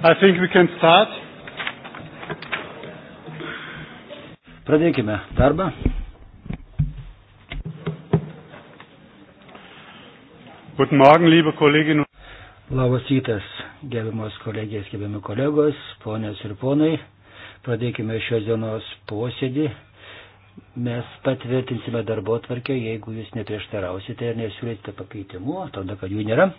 I think we can start. Pradėkime darbą. Guten Morgen, liebe Kolleginnen. Labas rytas, gerbiamos kolegės, gerbiami kolegos, ponės ir ponai. Pradėkime šios dienos posėdį. Mes patvirtinsime darbo tvarkę, jeigu jūs neprieštarausite ir nesiūlysite pakeitimų, tada kad jų nėra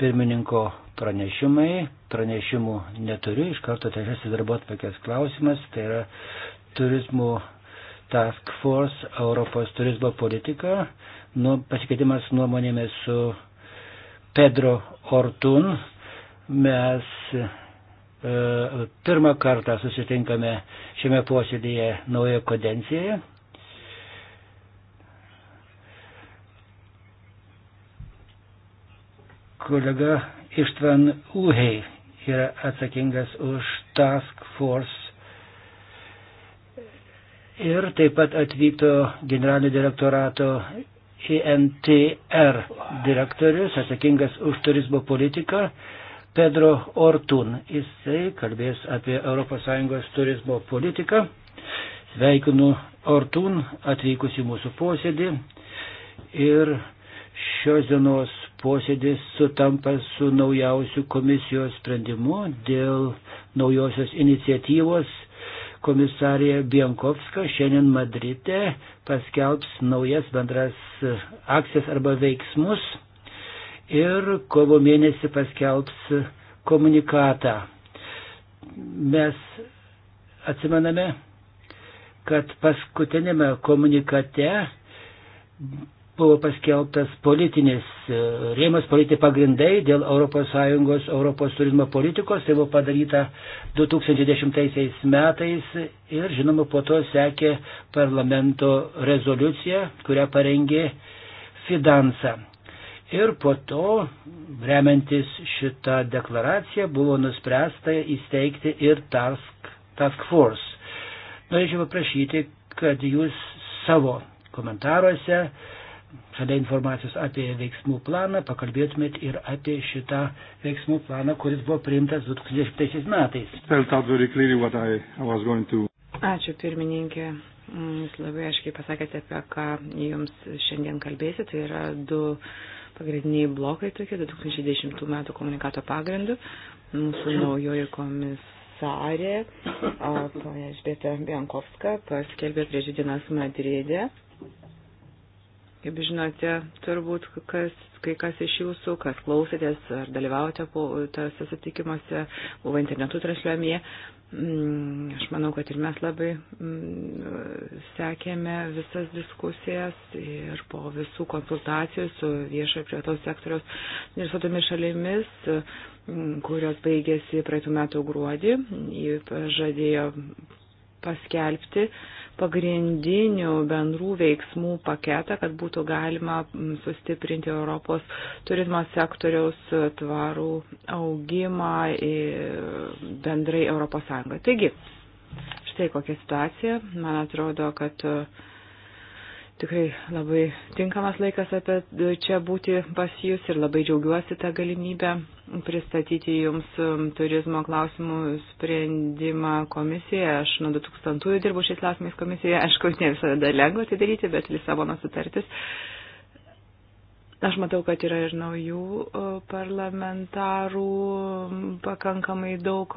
pirmininko pranešimai. Pranešimų neturiu, iš karto trečiasis darbo atvarkės klausimas, tai yra turizmų Task Force Europos turizmo politika, nu, pasikeitimas nuomonėmis su Pedro Ortun. Mes e, pirmą kartą susitinkame šiame posėdėje naujoje kadencijoje. Kolega Ištvan Uhei yra atsakingas už Task Force ir taip pat atvyko generalinio direktorato INTR direktorius, atsakingas už turizmo politiką, Pedro Ortun. Jisai kalbės apie ES turizmo politiką. Sveikinu Ortun atvykus į mūsų posėdį ir šios dienos posėdis sutampa su naujausiu komisijos sprendimu dėl naujosios iniciatyvos. Komisarė Bienkovska šiandien Madrite paskelbs naujas bendras akcijas arba veiksmus ir kovo mėnesį paskelbs komunikatą. Mes atsimename, kad paskutinėme komunikate buvo paskelbtas politinis e, rėmas, politiniai pagrindai dėl ES Europos turizmo politikos. Tai buvo padaryta 2010 metais ir žinoma po to sekė parlamento rezoliucija, kurią parengė Fidansa. Ir po to, remiantis šitą deklaraciją, buvo nuspręsta įsteigti ir task, task Force. Norėčiau paprašyti, kad jūs savo komentaruose uh, šalia informacijos apie veiksmų planą pakalbėtumėt ir apie šitą veiksmų planą, kuris buvo priimtas 2005 metais. Ačiū pirmininkė. Jūs labai aiškiai pasakėte, apie ką jums šiandien kalbėsite. Tai yra du pagrindiniai blokai tokie 2010 metų komunikato pagrindu. Mūsų naujoji komisarė, ponia Žbėta Biankovska, paskelbė prieš dienas Madride Kaip žinote, turbūt kas, kai kas iš jūsų, kas klausėtės ar dalyvaujate tose sutikimuose, buvo internetu transliuomie, mm, aš manau, kad ir mes labai mm, sekėme visas diskusijas ir po visų konsultacijų su viešojo prietos sektoriaus universitetomis šalimis, mm, kurios baigėsi praeitų metų gruodį, žadėjo paskelbti pagrindinių bendrų veiksmų paketą, kad būtų galima sustiprinti Europos turizmo sektoriaus tvarų augimą bendrai Europos Sąjungoje. Taigi, štai kokia situacija. Man atrodo, kad uh, tikrai labai tinkamas laikas apie čia būti pas jūs ir labai džiaugiuosi tą galimybę pristatyti jums um, turizmo klausimų sprendimą komisijoje. Aš nuo 2000-ųjų dirbu šiais klausimais komisijoje. Aišku, ne visada lengva tai daryti, bet Lisabono sutartis. Aš matau, kad yra ir naujų parlamentarų um, pakankamai daug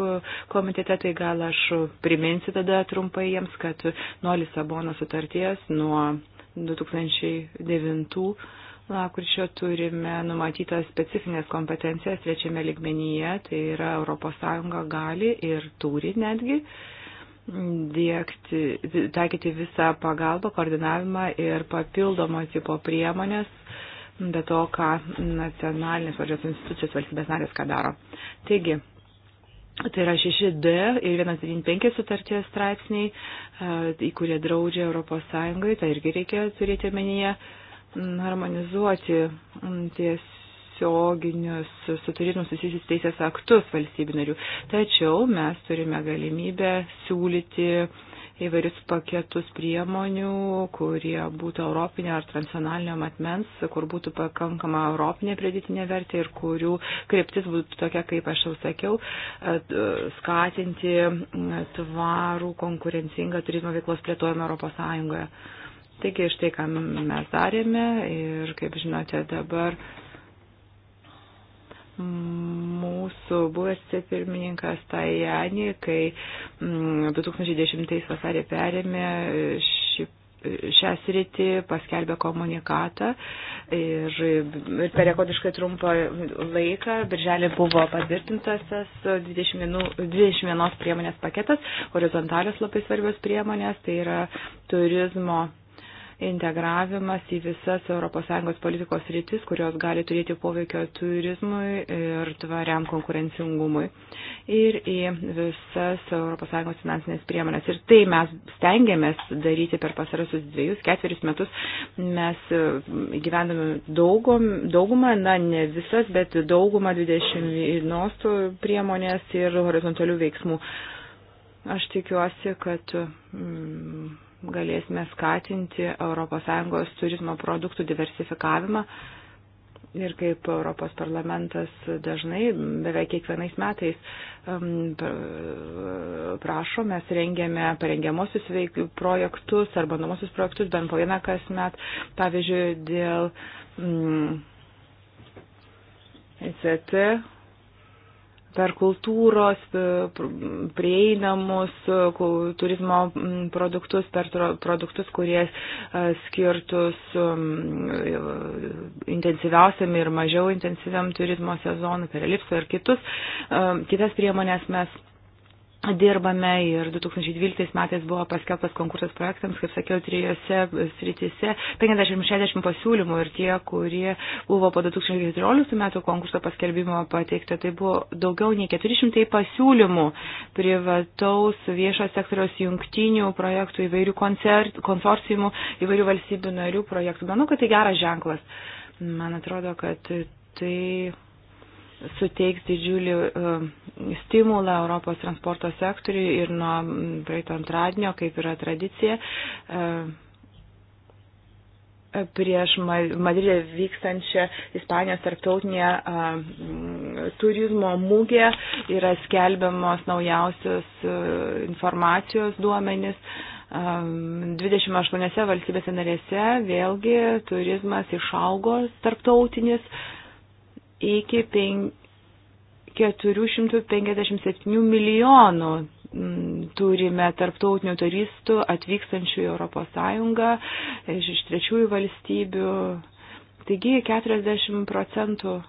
komitete, tai gal aš priminsiu tada trumpai jiems, kad nuo Lisabono sutarties, nuo 2009 lakurčio turime numatytas specifinės kompetencijas trečiame ligmenyje, tai yra ES gali ir turi netgi dėkti, taikyti visą pagalbą, koordinavimą ir papildomo tipo priemonės be to, ką nacionalinės valdžios institucijos valstybės narės ką daro. Taigi, Tai yra 6D ir 195 sutarties straipsniai, į kurie draudžia ES, tai irgi reikia turėti omenyje, harmonizuoti tiesioginius sutarimus susijusius teisės aktus valstybių narių. Tačiau mes turime galimybę siūlyti uh, įvairius paketus priemonių, kurie būtų europinio ar transnacionalinio matmens, kur būtų pakankama europinė pridėtinė vertė ir kurių kryptis būtų tokia, kaip aš jau sakiau, skatinti tvarų konkurencingą turizmo veiklos plėtojimą Europos Sąjungoje. Taigi štai ką mes darėme ir, kaip žinote, dabar mūsų buvęs pirmininkas Tajani, kai 2010 mm, vasarį perėmė e, šį e, šią sritį paskelbė komunikatą ir, ir e, per rekodiškai trumpą laiką, birželį buvo patvirtintas tas 21, 21 priemonės paketas, horizontalios labai svarbios priemonės, tai yra turizmo integravimas į visas ES politikos rytis, kurios gali turėti poveikio turizmui ir tvariam konkurencingumui ir į visas ES finansinės priemonės. Ir tai mes stengiamės daryti per pasarasius dviejus, ketverius metus. Mes e, gyvendame daugum, daugumą, na ne visas, bet daugumą 20 nuostų priemonės ir horizontalių veiksmų. Aš tikiuosi, kad. Mm, galėsime skatinti ES turizmo produktų diversifikavimą. Ir kaip Europos parlamentas dažnai, beveik kiekvienais metais prašo, mes rengiame parengiamosius projektus ar bandomosius projektus bent po vieną kas met. Pavyzdžiui, dėl mm, ICT per kultūros, e, prieinamus e, turizmo produktus, per produktus, kurie e, skirtus intensyviausiam ir mažiau intensyviam turizmo sezonui, per elipsą ir kitus. Kitas priemonės mes dirbame ir 2012 metais buvo paskelbtas konkursas projektams, kaip sakiau, trijose sritise 50-60 pasiūlymų ir tie, kurie buvo po 2014 metų konkurso paskelbimo pateikta, tai buvo daugiau nei 400 pasiūlymų privataus viešo sektoriaus jungtinių projektų, įvairių koncert, konsorcijumų, įvairių valstybių narių projektų. Manau, kad tai geras ženklas. Man atrodo, kad tai suteiks didžiulį um, stimulą Europos transporto sektoriui ir nuo praeito antradienio, kaip yra tradicija, um, prieš Madridę vykstančią Ispanijos tarptautinę um, turizmo mūgę yra skelbiamos naujausios uh, informacijos duomenys. 28 valstybėse narėse vėlgi turizmas išaugo tarptautinis iki 457 milijonų mm, turime tarptautinių turistų atvykstančių į Europos Sąjungą iš trečiųjų valstybių. Taigi 40 procentų e,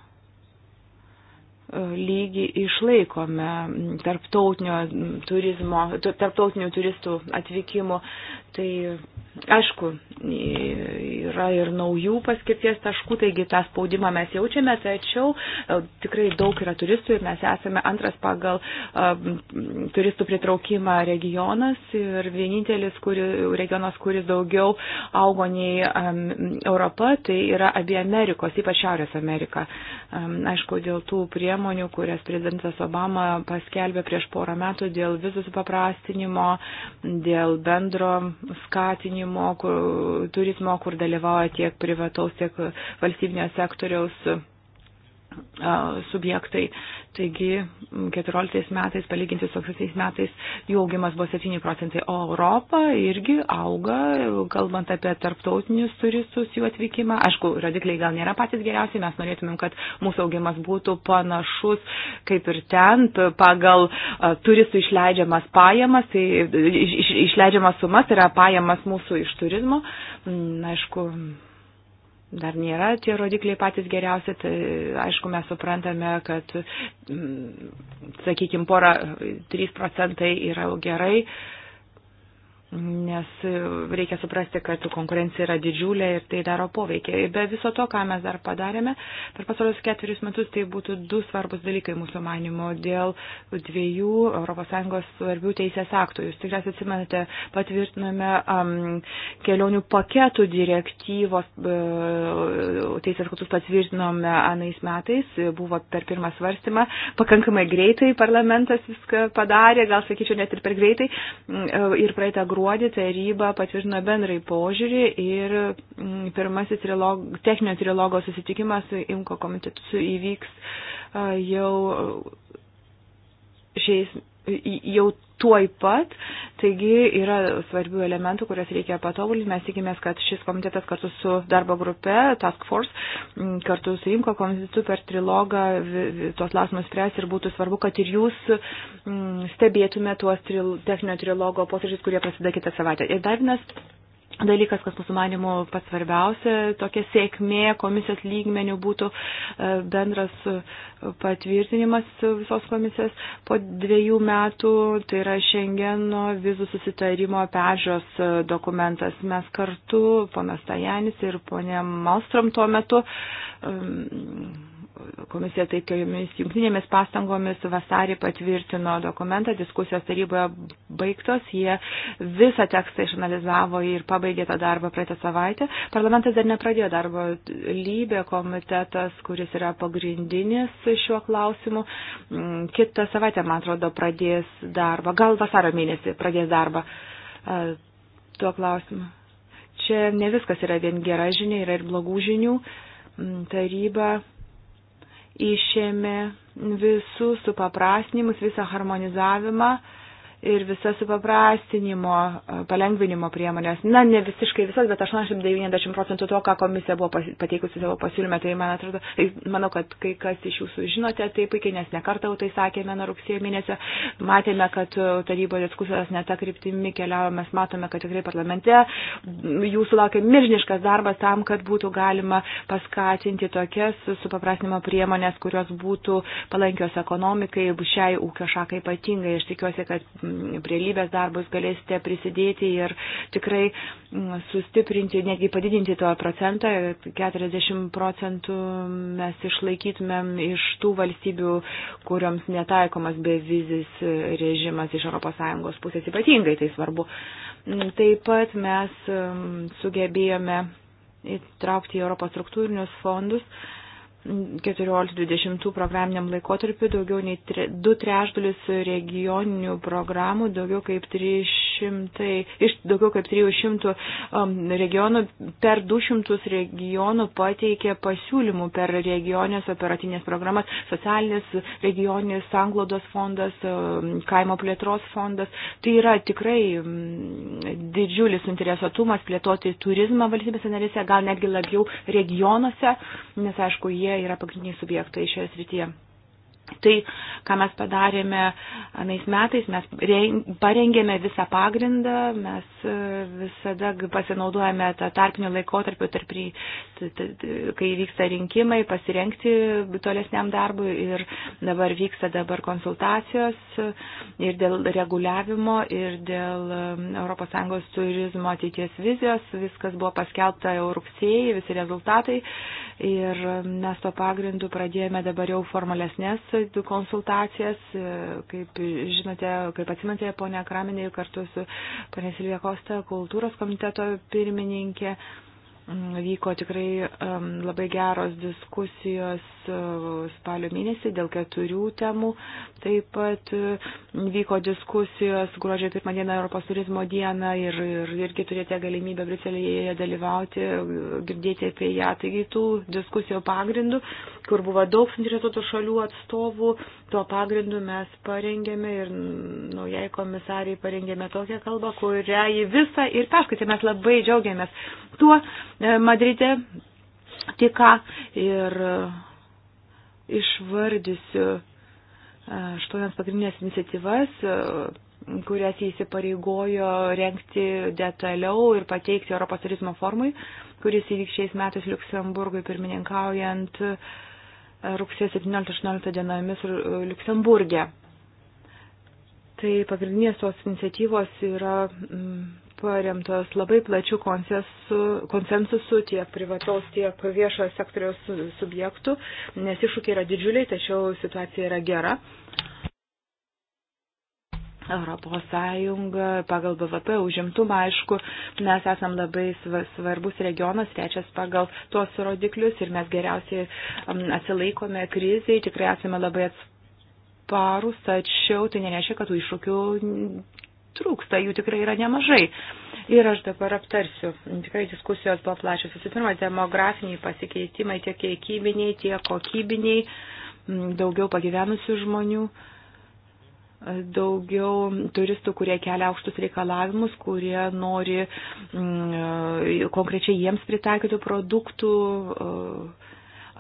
lygį išlaikome tarptautinio turizmo, tarptautinių turistų atvykimų. Tai aišku, yra ir naujų paskirties taškų, taigi tą spaudimą mes jaučiame, tačiau e, tikrai daug yra turistų ir mes esame antras pagal um, turistų pritraukimą regionas ir vienintelis kuri, regionas, kuris daugiau augo nei um, Europa, tai yra abie Amerikos, ypač Šiaurės Amerika. Um, aišku, dėl tų priemonių, kurias prezidentas Obama paskelbė prieš porą metų dėl vizų supaprastinimo, dėl bendro skatinimo kur, turizmo, kur dalyvauja tiek privataus, tiek valstybinio sektoriaus subjektai. Taigi 14 metais, palyginti su 18 metais, jų augimas buvo 7 procentai, o Europa irgi auga, kalbant apie tarptautinius turistus, jų atvykimą. Aišku, rodikliai gal nėra patys geriausiai, mes norėtumėm, kad mūsų augimas būtų panašus kaip ir ten, pagal turistų išleidžiamas pajamas, tai išleidžiamas sumas tai yra pajamas mūsų iš turizmo. Aišku, dar nėra tie rodikliai patys geriausi, tai aišku mes suprantame, kad, mm, sakykime, pora 3 procentai yra gerai, nes e, reikia suprasti, kad konkurencija yra didžiulė ir tai daro poveikį. Be viso to, ką mes dar padarėme, per pasaulius ketverius metus tai būtų du svarbus dalykai mūsų manimo dėl dviejų ES svarbių teisės aktų. Jūs tikriausiai atsimenate, patvirtiname um, kelionių paketų direktyvos, uh, teisės aktus patvirtinome anais metais, buvo per pirmą svarstymą, pakankamai greitai parlamentas viską padarė, gal sakyčiau net ir per greitai. Uh, ir praeitą gruodį gruodį taryba patvirtino bendrai požiūrį ir mm, pirmasis trilog, techninio trilogo susitikimas su IMKO komitetu įvyks jau šiais jau tuoj pat. Taigi yra svarbių elementų, kurias reikia patobulinti. Mes tikimės, kad šis komitetas kartu su darbo grupe, Task Force, kartu su Rimko komitetu per trilogą tuos lasmus spręs ir būtų svarbu, kad ir jūs stebėtume tuos tril, techninio trilogo posėdžius, kurie prasideda kitą savaitę. Ir dar vienas dalykas, kas mūsų manimų pats svarbiausia, tokia sėkmė komisijos lygmenių būtų e, bendras e, patvirtinimas visos komisijos po dviejų metų, tai yra Šengeno vizų susitarimo pežios e, dokumentas. Mes kartu, ponas Tajanis ir ponė Malstrom tuo metu, um, komisija taikiomis jungtinėmis pastangomis vasarį patvirtino dokumentą, diskusijos taryboje baigtos, jie visą tekstą išanalizavo ir pabaigė tą darbą praeitą savaitę. Parlamentas dar nepradėjo darbo lybė komitetas, kuris yra pagrindinis šiuo klausimu. Mm, kitą savaitę, man atrodo, pradės darbą, gal vasaro mėnesį pradės darbą e, tuo klausimu. Čia ne viskas yra vien gera žinia, yra ir blogų žinių. Mm, taryba išėmė visus supaprasnimus, visą harmonizavimą ir visas supaprastinimo, e, palengvinimo priemonės. Na, ne visiškai visas, bet 80-90 procentų to, ką komisija buvo pateikusi savo pasiūlymę, tai man atrodo, tai manau, kad kai kas iš jūsų žinote tai puikiai, nes nekartą tai sakėme nuo rugsėjo mėnesio, matėme, kad e, taryboje diskusijos netą kryptimi keliaujame, mes matome, kad tikrai parlamente jūsų laukia milžiniškas darbas tam, kad būtų galima paskatinti tokias supaprastinimo priemonės, kurios būtų palankios ekonomikai, šiai ūkio šakai ypatingai. Aš tikiuosi, kad prie lybės darbus galėsite prisidėti ir tikrai mm, sustiprinti, netgi padidinti to procentą, 40 procentų mes išlaikytumėm iš tų valstybių, kuriams netaikomas bevizis režimas iš ES pusės, ypatingai tai svarbu. Mm, taip pat mes mm, sugebėjome įtraukti į Europos struktūrinius fondus 14-20 programiniam laikotarpiu daugiau nei 2 trešdalis regioninių programų, daugiau kaip 300 300, iš daugiau kaip 300 um, regionų, per 200 regionų pateikė pasiūlymų per regionės operatinės programas, socialinis, regioninis, sanglodos fondas, um, kaimo plėtros fondas. Tai yra tikrai um, didžiulis interesuotumas plėtoti turizmą valstybėse narėse, gal netgi labiau regionuose, nes aišku, jie yra pagrindiniai subjektai šioje srityje. Tai, ką mes padarėme anais metais, mes parengėme visą pagrindą, mes e, visada pasinaudojame tą tarpinį laikotarpį, tarp, kai vyksta rinkimai, pasirengti tolesniam darbui ir dabar vyksta dabar konsultacijos e, ir dėl reguliavimo ir dėl ES turizmo ateities vizijos, viskas buvo paskelbta jau rugsėjai, visi rezultatai Ir mes to pagrindu pradėjome dabar jau formalesnės konsultacijas. Kaip žinote, kaip atsimantė ponia Kraminė kartu su ponia Silvija Kosta, kultūros komiteto pirmininkė. Mm, vyko tikrai um, labai geros diskusijos uh, spalio mėnesį dėl keturių temų. Taip pat uh, vyko diskusijos gruodžio pirmą dieną Europos turizmo dieną ir, ir irgi turėjote galimybę Briuselėje dalyvauti, e, girdėti apie ją. Taigi tų diskusijų pagrindų kur buvo daug suinteresuotų šalių atstovų. Tuo pagrindu mes parengėme ir naujai komisariai parengėme tokią kalbą, kurią į visą ir perskaitė. Mes labai džiaugiamės tuo e, Madride tik ką ir e, išvardysiu e, aštuonias pagrindinės iniciatyvas kurias įsipareigojo renkti detaliau ir pateikti Europos turizmo formui, kuris įvyks šiais metais Luksemburgui pirmininkaujant uh, rugsėjo 17-18 dienomis e, Luksemburgė. Tai pagrindinės tos iniciatyvos yra mm, paremtos labai plačių konsensusų tiek privataus, tiek viešojo sektoriaus subjektų, nes iššūkiai yra didžiuliai, tačiau situacija yra gera. Europos Sąjunga pagal BVP užimtumą, aišku, mes esam labai svarbus regionas, trečias pagal tuos rodiklius ir mes geriausiai atsilaikome kriziai, tikrai esame labai atsparus, tačiau tai nereiškia, kad tų iššūkių trūksta, jų tikrai yra nemažai. Ir aš dabar aptarsiu. Tikrai diskusijos buvo plačios. Visų pirma, demografiniai pasikeitimai tiek kiekybiniai, tiek kokybiniai, daugiau pagyvenusių žmonių. Uh, daugiau turistų, kurie kelia aukštus reikalavimus, kurie nori m, mm, konkrečiai jiems pritaikytų produktų.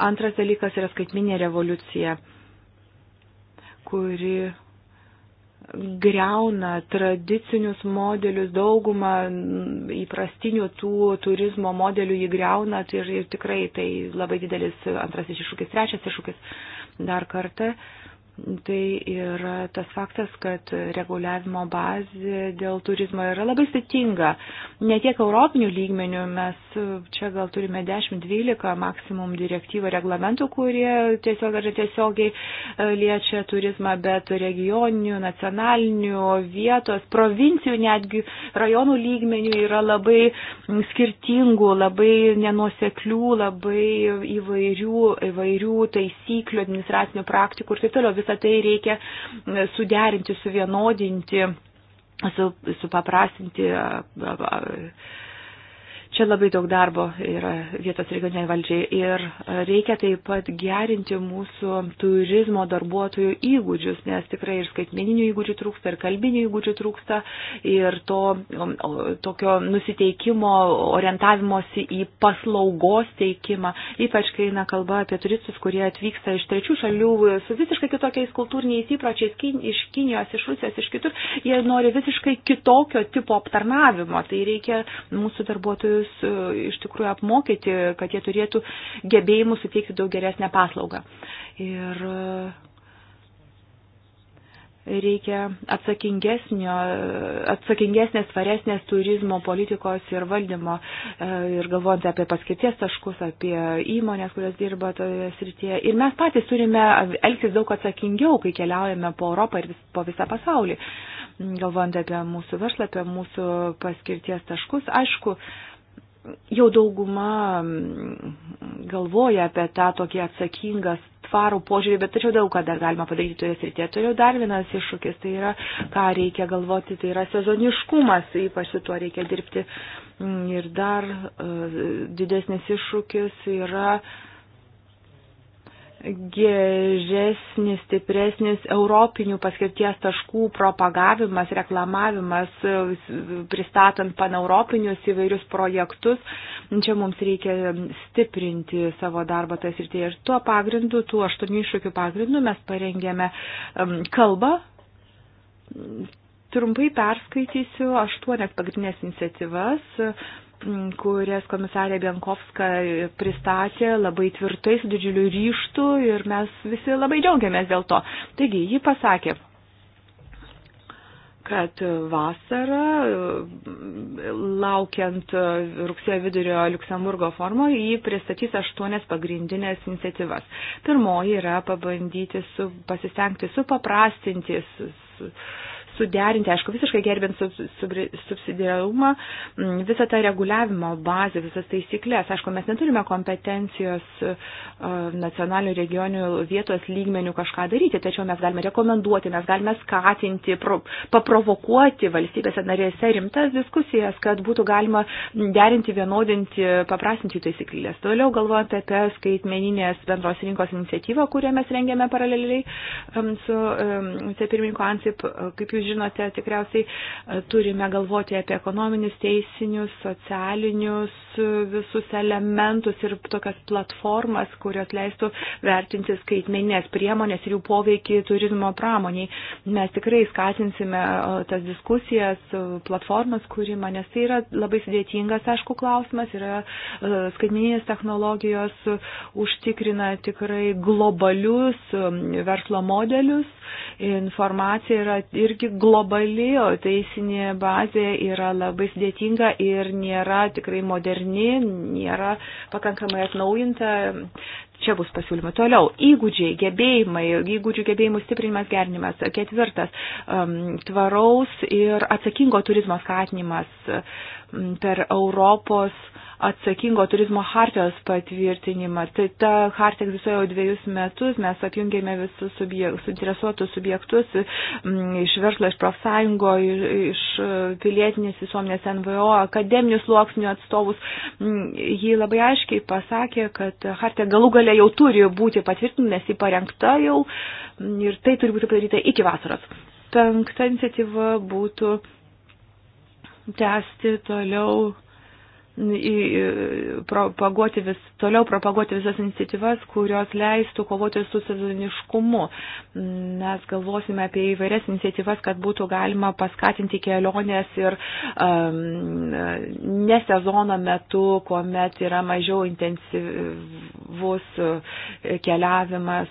Antras dalykas yra skaitminė revoliucija, kuri greuna tradicinius modelius, daugumą įprastinių tų turizmo modelių jį greuna tai ir, ir tikrai tai labai didelis antrasis iššūkis, trečias iššūkis dar kartą. Uh, Tai yra tas faktas, kad reguliavimo bazė dėl turizmo yra labai sėtinga. Ne tiek europinių lygmenių, mes čia gal turime 10-12 maksimum direktyvą reglamentų, kurie tiesiog ar tiesiogiai e, liečia turizmą, bet regioninių, nacionalinių, vietos, provincijų, netgi rajonų lygmenių yra labai skirtingų, labai nenuoseklių, labai įvairių, įvairių taisyklių, administracinių praktikų ir taip toliau visą tai reikia e, suderinti, suvienodinti, su, supaprastinti, Čia labai daug darbo yra vietos regioniniai valdžiai ir reikia taip pat gerinti mūsų turizmo darbuotojų įgūdžius, nes tikrai ir skaitmeninių įgūdžių trūksta, ir kalbinių įgūdžių trūksta, ir to tokio nusiteikimo, orientavimosi į paslaugos teikimą, ypač kai eina kalba apie turistus, kurie atvyksta iš trečių šalių su visiškai kitokiais kultūriniais įpročiais iš Kinijos, iš Rusijos, iš kitur, jie nori visiškai kitokio tipo aptarnavimo, tai reikia mūsų darbuotojų klientus e, iš tikrųjų apmokyti, kad jie turėtų gebėjimų suteikti daug geresnę paslaugą. Ir e, reikia atsakingesnės, svaresnės turizmo politikos ir valdymo. E, ir galvojant apie paskirties taškus, apie įmonės, kurios dirba toje srityje. Ir mes patys turime elgtis daug atsakingiau, kai keliaujame po Europą ir vis, po visą pasaulį. Galvojant apie mūsų verslą, apie mūsų paskirties taškus. Aišku, uh, jau dauguma mm, galvoja apie tą tokį atsakingą tvarų požiūrį, bet tačiau daug ką dar galima padaryti toje srityje. Toliau dar vienas iššūkis, tai yra, ką reikia galvoti, tai yra sezoniškumas, ypač su tuo reikia dirbti. Mm, ir dar e, didesnis iššūkis yra geresnis, stipresnis europinių paskirties taškų propagavimas, reklamavimas, pristatant paneuropinius įvairius projektus. Čia mums reikia stiprinti savo darbą tas ir tai. Ir tuo pagrindu, tų aštuonių iššūkių pagrindu mes parengėme kalbą. Trumpai perskaitysiu aštuonias pagrindinės iniciatyvas kurias komisarė Bienkovska pristatė labai tvirtai, su didžiuliu ryštu ir mes visi labai džiaugiamės dėl to. Taigi, ji pasakė, kad vasarą, laukiant rugsėjo vidurio Luksemburgo formo, jį pristatys aštuonias pagrindinės iniciatyvas. Pirmoji yra pabandyti su, pasistengti supaprastinti su, su suderinti, aišku, visiškai gerbint subsidiarumą, mm, visą tą reguliavimo bazę, visas taisyklės. Aišku, mes neturime kompetencijos e, nacionalinių, regionių, vietos lygmenių kažką daryti, tačiau mes galime rekomenduoti, mes galime skatinti, pro, paprovokuoti valstybėse narėse rimtas diskusijas, kad būtų galima derinti, vienodinti, paprastinti taisyklės. Toliau galvojant apie skaitmeninės bendros rinkos iniciatyvą, kurią mes rengėme paraleliai su vicepirmininku Ansip, e, kaip jūs jūs žinote, tikriausiai e, turime galvoti apie ekonominius, teisinius, socialinius e, visus elementus ir tokias platformas, kurios leistų vertinti skaitmeninės priemonės ir jų poveikį turizmo pramoniai. Mes tikrai skatinsime e, tas diskusijas, platformas kūrimą, nes tai yra labai sudėtingas, aišku, klausimas, yra skaitmeninės technologijos užtikrina tikrai globalius verslo modelius, informacija yra irgi globali, o teisinė bazė yra labai sudėtinga ir nėra tikrai moderni, nėra pakankamai atnaujinta. Čia bus pasiūlymai. Toliau, įgūdžiai, gebėjimai, įgūdžių gebėjimų stiprinimas, gerinimas. Ketvirtas, um, tvaraus ir atsakingo turizmo skatinimas um, per Europos atsakingo turizmo hartijos patvirtinimą. Tai ta hartija egzistuoja jau dviejus metus, mes apjungėme visus subjek, suinteresuotus subjektus mm, iš verslo, iš profsąjungo, iš pilietinės visuomenės NVO, akademinių sluoksnių atstovus. Mm, ji labai aiškiai pasakė, kad hartija galų galę jau turi būti patvirtinta, nes ji parengta jau mm, ir tai turi būti padaryta iki vasaros. Penkta iniciatyva būtų tęsti toliau propaguoti vis, toliau propaguoti visas iniciatyvas, kurios leistų kovoti su sezoniškumu. Mes galvosime apie įvairias iniciatyvas, kad būtų galima paskatinti keliones ir um, ne sezono metu, kuomet yra mažiau intensyvus keliavimas.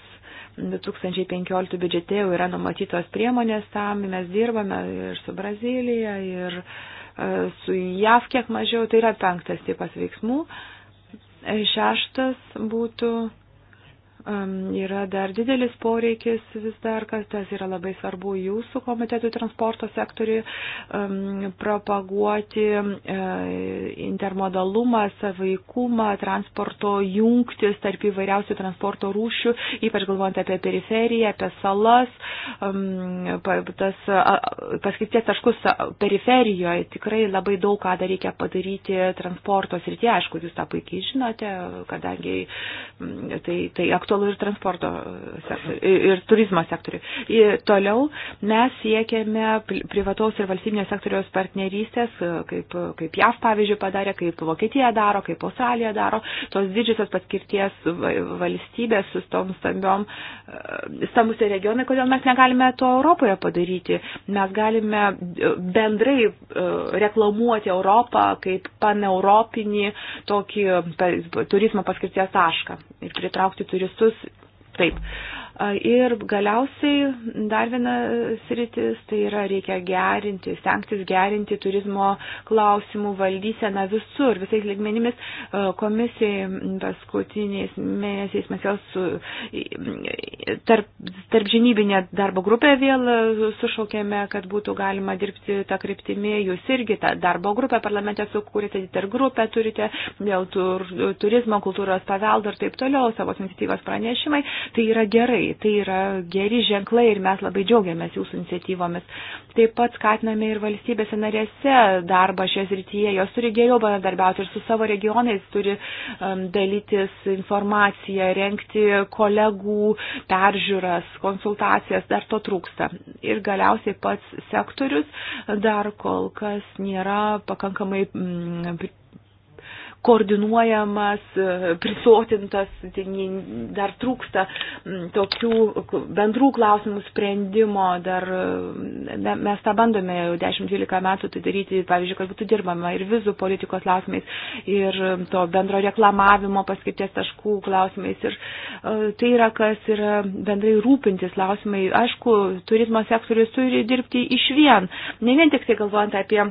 2015 biudžete jau yra numatytos priemonės tam, mes dirbame ir su Brazilija, ir uh, E, su JAV kiek mažiau, tai yra penktas tipas veiksmų. Šeštas būtų yra dar didelis poreikis vis dar, kas tas yra labai svarbu jūsų komitetų transporto sektoriui, propaguoti e, intermodalumą, savaikumą, transporto jungtis tarp įvairiausių transporto rūšių, ypač galvojant apie periferiją, apie salas, tas paskirties taškus periferijoje tikrai labai daug ką dar reikia padaryti transporto srityje, aišku, jūs tą puikiai žinote, kadangi tai, tai aktualu aktualu ir transporto sektoriui, ir turizmo sektoriui. Toliau mes siekėme privataus ir valstybinio sektoriaus partnerystės, kaip, kaip JAV pavyzdžiui padarė, kaip Vokietija daro, kaip Australija daro, tos didžiosios paskirties valstybės su tom stambiom, e, stambusiai regionai, kodėl mes negalime to Europoje padaryti. Mes galime bendrai e, reklamuoti Europą kaip paneuropinį tokį turizmo paskirties tašką ir pritraukti turistus aspektus. Taip. Uh, Ir galiausiai dar viena sritis, tai yra reikia gerinti, stengtis gerinti turizmo klausimų valdyseną visur, visais ligmenimis. Komisijai paskutiniais mėnesiais mes jau su, tarp, tarp žinybinė darbo grupė vėl sušaukėme, kad būtų galima dirbti tą kryptimį. Jūs irgi tą darbo grupę parlamente sukūrėte, intergrupę turite dėl tur, turizmo, kultūros paveldo ir taip toliau, savo iniciatyvos pranešimai. Tai yra gerai gerai. Tai yra geri ženklai ir mes labai džiaugiamės jūsų iniciatyvomis. Taip pat skatiname ir valstybėse narėse darbą šioje srityje. Jos turi geriau bendradarbiauti ir su savo regionais turi um, dalytis informaciją, renkti kolegų peržiūras, konsultacijas. Dar to trūksta. Ir galiausiai pats sektorius dar kol kas nėra pakankamai. Mm, koordinuojamas, prisotintas, tai dar trūksta tokių bendrų klausimų sprendimo, dar mes tą bandome jau 10-12 metų tai daryti, pavyzdžiui, kad būtų dirbama ir vizų politikos klausimais, ir to bendro reklamavimo paskirties taškų klausimais, ir e, tai yra, kas yra bendrai rūpintis klausimai. Aišku, turizmo sektorius turi dirbti iš vien, ne vien tik tai galvojant apie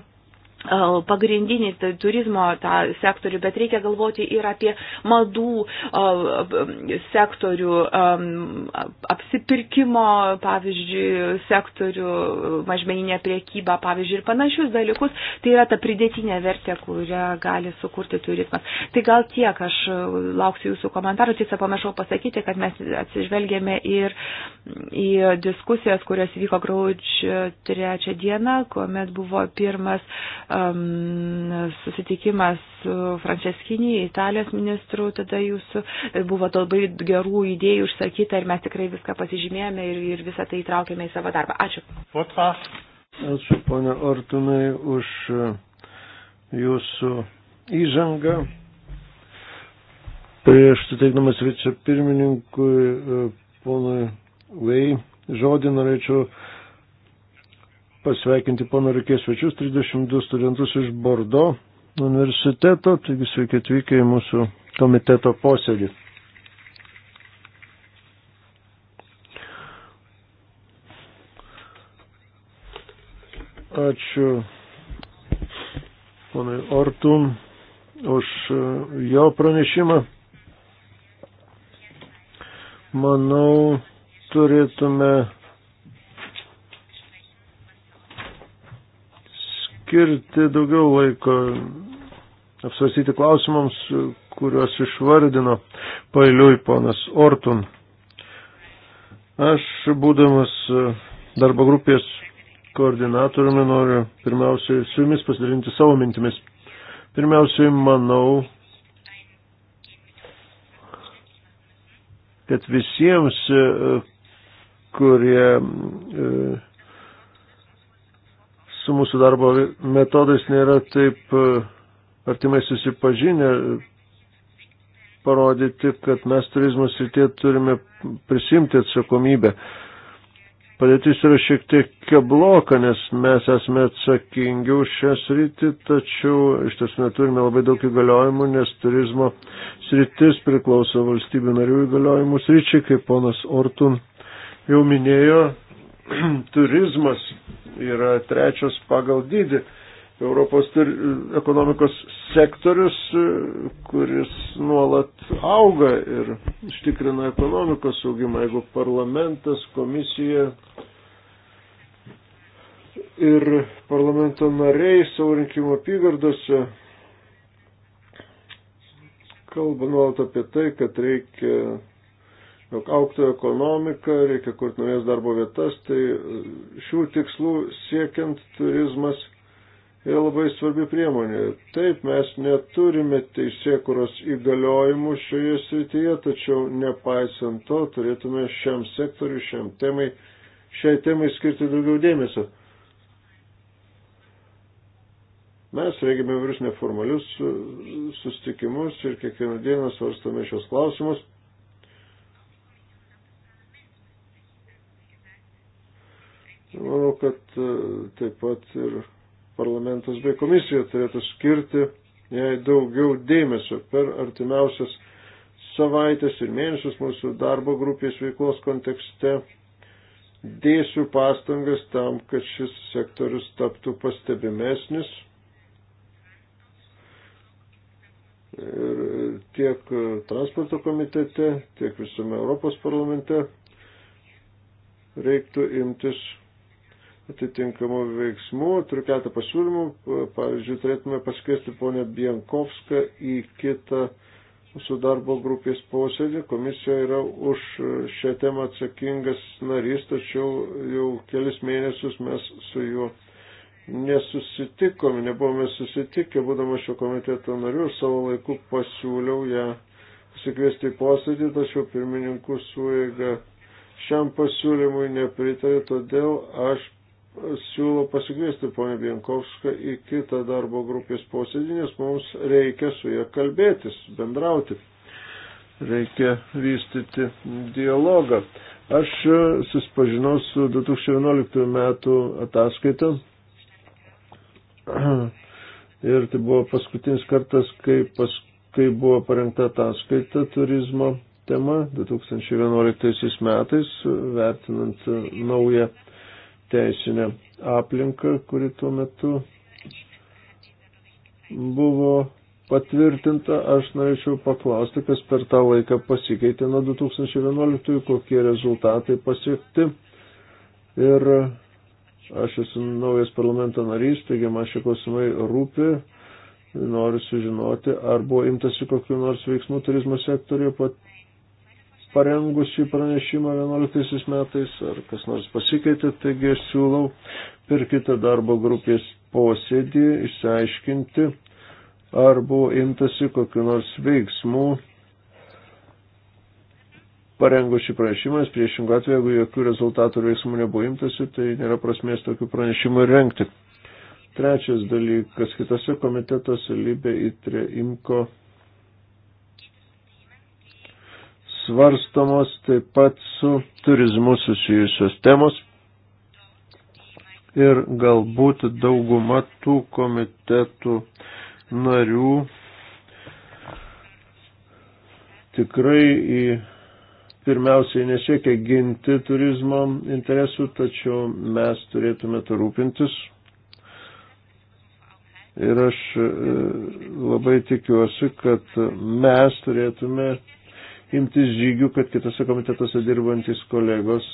E, pagrindinį turizmo tą sektorių, bet reikia galvoti ir apie madų e, e, sektorių, apsipirkimo, pavyzdžiui, sektorių, mažmeninę priekybą, pavyzdžiui, ir panašius dalykus. Tai yra ta pridėtinė vertė, kurią gali sukurti turizmas. Tai gal tiek, aš lauksiu jūsų komentarų, tiesiog pamiršau pasakyti, kad mes atsižvelgėme ir į diskusijas, kurios vyko graučio trečią dieną, kuomet buvo pirmas um, susitikimas su Franceskinį, Italijos ministru, tada jūsų buvo labai gerų idėjų išsakyta ir mes tikrai viską pasižymėjome ir, ir visą tai įtraukėme į savo darbą. Ačiū. Ačiū, ponia Ortunai, už e, jūsų įžangą. Prieš suteikdamas vicepirmininkui, e, ponui Vei, žodį norėčiau pasveikinti pono reikės svečius, 32 studentus iš Bordo universiteto, taigi sveiki atvykę į mūsų komiteto posėdį. Ačiū ponai Ortum už jo pranešimą. Manau, turėtume skirti daugiau laiko apsvarstyti klausimams, kuriuos išvardino pailiui ponas Ortun. Aš, būdamas darbo grupės koordinatoriumi, noriu pirmiausiai su jumis pasidalinti savo mintimis. Pirmiausiai, manau, kad visiems, kurie su mūsų darbo metodais nėra taip e, artimai susipažinę, parodyti, kad mes turizmo srityje turime prisimti atsakomybę. Padėtis yra šiek tiek kebloka, nes mes esame atsakingi už šią sritį, tačiau iš tiesų neturime labai daug įgaliojimų, nes turizmo sritis priklauso valstybių narių įgaliojimų sričiai, kaip ponas Ortun jau minėjo, turizmas yra trečias pagal dydį Europos ekonomikos sektorius, kuris nuolat auga ir ištikrina ekonomikos augimą. Jeigu parlamentas, komisija ir parlamento nariai savo rinkimo apygardose kalba nuolat apie tai, kad reikia jog auktų ekonomika, reikia kurti naujas darbo vietas, tai e, šių tikslų siekiant turizmas yra labai svarbi priemonė. Taip, mes neturime teisėkuros įgaliojimų šioje srityje, tačiau nepaisant to turėtume šiam sektoriu, šiam temai, šiai temai skirti daugiau dėmesio. Mes regime virus neformalius e, sustikimus ir kiekvieną dieną svarstame šios klausimus. Manau, kad e, taip pat ir parlamentas bei komisija turėtų skirti jai daugiau dėmesio per artimiausias savaitės ir mėnesius mūsų darbo grupės veiklos kontekste. Dėsiu pastangas tam, kad šis sektorius taptų pastebimesnis ir tiek transporto komitete, tiek visame Europos parlamente reiktų imtis atitinkamų veiksmų. Turiu keletą pasiūlymų. Pavyzdžiui, turėtume paskirti ponę Bienkovską į kitą mūsų darbo grupės posėdį. Komisija yra už šią temą atsakingas narys, tačiau jau kelis mėnesius mes su juo nesusitikome, nebuvome susitikę, būdama šio komiteto nariu, savo laiku pasiūliau ją pasikviesti į posėdį, tačiau pirmininkų suėga šiam pasiūlymui nepritarė, todėl aš siūlau pasikviesti ponę Bienkovską į kitą darbo grupės posėdį, nes mums reikia su ją kalbėtis, bendrauti. Reikia vystyti dialogą. Aš susipažinau su 2011 metų ataskaita. Ir tai buvo paskutinis kartas, kai, pas, kai buvo parengta ataskaita turizmo tema 2011 metais, vertinant naują teisinę aplinką, kuri tuo metu buvo patvirtinta. Aš norėčiau paklausti, kas per tą laiką pasikeitė nuo 2011, kokie rezultatai pasiekti. Ir aš esu naujas parlamento narys, taigi man šie klausimai rūpi. Noriu sužinoti, ar buvo imtasi kokiu nors veiksmų turizmo sektoriu, parengus šį pranešimą 11 metais, ar kas nors pasikeitė, taigi aš siūlau per kitą darbo grupės posėdį išsiaiškinti, ar buvo imtasi kokiu nors veiksmu parengus šį pranešimą, nes priešingų atveju, jeigu jokių rezultatų ir veiksmų nebuvo imtasi, tai nėra prasmės tokių pranešimų rengti. Trečias dalykas, kitose komitetuose lybė įtre imko svarstamos taip pat su turizmu susijusios temos. Ir galbūt dauguma tų komitetų narių tikrai į pirmiausiai nesiekia ginti turizmo interesų, tačiau mes turėtume to rūpintis. Ir aš e, labai tikiuosi, kad mes turėtume imtis žygių, kad kitose komitetuose dirbantis kolegos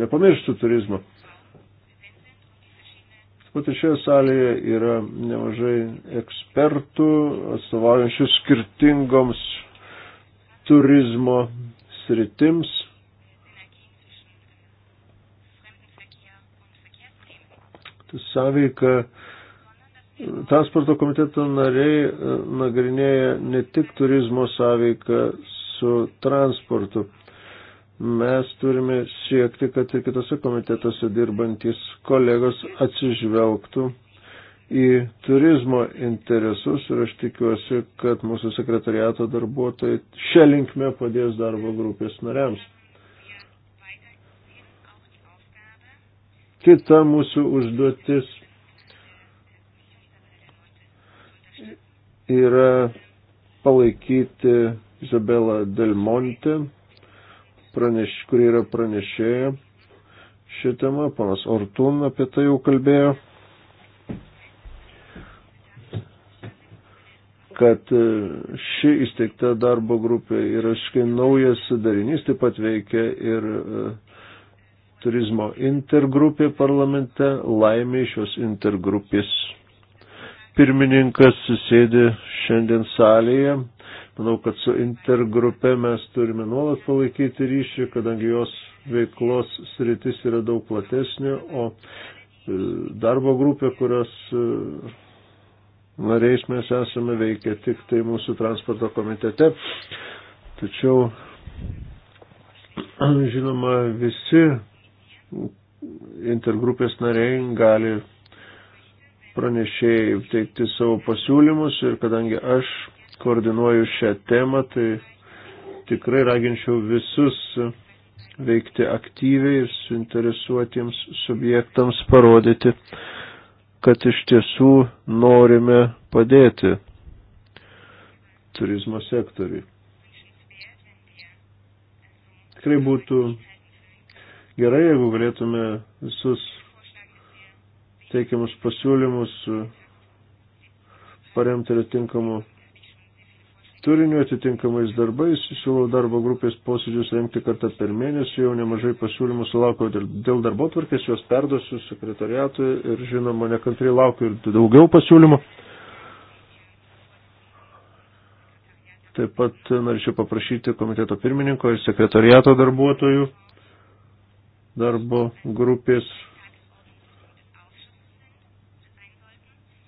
nepamirštų turizmo. Taip pat šioje salėje yra nemažai ekspertų, atstovaujančių skirtingoms turizmo sritims. Sąveika transporto komiteto nariai e, nagrinėja ne tik turizmo sąveiką su transportu. Mes turime siekti, kad ir kitose komitetuose dirbantis kolegos atsižvelgtų į turizmo interesus ir aš tikiuosi, kad mūsų sekretariato darbuotojai šią linkmę padės darbo grupės nariams. Kita mūsų užduotis yra palaikyti Izabela Delmonte, praneš, kuri yra pranešėja šią temą, panas Ortun apie tai jau kalbėjo, kad e, ši įsteigta darbo grupė yra iškai naujas darinys, taip pat veikia ir e, turizmo intergrupė parlamente, laimė šios intergrupės pirmininkas sėdi šiandien salėje. Manau, kad su intergrupe mes turime nuolat palaikyti ryšį, kadangi jos veiklos sritis yra daug platesnė, o e, darbo grupė, kurios e, nariais mes esame veikę tik tai mūsų transporto komitete. Tačiau, žinoma, visi intergrupės nariai gali pranešėjai teikti savo pasiūlymus ir kadangi aš koordinuoju šią temą, tai tikrai raginčiau visus veikti aktyviai ir suinteresuotiems subjektams parodyti, kad iš tiesų norime padėti turizmo sektoriui. Tikrai būtų gerai, jeigu galėtume visus teikiamus pasiūlymus paremti yra tinkamu turiniu atitinkamais darbais. Siūlau darbo grupės posėdžius rengti kartą per mėnesį, jau nemažai pasiūlymų sulaukiau dėl darbo tvarkės, juos perduosiu sekretariatui ir žinoma, nekantriai laukiu ir daugiau pasiūlymų. Taip pat norėčiau paprašyti komiteto pirmininko ir sekretariato darbuotojų darbo grupės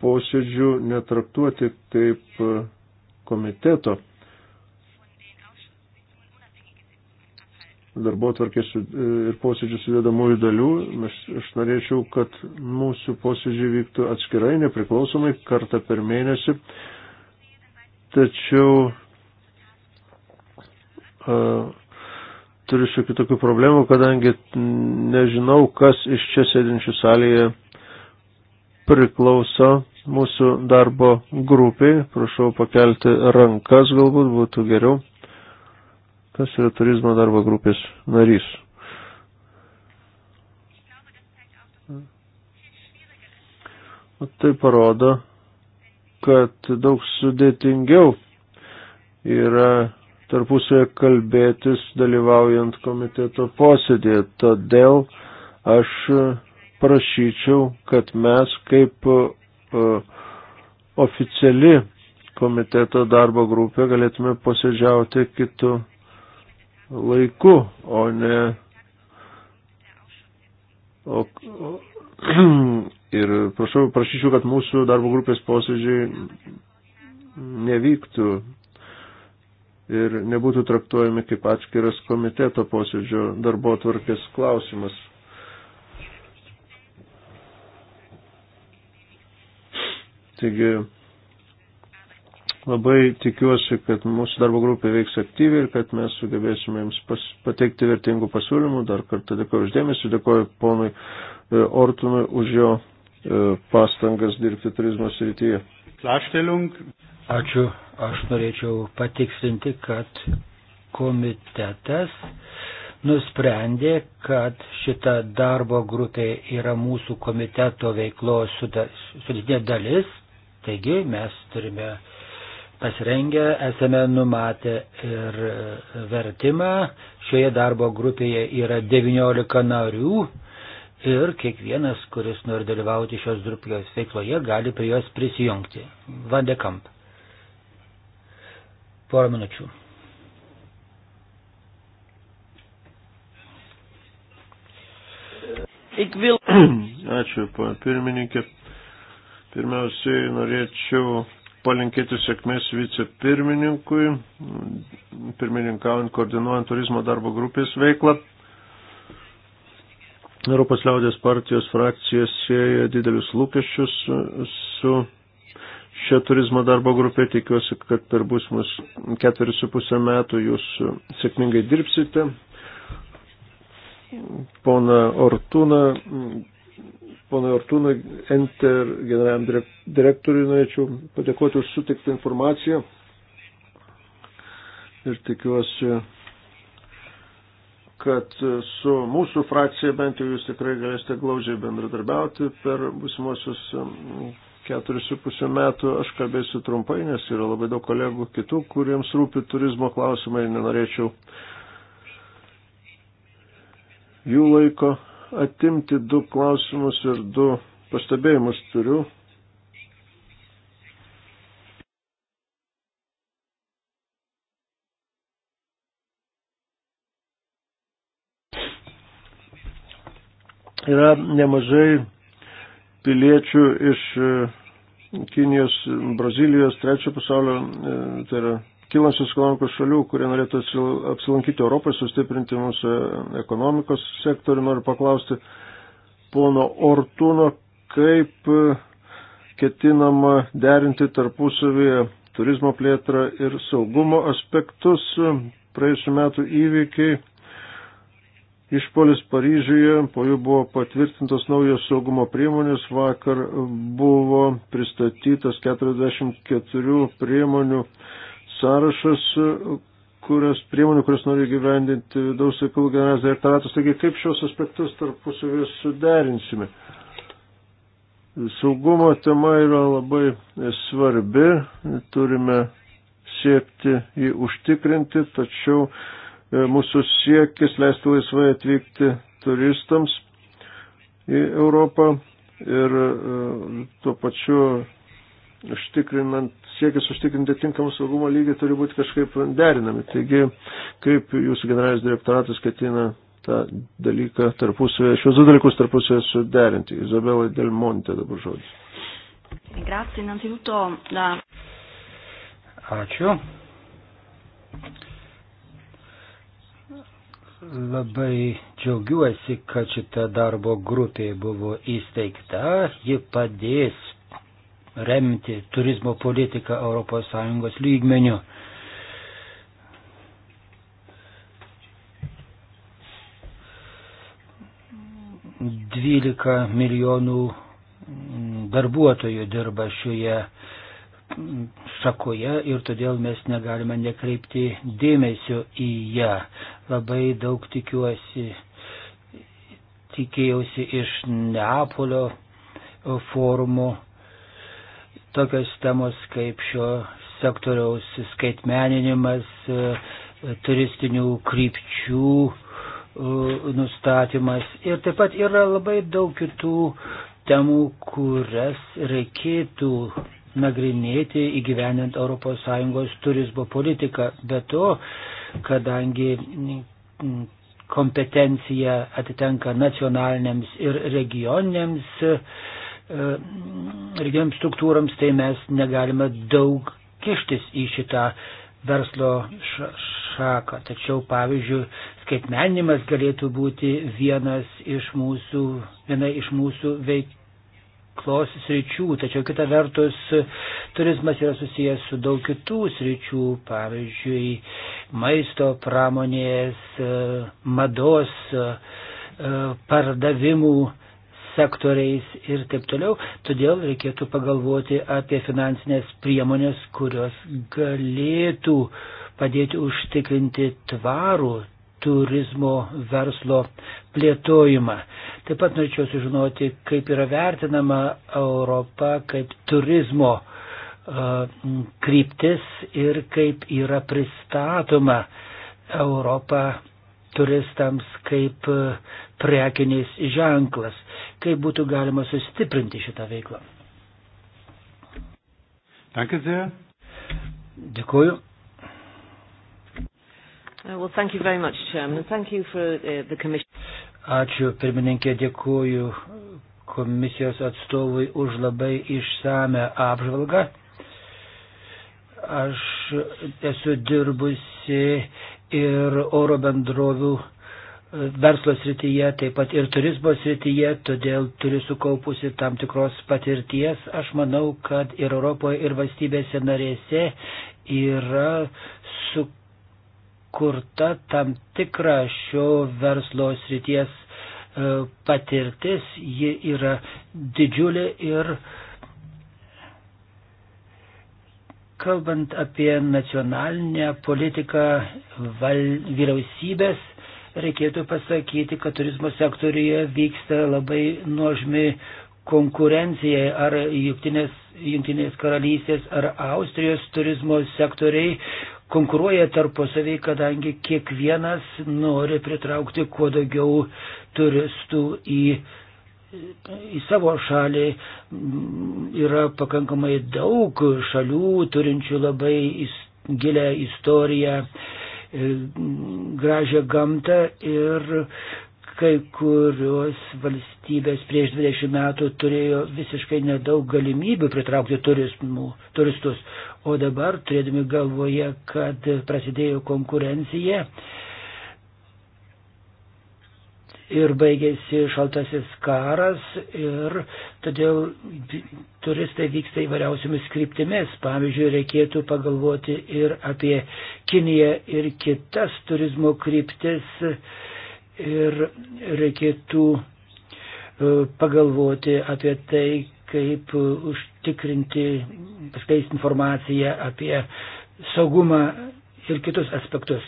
posėdžių netraktuoti kaip e, komiteto darbo tvarkės e, ir posėdžių sudėdamųjų dalių. Mes, aš norėčiau, kad mūsų posėdžiai vyktų atskirai, nepriklausomai, kartą per mėnesį. Tačiau a, e, turiu šiokių tokių problemų, kadangi nežinau, kas iš čia sėdinčių salėje priklauso mūsų darbo grupiai. Prašau pakelti rankas, galbūt būtų geriau. Kas yra turizmo darbo grupės narys? O tai parodo, kad daug sudėtingiau yra tarpusėje kalbėtis dalyvaujant komiteto posėdėje. Todėl aš prašyčiau, kad mes kaip kaip e, oficiali komiteto darbo grupė galėtume posėdžiauti kitų laiku, o ne o, o, ir prašau, prašyčiau, kad mūsų darbo grupės posėdžiai nevyktų ir nebūtų traktuojami kaip atskiras komiteto posėdžio darbo tvarkės klausimas. Taigi labai tikiuosi, kad mūsų darbo grupė veiks aktyviai ir kad mes sugebėsime jums pas, pateikti vertingų pasiūlymų. Dar kartą dėkoju uždėmesi, dėkoju ponui e, Ortunui už jo e, pastangas dirbti turizmo srityje. Ačiū. Aš norėčiau patikslinti, kad komitetas nusprendė, kad šita darbo grupė yra mūsų komiteto veiklos sudėtinė dalis Taigi mes turime pasirengę, esame numatę ir vertimą. Šioje darbo grupėje yra 19 narių ir kiekvienas, kuris nori dalyvauti šios grupės veikloje, gali prie jos prisijungti. Vandekamp. Porą minučių. Ačiū, pirmininkė. Pirmiausiai norėčiau palinkėti sėkmės vicepirmininkui, pirmininkaujant koordinuojant turizmo darbo grupės veiklą. Europos liaudės partijos frakcija sieja didelius lūkesčius su šia turizmo darbo grupė. Tikiuosi, kad per būsimus ketverius su pusę metų jūs sėkmingai dirbsite. Pona Ortūna ponai Artūnai, Enter generaliniam direktoriui norėčiau padėkoti už sutiktą informaciją ir tikiuosi, kad su mūsų frakcija bent jau jūs tikrai galėsite glaudžiai bendradarbiauti per busimuosius um, keturis su pusę metų. Aš kalbėsiu trumpai, nes yra labai daug kolegų kitų, kuriems rūpi turizmo klausimai ir nenorėčiau jų laiko atimti du klausimus ir du pastebėjimus turiu. Yra nemažai piliečių iš Kinijos, Brazilijos, trečio pasaulio, e, tai yra kylančios ekonomikos šalių, kurie norėtų apsilankyti Europoje, sustiprinti mūsų ekonomikos sektorių. Noriu paklausti pono Ortuno, kaip ketinama derinti tarpusavyje turizmo plėtrą ir saugumo aspektus. Praėjusiu metu įvykiai išpolis Paryžiuje, po jų buvo patvirtintos naujos saugumo priemonės, vakar buvo pristatytas 44 priemonių sąrašas, kurios priemonių, kurios nori gyvendinti vidaus reikalų generalinis direktoratas. Taigi, kaip šios aspektus tarpusavėje suderinsime? Saugumo tema yra labai svarbi, turime siekti jį užtikrinti, tačiau e, mūsų siekis leisti laisvai atvykti turistams į Europą ir e, tuo pačiu užtikrinant, siekis užtikrinti tinkamą saugumo lygį turi būti kažkaip derinami. Taigi, kaip jūsų generalinis direktoratas ketina tą dalyką tarpusavėje, šios du dalykus tarpusavėje suderinti. Izabela Del Monte dabar žodis. Grazie, innanzitutto da... Ačiū. Labai džiaugiuosi, kad šita darbo grupė buvo įsteigta. Ji padės remti turizmo politiką ES lygmeniu. Dvylika milijonų darbuotojų dirba šioje šakoje ir todėl mes negalime nekreipti dėmesio į ją. Labai daug tikiuosi, tikėjausi iš Neapolio forumo tokios temos kaip šio sektoriaus skaitmeninimas, e, turistinių krypčių e, nustatymas ir taip pat yra labai daug kitų temų, kurias reikėtų nagrinėti įgyvenint ES turizmo politiką. Be to, kadangi kompetencija atitenka nacionaliniams ir regioniniams E, regioniams struktūrams, tai mes negalime daug kištis į šitą verslo šaką. Tačiau, pavyzdžiui, skaitmenimas galėtų būti vienas iš mūsų, viena iš mūsų veiklos sričių. Tačiau, kita vertus, turizmas yra susijęs su daug kitų sričių, pavyzdžiui, maisto pramonės, e, mados, e, pardavimų sektoriais ir taip toliau. Todėl reikėtų pagalvoti apie finansinės priemonės, kurios galėtų padėti užtikrinti tvarų turizmo verslo plėtojimą. Taip pat norėčiau sužinoti, kaip yra vertinama Europa kaip turizmo uh, kryptis ir kaip yra pristatoma Europa turistams kaip e, prekinis ženklas, kaip būtų galima sustiprinti šitą veiklą. Danke sehr. Dėkuoju. Uh, well, thank you very much, Chairman. Thank you for uh, the Commission. Ačiū, pirmininkė, dėkuoju komisijos atstovui už labai išsame apžvalgą. Aš esu dirbusi ir oro bendrovių e, verslo srityje, taip pat ir turizmo srityje, todėl turi sukaupusi tam tikros patirties. Aš manau, kad ir Europoje, ir valstybėse narėse yra sukurta tam tikra šio verslo srities e, patirtis. Ji yra didžiulė ir uh, Kalbant apie nacionalinę politiką val, vyriausybės, reikėtų pasakyti, kad turizmo sektoriuje vyksta labai nuožmi konkurencija ar jungtinės, jungtinės karalystės ar Austrijos turizmo sektoriai konkuruoja tarpusavį, kadangi kiekvienas nori pritraukti kuo daugiau turistų į į savo šalį yra pakankamai daug šalių turinčių labai gilę istoriją, e, gražią gamtą ir kai kurios valstybės prieš 20 metų turėjo visiškai nedaug galimybių pritraukti turismų, turistus, o dabar turėdami galvoje, kad prasidėjo konkurencija, ir baigėsi šaltasis karas ir todėl turistai vyksta įvairiausiamis kryptimis. Pavyzdžiui, reikėtų pagalvoti ir apie Kiniją ir kitas turizmo kryptis ir reikėtų e, pagalvoti apie tai, kaip užtikrinti, paskleisti informaciją apie saugumą ir kitus aspektus.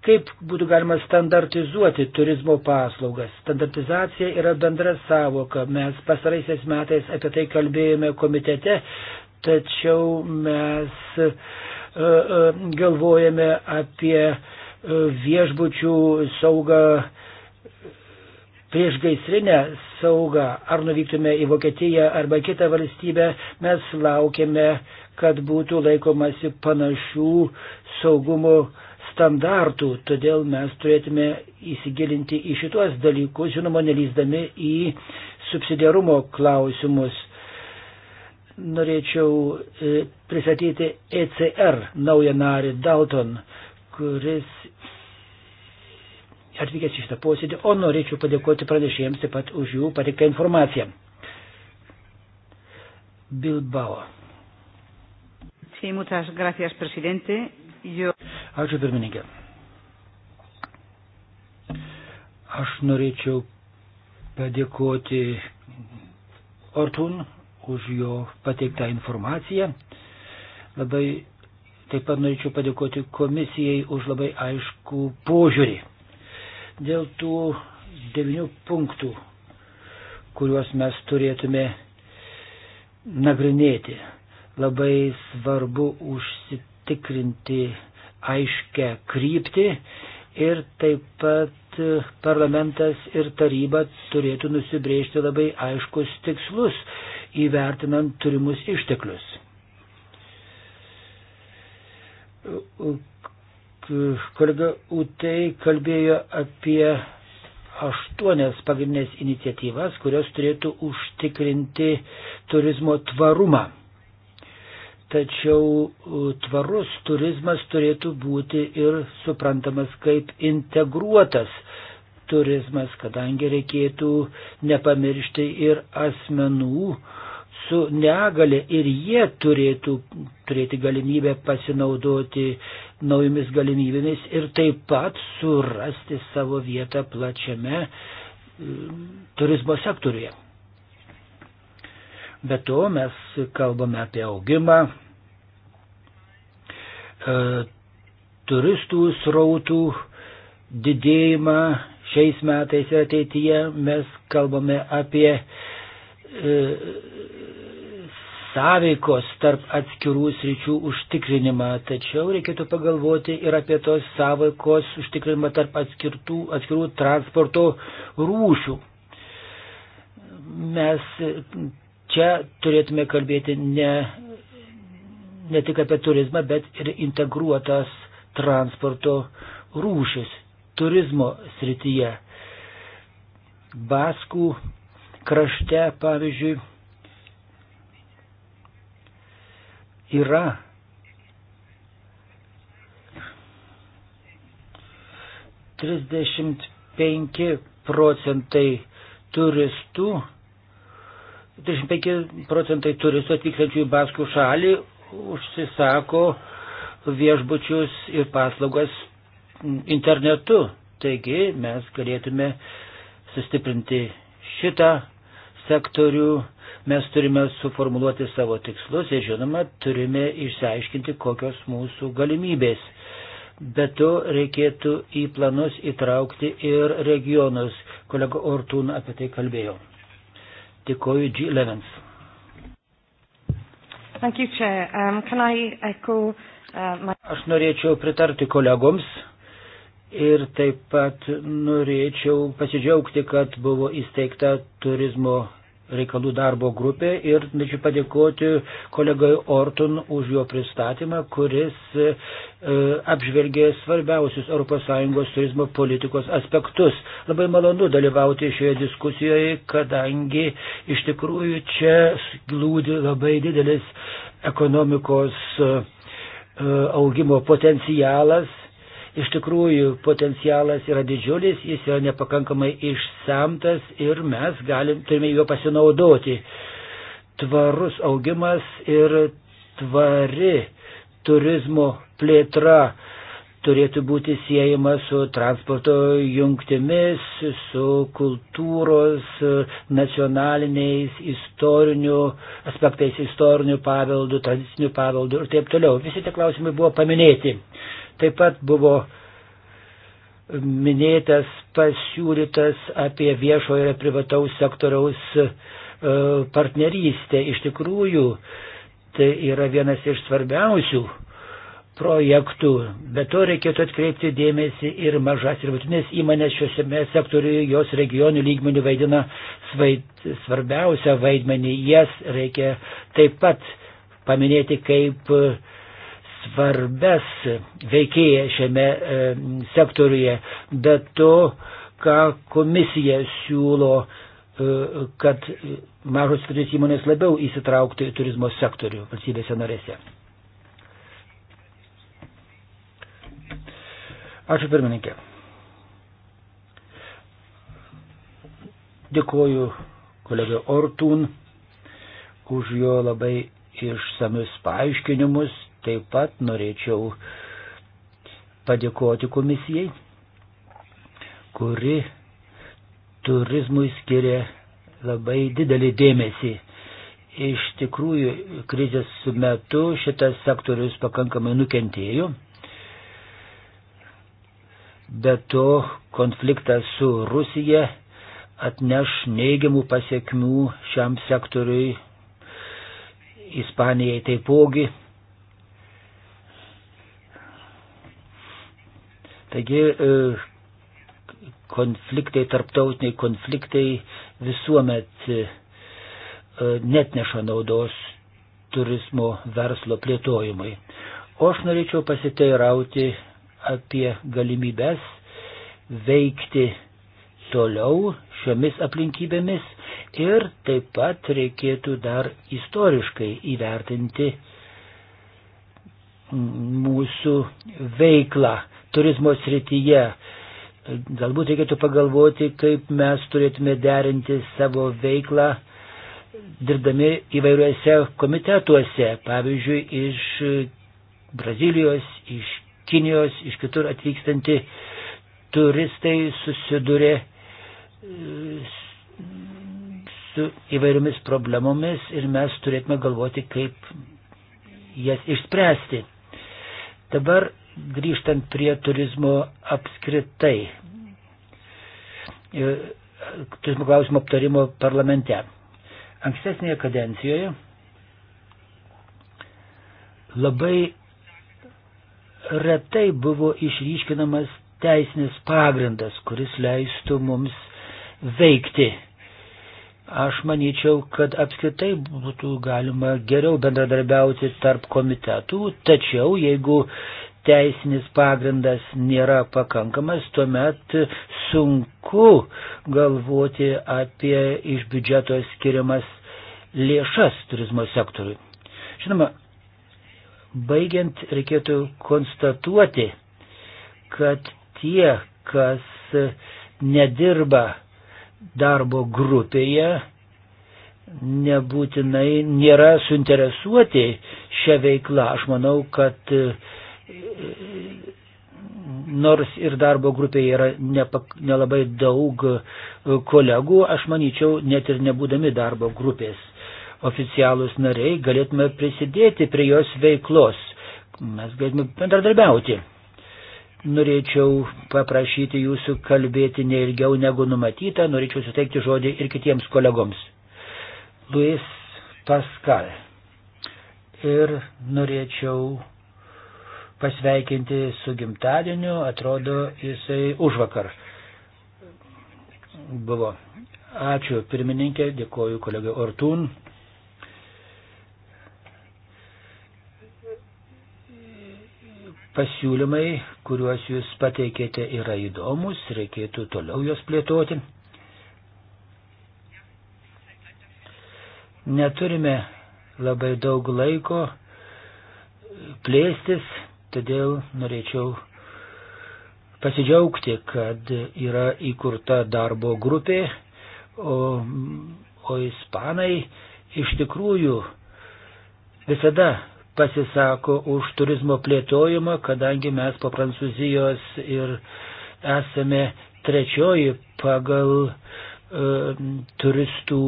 Kaip būtų galima standartizuoti turizmo paslaugas? Standartizacija yra bendra savoka. Mes pasaraisiais metais apie tai kalbėjome komitete, tačiau mes uh, uh, galvojame apie uh, viešbučių saugą priešgaisrinę saugą, ar nuvyktume į Vokietiją arba kitą valstybę, mes laukiame, kad būtų laikomasi panašių saugumo uh, standartų, todėl mes turėtume įsigilinti į šitos dalykus, žinoma, nelyzdami į subsidiarumo klausimus. Norėčiau e, pristatyti ECR naują narį Dalton, kuris atvykęs į šitą posėdį, o norėčiau padėkoti pranešėjams taip pat už jų patiktą informaciją. Bilbao. Sí, muchas gracias, presidente. Yo... Ačiū pirmininkė. Aš norėčiau padėkoti Ortun už jo pateiktą informaciją. Labai taip pat norėčiau padėkoti komisijai už labai aiškų požiūrį. Dėl tų devinių punktų, kuriuos mes turėtume nagrinėti, labai svarbu užsitikrinti aiškę kryptį ir taip pat parlamentas ir taryba turėtų nusibriežti labai aiškus tikslus įvertinant turimus išteklius. Kolega Utei kalbėjo apie aštuonias pagrindinės iniciatyvas, kurios turėtų užtikrinti turizmo tvarumą. Tačiau tvarus turizmas turėtų būti ir suprantamas kaip integruotas turizmas, kadangi reikėtų nepamiršti ir asmenų su negale ir jie turėtų turėti galimybę pasinaudoti naujomis galimybėmis ir taip pat surasti savo vietą plačiame turizmo sektoriuje. Be to mes kalbame apie augimą, e, turistų srautų didėjimą šiais metais ir ateityje. Mes kalbame apie e, sąveikos tarp atskirų sričių užtikrinimą, tačiau reikėtų pagalvoti ir apie tos sąveikos užtikrinimą tarp atskirtų, atskirų transporto rūšių. Mes Čia turėtume kalbėti ne, ne tik apie turizmą, bet ir integruotas transporto rūšis turizmo srityje. Baskų krašte, pavyzdžiui, yra trisdešimt penki procentai turistų 35 procentai turistų atvykstančių į Baskų šalį užsisako viešbučius ir paslaugas internetu. Taigi mes galėtume sustiprinti šitą sektorių, mes turime suformuluoti savo tikslus ir žinoma, turime išsiaiškinti, kokios mūsų galimybės. Bet to reikėtų į planus įtraukti ir regionus. Kolega Ortūn apie tai kalbėjo. Dėkoju G. Levens. Thank you, Chair. Um, can I echo uh, my... Aš norėčiau pritarti kolegoms ir taip pat norėčiau pasidžiaugti, kad buvo įsteigta turizmo reikalų darbo grupė ir norėčiau padėkoti kolegai Orton už jo pristatymą, kuris e, apžvelgė svarbiausius ES turizmo politikos aspektus. Labai malonu dalyvauti šioje diskusijoje, kadangi iš tikrųjų čia glūdi labai didelis ekonomikos e, e augimo potencialas Iš tikrųjų, potencialas yra didžiulis, jis yra nepakankamai išsamtas ir mes galim, turime juo pasinaudoti. Tvarus augimas ir tvari turizmo plėtra turėtų būti siejama su transporto jungtimis, su kultūros, nacionaliniais, istorinių aspektais, istorinių paveldų, tradicinių paveldų ir taip toliau. Visi tie klausimai buvo paminėti. Taip pat buvo minėtas pasiūlytas apie viešojo ir privataus sektoriaus e, partnerystę. Iš tikrųjų, tai yra vienas iš svarbiausių projektų. Be to reikėtų atkreipti dėmesį ir mažas ir vidutinės įmonės šiuose sektoriuje, jos regionų lygmenių vaidina svarbiausią vaidmenį. Jas reikia taip pat paminėti kaip uh, svarbes veikėją šiame e, sektoriuje, bet to, ką komisija siūlo, e, kad mažos vidinės įmonės labiau įsitrauktų į turizmo sektorių valstybėse narėse. Ačiū pirmininkė. Dėkuoju kolegai Ortūn už jo labai išsamius paaiškinimus Taip pat norėčiau padėkoti komisijai, kuri turizmui skiria labai didelį dėmesį. Iš tikrųjų, krizės metu šitas sektorius pakankamai nukentėjo. Be to, konfliktas su Rusija atneš neigiamų pasiekmių šiam sektoriui, Ispanijai taipogi Taigi e, konfliktai, tarptautiniai konfliktai visuomet e, net neša naudos turizmo verslo plėtojimui. O aš norėčiau pasiteirauti apie galimybės veikti toliau šiomis aplinkybėmis ir taip pat reikėtų dar istoriškai įvertinti mūsų veiklą turizmo srityje. Galbūt reikėtų pagalvoti, kaip mes turėtume derinti savo veiklą, dirbdami įvairiuose komitetuose, pavyzdžiui, iš Brazilijos, iš Kinijos, iš kitur atvykstanti turistai susiduria su įvairiomis problemomis ir mes turėtume galvoti, kaip jas išspręsti. Dabar grįžtant prie turizmo apskritai, e, turizmo klausimo aptarimo parlamente. Ankstesnėje kadencijoje labai retai buvo išryškinamas teisinis pagrindas, kuris leistų mums veikti. Aš manyčiau, kad apskritai būtų galima geriau bendradarbiauti tarp komitetų, tačiau jeigu uh, teisinis pagrindas nėra pakankamas, tuomet sunku galvoti apie iš biudžeto skiriamas lėšas turizmo sektoriui. Žinoma, baigiant reikėtų konstatuoti, kad tie, kas nedirba darbo grupėje, nebūtinai nėra suinteresuoti šią veiklą. Aš manau, kad nors ir darbo grupėje yra nepak, nelabai daug e, kolegų, aš manyčiau, net ir nebūdami darbo grupės oficialūs nariai, galėtume prisidėti prie jos veiklos. Mes galėtume bendradarbiauti. Norėčiau paprašyti jūsų kalbėti neilgiau negu numatyta, norėčiau suteikti žodį ir kitiems kolegoms. Luis Pascal. Ir norėčiau pasveikinti su gimtadieniu, atrodo, jisai už vakar buvo. Ačiū pirmininkė, dėkoju kolegai Ortūn. Pasiūlymai, kuriuos jūs pateikėte, yra įdomus, reikėtų toliau juos plėtoti. Neturime labai daug laiko plėstis, Todėl norėčiau pasidžiaugti, kad yra įkurta darbo grupė, o, o ispanai iš tikrųjų visada pasisako už turizmo plėtojimą, kadangi mes po Prancūzijos ir esame trečioji pagal e, turistų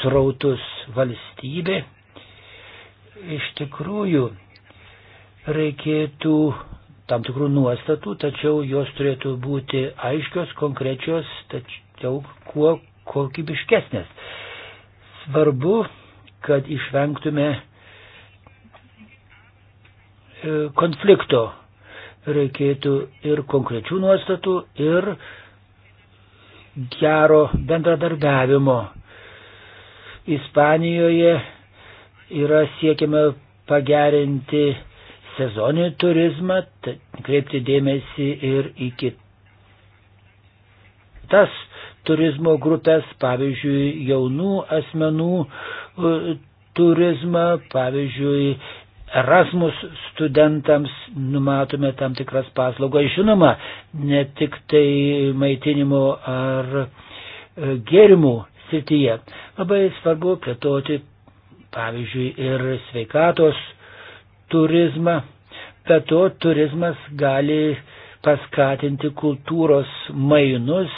srautus valstybė. Iš tikrųjų, reikėtų tam tikrų nuostatų, tačiau jos turėtų būti aiškios, konkrečios, tačiau kuo kokybiškesnės. Svarbu, kad išvengtume e, konflikto. Reikėtų ir konkrečių nuostatų, ir gero bendradarbiavimo. Ispanijoje yra siekiama pagerinti sezoninį turizmą, tai kreipti dėmesį ir į kitas turizmo grupės, pavyzdžiui, jaunų asmenų e, turizmą, pavyzdžiui, Erasmus studentams numatome tam tikras paslaugas, žinoma, ne tik tai maitinimo ar e, gėrimų srityje. Labai svarbu plėtoti, pavyzdžiui, ir sveikatos turizmą. Be to, turizmas gali paskatinti kultūros mainus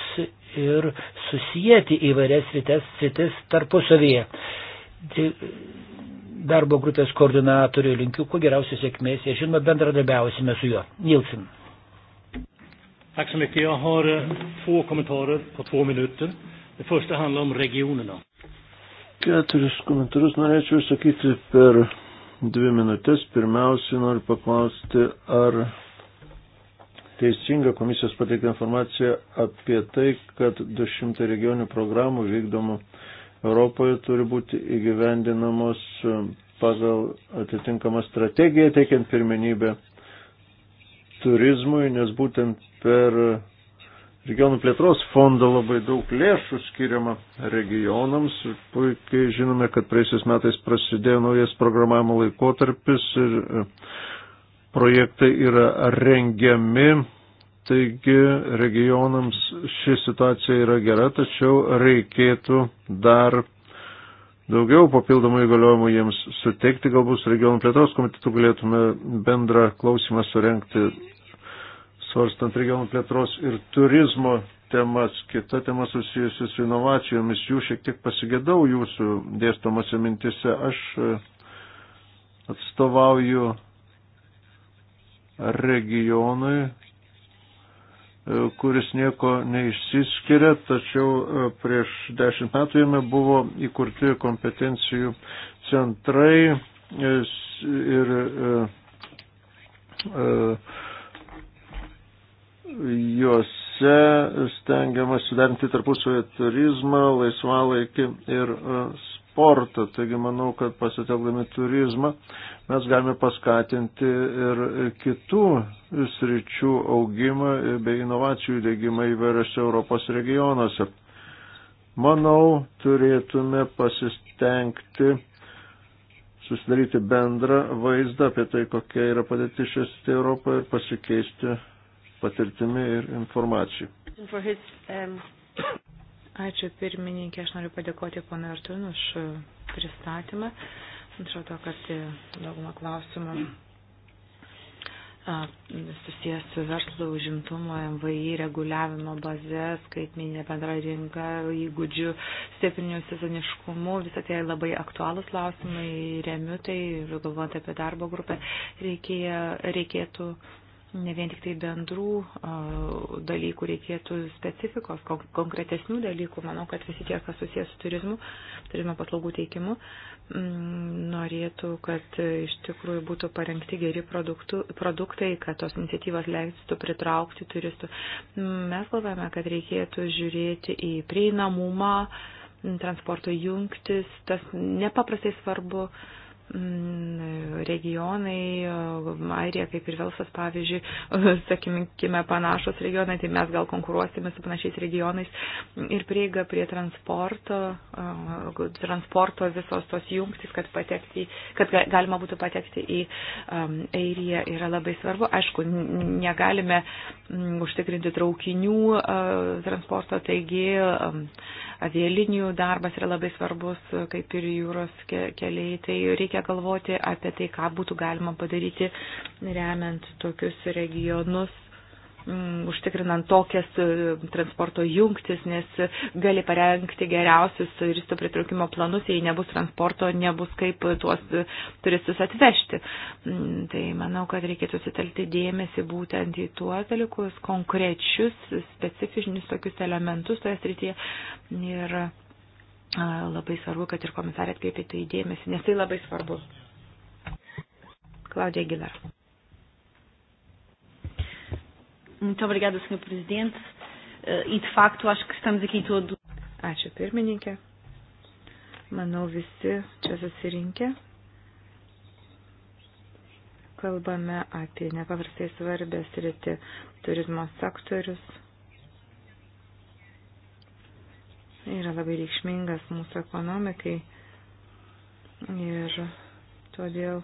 ir susijęti įvairias rytes, sritis tarpusavyje. Darbo grupės koordinatorių linkiu, kuo geriausios sėkmės ir žinoma bendradarbiausime su juo. Nilsin. Tack så mycket. Jag har eh, två kommentarer på två minuter. Det första handlar om regionerna. Keturis komentarus norėčiau išsakyti per dvi minutės. Pirmiausia, noriu paklausti, ar teisinga komisijos pateikta informacija apie tai, kad 200 regionių programų vykdomų Europoje turi būti įgyvendinamos e, pagal atitinkamą strategiją, teikiant pirmenybę turizmui, nes būtent per regionų plėtros fondo labai daug lėšų skiriama regionams. Puikiai žinome, kad praeisiais metais prasidėjo naujas programavimo laikotarpis ir e, projektai yra rengiami. Taigi regionams ši situacija yra gera, tačiau reikėtų dar daugiau papildomų įgaliojimų jiems suteikti. Galbūt regionų plėtros komitetų galėtume bendrą klausimą surenkti svarstant regionų plėtros ir turizmo temas. Kita tema susijusi su inovacijomis. Jų šiek tiek pasigėdau jūsų dėstomose mintise. Aš e, atstovauju regionui, e, kuris nieko neišsiskiria, tačiau e, prieš dešimt metų jame buvo įkurti kompetencijų centrai ir, ir, ir Juose stengiamas suderinti tarpusavį turizmą, laisvalaikį ir e, sportą. Taigi manau, kad pasitelkdami turizmą mes galime paskatinti ir kitų sričių augimą bei inovacijų dėgymą įvairiose Europos regionuose. Manau, turėtume pasistengti susidaryti bendrą vaizdą apie tai, kokia yra padėtis šios Europoje ir pasikeisti patirtimi ir informacijai. Um, Ačiū pirmininkė, aš noriu padėkoti pana Artun už uh, pristatymą. Atrodo, kad uh, daugumą klausimų uh, susijęs su verslo užimtumo, MVI reguliavimo baze, skaitminė bendra rinka, įgūdžių, stiprinių sezoniškumų, visą tai labai aktualūs klausimai, remiu tai, galvojant apie darbo grupę, reikėja, reikėtų ne vien tik tai bendrų dalykų, reikėtų specifikos, konkretesnių dalykų. Manau, kad visi tie, kas susijęs su turizmu, turizmo paslaugų teikimu, mm, norėtų, kad iš tikrųjų būtų parengti geri produktų, produktai, kad tos iniciatyvos leistų pritraukti turistų. Mes galvojame, kad reikėtų žiūrėti į prieinamumą, transporto jungtis, tas nepaprastai svarbu. Uh, Mm, regionai, Airija kaip ir Velsas, pavyzdžiui, sakykime, panašus regionai, tai mes gal konkuruosime su panašiais regionais ir prieiga prie transporto, transporto visos tos jungtis, kad, patekti, kad galima būtų patekti į Airiją yra labai svarbu. Aišku, negalime užtikrinti traukinių transporto, taigi avialinijų darbas yra labai svarbus, kaip ir jūros keliai, tai reikia reikia galvoti apie tai, ką būtų galima padaryti, remiant tokius regionus mm, užtikrinant tokias e, transporto jungtis, nes gali parengti geriausius turistų pritraukimo planus, jei nebus transporto, nebus kaip tuos turistus atvežti. Mm, tai manau, kad reikėtų sutelkti dėmesį būtent į tuos dalykus, konkrečius, specifinius tokius elementus toje srityje. Ir Labai svarbu, kad ir komisarė atkreipė tai dėmesį, nes tai labai svarbu. Cláudia Aguilar. Muito obrigada, Sr. Presidente. Eh, e, de facto, acho que estamos aqui todos. Ačiū pirmininkė. Manau, visi čia susirinkę. Kalbame apie nepaprastai svarbę sritį turizmo sektorius. yra labai reikšmingas mūsų ekonomikai ir todėl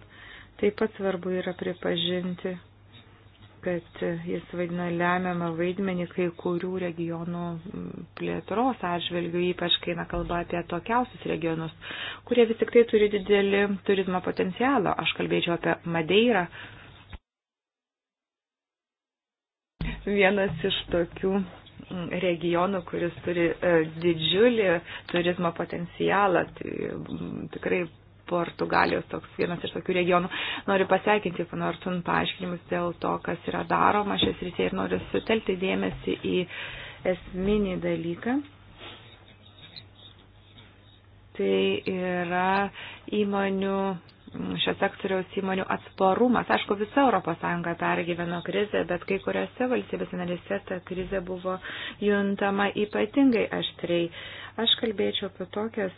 taip pat svarbu yra pripažinti, kad jis vaidina lemiamą vaidmenį kai kurių regionų plėtros atžvilgių, ypač kai na, kalba apie tokiausius regionus, kurie vis tik tai turi didelį turizmo potencialą. Aš kalbėčiau apie Madeirą. Vienas iš tokių regionų, kuris turi e, didžiulį turizmo potencialą. Tai tikrai Portugalijos toks vienas iš tokių regionų. Noriu pasveikinti Panortun paaiškinimus dėl to, kas yra daroma šias rytėje ir noriu sutelti dėmesį į esminį dalyką. Tai yra įmonių šio sektoriaus įmonių atsparumas. Aišku, visa ES pergyveno krizę, bet kai kuriuose valstybės analise ta krizė buvo juntama ypatingai aštriai. Aš kalbėčiau apie tokias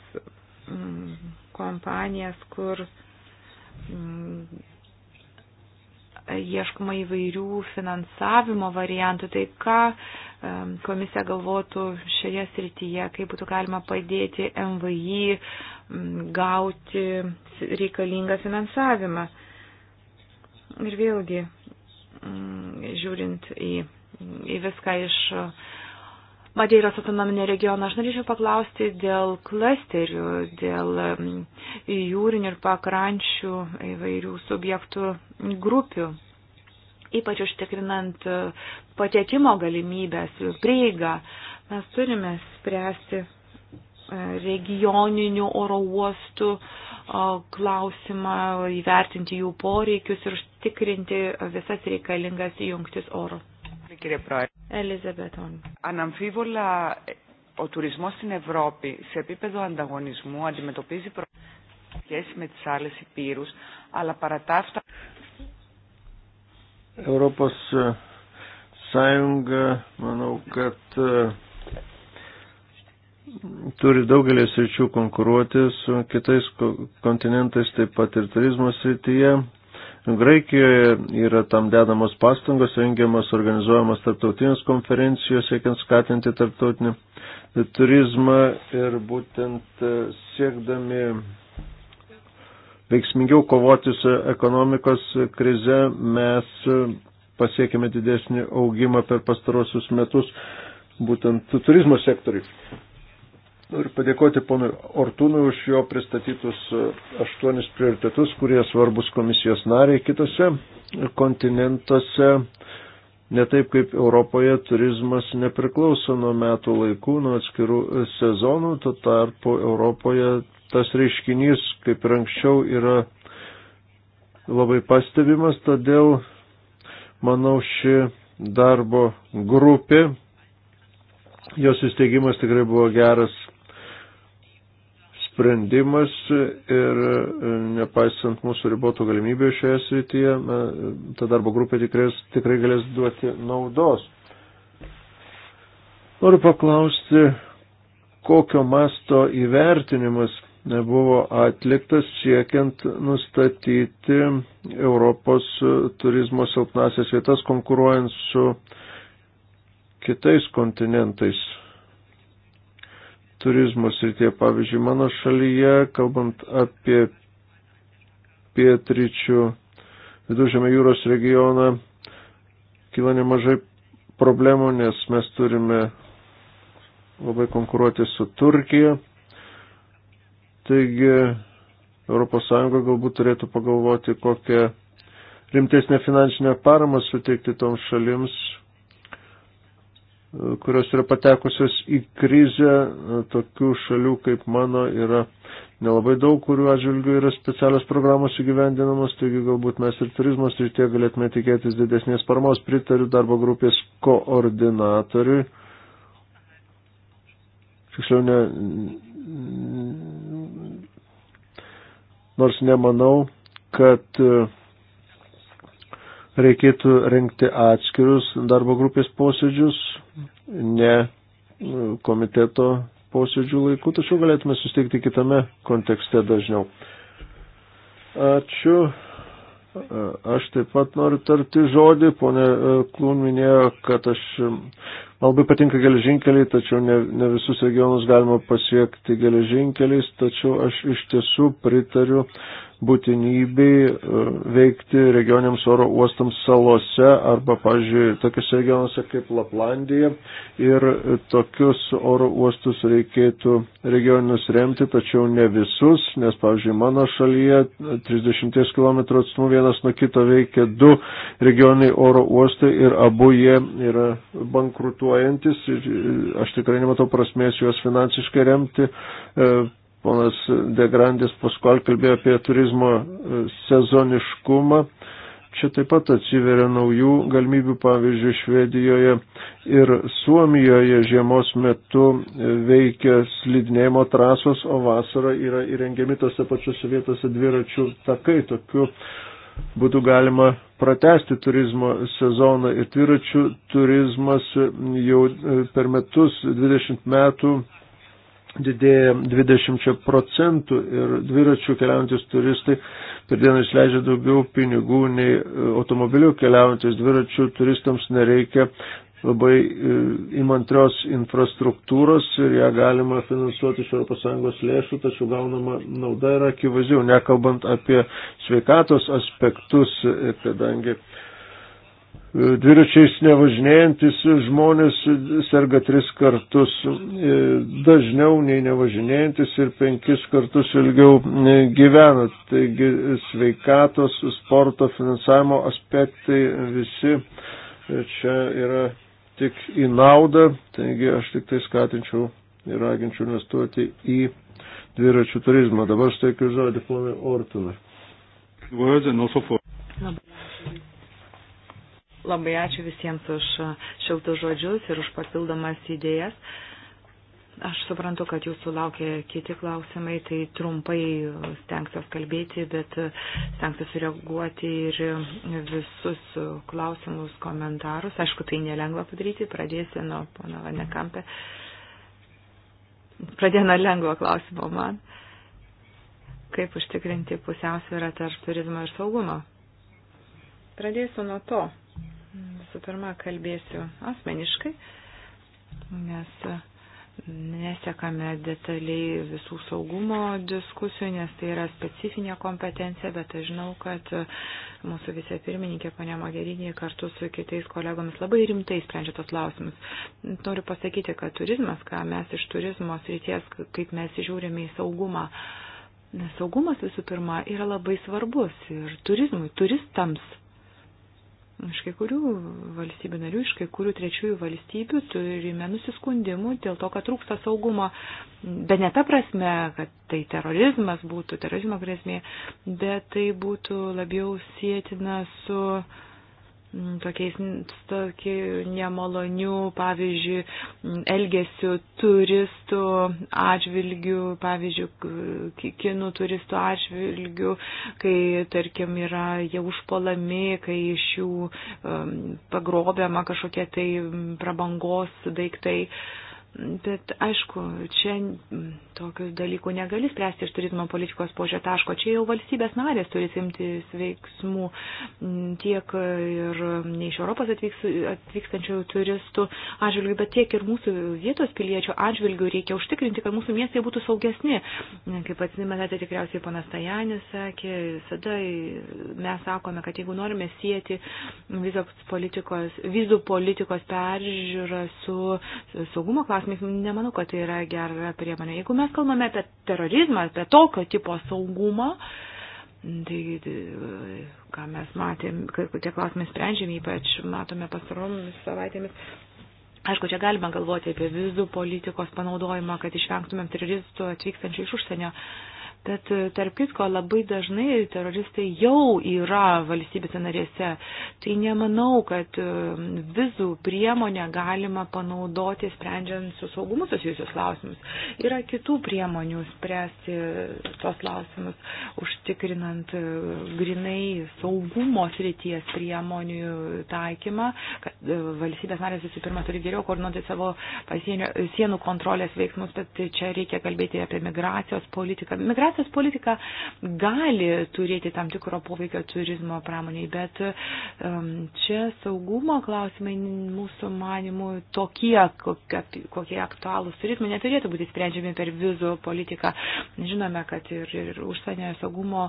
mm, kompanijas, kur mm, ieškoma įvairių finansavimo variantų. Tai ką mm, komisija galvotų šioje srityje, kaip būtų galima padėti MVI gauti reikalingą finansavimą. Ir vėlgi, mm, žiūrint į, į viską iš Madeiros autonominė regiona, aš norėčiau paklausti dėl klasterių, dėl mm, jūrinių ir pakrančių įvairių subjektų grupių, ypač užtikrinant e, patekimo galimybės, prieigą. Mes turime spręsti E, regioninių oro uostų e, klausimą, įvertinti jų poreikius ir užtikrinti visas reikalingas jungtis oro. Ελιζαμπέτον. Αναμφίβολα ο τουρισμός στην Ευρώπη σε επίπεδο ανταγωνισμού αντιμετωπίζει προκλήσεις με τις άλλες υπήρους, αλλά παρά τα αυτά... Europos Sąjunga, manau, kad turi daugelį sričių konkuruoti su kitais kontinentais, taip pat ir turizmo srityje. Graikijoje yra tam dedamos pastangos, rengiamas, organizuojamas tarptautinės konferencijos, siekiant skatinti tarptautinį turizmą ir būtent e, siekdami veiksmingiau kovoti su ekonomikos krize mes e, pasiekime didesnį augimą per pastarosius metus būtent turizmo sektoriui. Noriu padėkoti ponui Ortūnui už jo pristatytus e, aštuonis prioritetus, kurie svarbus komisijos nariai kitose kontinentuose. Ne taip kaip Europoje turizmas nepriklauso nuo metų laikų, nuo atskirų e, sezonų, tuo tarpu Europoje tas reiškinys, kaip ir anksčiau, yra labai pastebimas, todėl manau ši darbo grupė, jos įsteigimas tikrai buvo geras sprendimas ir e, nepaisant mūsų ribotų galimybių šioje srityje, e, ta darbo grupė tikrai, tikrai galės duoti naudos. Noriu paklausti, kokio masto įvertinimas buvo atliktas siekiant nustatyti Europos turizmo silpnasias vietas konkuruojant su kitais kontinentais turizmo srityje. Pavyzdžiui, mano šalyje, kalbant apie pietryčių viduržėmio jūros regioną, kyla nemažai problemų, nes mes turime labai konkuruoti su Turkija. Taigi ES galbūt turėtų pagalvoti, kokią rimtesnę finansinę paramą suteikti toms šalims, kurios yra patekusios į krizę, tokių šalių kaip mano yra nelabai daug, kurių atžvilgių yra specialios programos įgyvendinamos, taigi galbūt mes ir turizmo srityje galėtume tikėtis didesnės paramos, pritariu darbo grupės koordinatoriui. Tiksliau, ne, nors nemanau, kad e, reikėtų renkti atskirus darbo grupės posėdžius, ne e, komiteto posėdžių laikų, tačiau galėtume susitikti kitame kontekste dažniau. Ačiū. E, aš taip pat noriu tarti žodį. Pone e, Klūn minėjo, kad aš labai patinka geležinkeliai, tačiau ne, ne visus regionus galima pasiekti geležinkeliais, tačiau aš iš tiesų pritariu uh, būtinybei veikti regioniams oro uostams salose arba, pavyzdžiui, tokiuose regionuose kaip Laplandija ir tokius oro uostus reikėtų regioninius remti, tačiau ne visus, nes, pavyzdžiui, mano šalyje 30 km atstumų vienas nuo kito veikia du regioniai oro uostai ir abu jie yra bankrutuojantis ir aš tikrai nematau prasmės juos finansiškai remti e, Ponas Degrandis Paskol kalbėjo apie turizmo e, sezoniškumą. Čia taip pat atsiveria naujų galimybių, pavyzdžiui, Švedijoje ir Suomijoje žiemos metu e, veikia slidinėjimo trasos, o vasarą yra įrengiami tose pačiose vietose dviračių takai. Tokiu būtų galima pratesti turizmo sezoną ir dviračių turizmas jau e, per metus 20 metų didėja 20 procentų ir dviračių keliaujantis turistai per dieną išleidžia daugiau pinigų nei e, automobilių keliaujantis dviračių turistams nereikia labai e, įmantrios infrastruktūros ir ją galima finansuoti iš ES lėšų, tačiau gaunama nauda yra akivaizdžiau, nekalbant apie sveikatos aspektus, e, kadangi uh, dviračiais nevažinėjantis žmonės serga tris kartus e, dažniau nei nevažinėjantis ir penkis kartus ilgiau e, gyvena. Taigi sveikatos, sporto finansavimo aspektai visi e, čia yra tik į naudą. Taigi aš tik tai skatinčiau ir raginčiau investuoti į dviračių turizmą. Dabar steikiu žodį ponui Ortonui. Labai ačiū. Labai ačiū visiems už e, šiltus žodžius ir už papildomas idėjas. Aš suprantu, kad jūsų laukia kiti klausimai, tai trumpai e, stengsiuos kalbėti, bet e, stengsiuosi reaguoti ir visus klausimus, komentarus. Aišku, tai nelengva padaryti, pradėsiu nuo pono Vanekampė. Pradėjo nuo lengvo klausimo man. Kaip užtikrinti pusiausvyrą tarp turizmo ir saugumo? Pradėsiu nuo to. Visų pirma, kalbėsiu asmeniškai, nes nesekame detaliai visų saugumo diskusijų, nes tai yra specifinė kompetencija, bet aš žinau, kad mūsų vice pirmininkė, ponė Magerinė, kartu su kitais kolegomis labai rimtai sprendžia tos klausimus. Noriu pasakyti, kad turizmas, ką mes iš turizmo srities, kaip mes žiūrime į saugumą, saugumas visų pirma yra labai svarbus ir turizmui, turistams Iš kai kurių valstybių narių, iš kai kurių trečiųjų valstybių turime nusiskundimų dėl to, kad trūksta saugumo, bet ne ta prasme, kad tai terorizmas būtų, terorizmo grėsmė, bet tai būtų labiau sėtina su uh, Mm, tokiais tokiu nemaloniu, pavyzdžiui, mm, elgesiu turistų atžvilgių, pavyzdžiui, kinų turistų atžvilgių, kai, tarkim, yra jie užpolami, kai iš jų um, pagrobiama kažkokie tai mm, prabangos daiktai. Um, Bet aišku, čia mm, tokių dalykų negali spręsti iš turizmo politikos požio taško. Čia jau valstybės narės turi simti veiksmų mm, tiek ir mm, ne iš Europos atvyks, atvykstančių turistų atžvilgių, bet tiek ir mūsų vietos piliečių atžvilgių reikia užtikrinti, kad mūsų miestai būtų saugesni. Kaip atsimenate, tikriausiai panas Tajanis sakė, visada mes sakome, kad jeigu norime sieti vizų politikos, vizų politikos peržiūrą su saugumo klausimu, klausimais, nemanau, kad tai yra gera priemonė. Jeigu mes kalbame apie terorizmą, apie tokio tipo saugumą, tai, tai ką mes matėm, kai tie klausimai sprendžiami, ypač matome pastaromis savaitėmis, Aišku, čia galima galvoti apie vizų politikos panaudojimą, kad išvengtumėm teroristų atvykstančių iš užsienio. Uh, Bet tarp kitko labai dažnai teroristai jau yra valstybėse narėse. Tai nemanau, kad e, vizų priemonę galima panaudoti sprendžiant su saugumu susijusius klausimus. Yra kitų priemonių spręsti e, tos klausimus, užtikrinant e, grinai saugumo srities priemonių taikymą, kad valstybės narės visų pirma turi geriau koordinuoti savo pasienio, sienų kontrolės veiksmus, bet čia reikia kalbėti apie migracijos politiką. Migracijos migracijos politika gali turėti tam tikro poveikio turizmo pramoniai, bet um, čia saugumo klausimai mūsų manimų tokie, kokie, kokie aktualūs turizmai neturėtų būti sprendžiami per vizų politiką. Žinome, kad ir, ir užsienio saugumo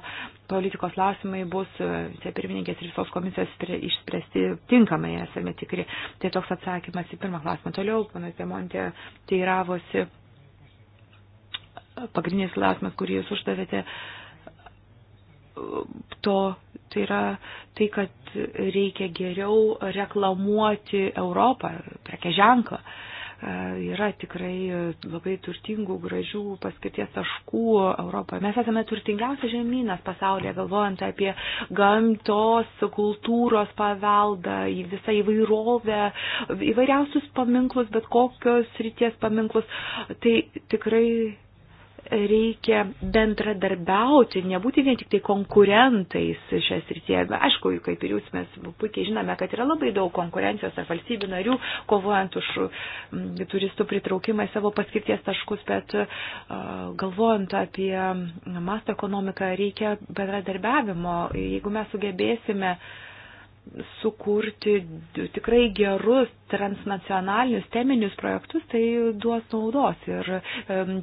politikos klausimai bus e, pirmininkės ir visos komisijos išspręsti tinkamai, esame tikri. Tai toks atsakymas į pirmą klausimą. Toliau, panas Demontė teiravosi pagrindinis klausimas, kurį jūs uždavėte, to, tai yra tai, kad reikia geriau reklamuoti Europą, prekia ženklą. E, yra tikrai labai turtingų, gražių paskirties taškų Europoje. Mes esame turtingiausias žemynas pasaulyje, galvojant apie gamtos, kultūros paveldą, visą įvairovę, įvairiausius paminklus, bet kokios ryties paminklus. Tai tikrai reikia bendradarbiauti, nebūti vien tik tai konkurentais šią srityje. Aišku, kaip ir jūs mes puikiai žinome, kad yra labai daug konkurencijos ar valstybių narių, kovojant už mm, turistų pritraukimą į savo paskirties taškus, bet galvojant apie masto ekonomiką, reikia bendradarbiavimo. Jeigu mes sugebėsime uh, sukurti tikrai gerus transnacionalinius teminius projektus, tai duos naudos. Ir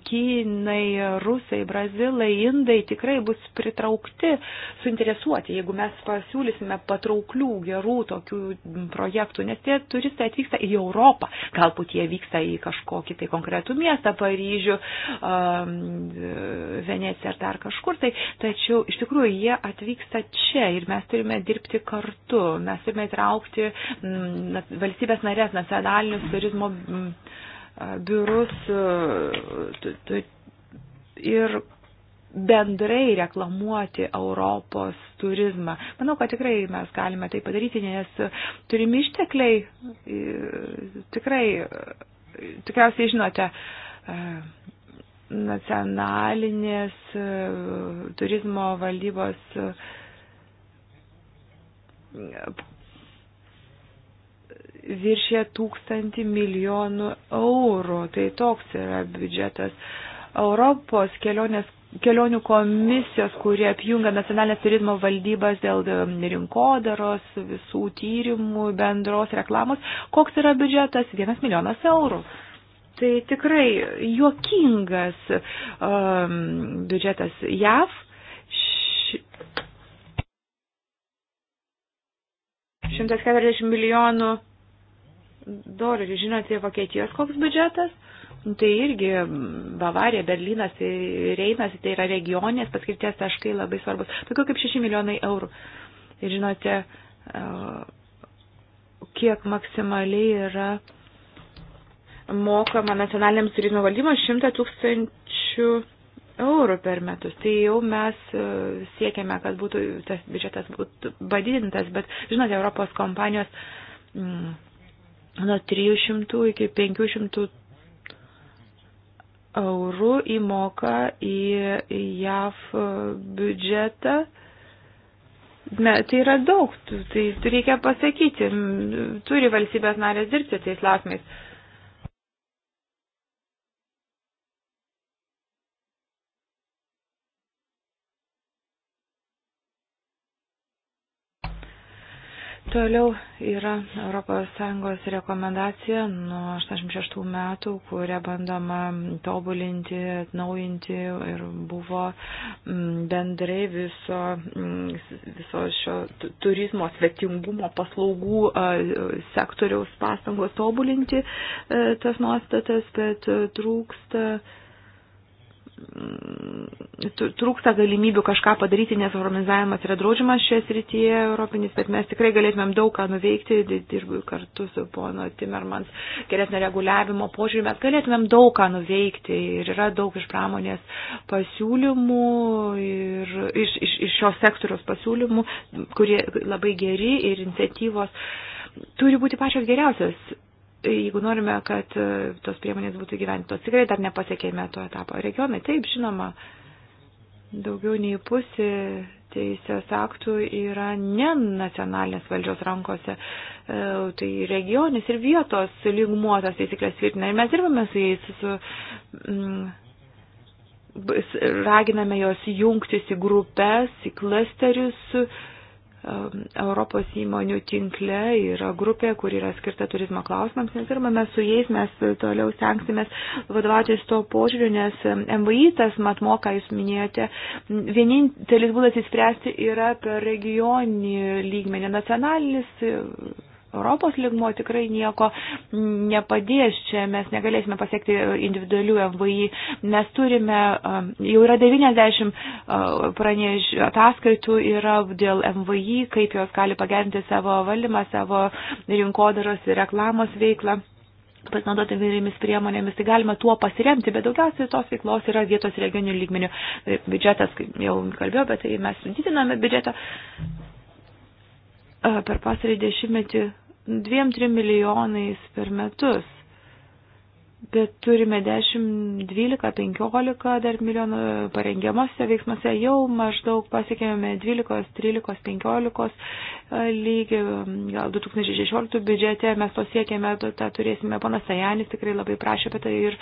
kinai, rusai, brazilai, indai tikrai bus pritraukti, suinteresuoti, jeigu mes pasiūlysime patrauklių, gerų tokių projektų, nes tie turistai atvyksta į Europą. Galbūt jie vyksta į kažkokį tai konkretų miestą, Paryžių, Veneciją ar dar kažkur. Tai, tačiau iš tikrųjų jie atvyksta čia ir mes turime dirbti kartu Mes turime įtraukti mm, valstybės narės nacionalinius turizmo mm, biurus ir bendrai reklamuoti Europos turizmą. Manau, kad tikrai mes galime tai padaryti, nes turimi ištekliai, tikrai, tikriausiai žinote, nacionalinės turizmo valdybos viršė tūkstantį milijonų eurų. Tai toks yra biudžetas. Europos kelionės, kelionių komisijos, kurie apjungia nacionalinės turizmo valdybas dėl rinkodaros, visų tyrimų, bendros reklamos. Koks yra biudžetas? Vienas milijonas eurų. Tai tikrai juokingas um, biudžetas JAV 140 milijonų dolerių. Žinote, Vokietijos koks biudžetas? Nu, tai irgi Bavarija, Berlynas, tai Reinas, tai yra regionės paskirties taškai labai svarbus. Tokiu kaip 6 milijonai eurų. Ir žinote, e, kiek maksimaliai yra mokama nacionaliniams turizmo valdymo 100 tūkstančių 000 eurų per metus. Tai jau mes e, siekiame, kad būtų tas biudžetas būtų padidintas, bet, žinote, Europos kompanijos mm, nuo 300 iki 500 eurų įmoka į JAF biudžetą. Ne, tai yra daug, tai reikia pasakyti, turi valstybės narės dirbti tais lasmais. Toliau yra ES rekomendacija nuo 86 metų, kurią bandoma tobulinti, atnaujinti ir buvo mm, bendrai viso, mm, viso šio turizmo svetingumo paslaugų sektoriaus pastangos tobulinti e, tas nuostatas, bet e, trūksta Mm, trūksta galimybių kažką padaryti, nes harmonizavimas yra draudžiamas šioje srityje europinis, bet mes tikrai galėtumėm daug ką nuveikti, dirbu kartu su pono Timmermans, geresnio reguliavimo požiūrį, mes galėtumėm daug ką nuveikti ir yra daug iš pramonės pasiūlymų ir iš, iš, iš šios sektoriaus pasiūlymų, kurie labai geri ir iniciatyvos turi būti pačios geriausios Tai jeigu norime, kad e, tos priemonės būtų gyventos, tikrai dar nepasiekėme to etapo. Regionai, taip, žinoma, daugiau nei pusė teisės aktų yra ne nacionalinės valdžios rankose, e, tai regionis ir vietos lygmuotas teisiklės tvirtina. Ir mes dirbame su jais, su, mm, raginame jos jungtis į grupės, į klasterius. Su, Europos įmonių tinkle yra grupė, kur yra skirta turizmo klausimams, nes dirbame su jais, mes toliau stengsimės vadovautis to požiūriu, nes MVI tas matmo, ką jūs minėjote, vienintelis būdas įspręsti yra per regioninį lygmenį, nacionalinis Europos ligmo tikrai nieko nepadės. Čia mes negalėsime pasiekti individualių MVI. Mes turime, um, jau yra 90 uh, praneš, ataskaitų yra dėl MVI, kaip jos gali pagerinti savo valdymą, savo rinkodaros ir reklamos veiklą pasinaudoti įvairiomis priemonėmis, tai galima tuo pasiremti, bet daugiausiai tos veiklos yra vietos regionių lygmenių. Biudžetas, kaip jau kalbėjau, bet tai mes didiname biudžetą uh, per pasarį dešimtmetį 2-3 milijonais per metus. Bet turime 10, 12, 15 dar milijonų parengiamosiose veiksmuose, jau maždaug pasiekėme 12, 13, 15 lygį, gal 2016 biudžete mes to siekėme, tą turėsime, panas Sajanis tikrai labai prašė apie tai ir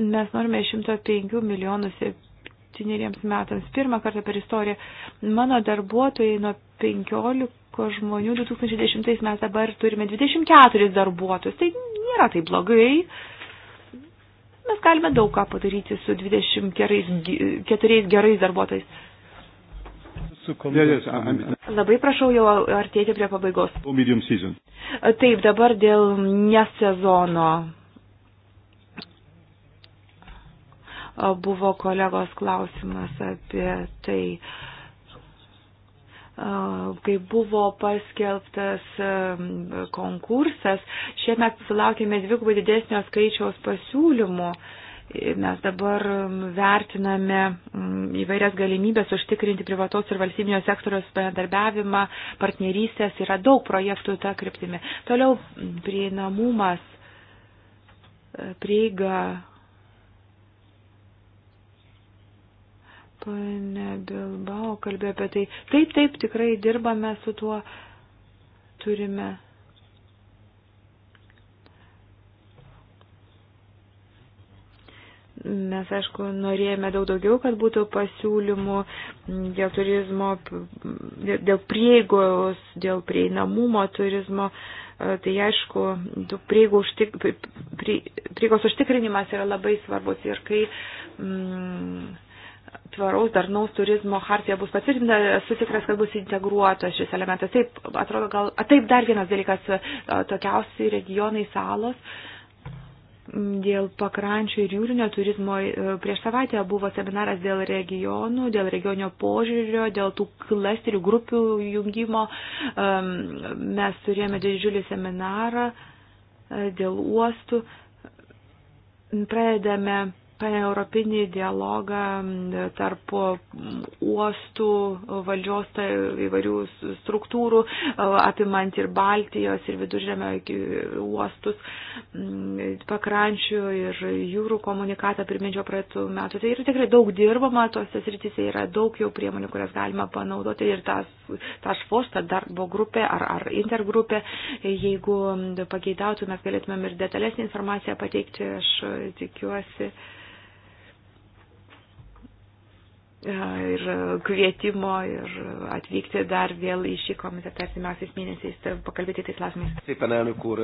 mes norime 105 milijonų septyneriems metams, pirmą kartą per istoriją. Mano darbuotojai nuo 15 ko žmonių 2010 mes dabar turime 24 darbuotojus. Tai nėra taip blogai. Mes galime daug ką padaryti su 24 gerais darbuotojais. Labai prašau jau artėti prie pabaigos. Taip, dabar dėl nesezono buvo kolegos klausimas apie tai. Uh, kai buvo paskelbtas konkursas, šiemet sulaukėme dvigubai didesnio skaičiaus pasiūlymų. Mes dabar vertiname įvairias galimybės užtikrinti privatos ir valstybinio sektoriaus bendarbiavimą, partnerystės, yra daug projektų tą kryptimį. Toliau prieinamumas, prieiga Pane Bilbao kalbėjo apie tai. Taip, taip, tikrai dirbame su tuo, turime. Mes, aišku, norėjome daug daugiau, kad būtų pasiūlymų dėl turizmo, dėl prieigos, dėl prieinamumo turizmo. Tai aišku, prieigos užtik, prie, prie, užtikrinimas yra labai svarbus ir kai. Mm, tvaraus darnaus turizmo hartija bus patvirtinta, esu tikras, kad bus integruotas šis elementas. Taip, atrodo, gal, a, taip dar vienas dalykas, tokiausi regionai salos. Dėl pakrančių ir jūrinio turizmo e, prieš savaitę buvo seminaras dėl regionų, dėl regionio požiūrio, dėl tų klasterių grupių jungimo. Mes turėjome didžiulį seminarą e, dėl uostų. Pradedame paneuropinį dialogą tarp uostų valdžios tai įvairių struktūrų, apimant ir Baltijos, ir viduržėmio uostus, pakrančių ir jūrų komunikatą pirmidžio praeitų metų. Tai yra tikrai daug dirbama, tose srityse yra daug jau priemonių, kurias galima panaudoti ir tas, tas fostą darbo grupė ar, ar intergrupė, jeigu pageidautų, mes galėtumėm ir detalesnį informaciją pateikti, aš tikiuosi. E, ir kvietimo ir atvykti dar vėl į šį komitetą artimiausiais mėnesiais tai pakalbėti tais klausimais. Taip, elnök úr.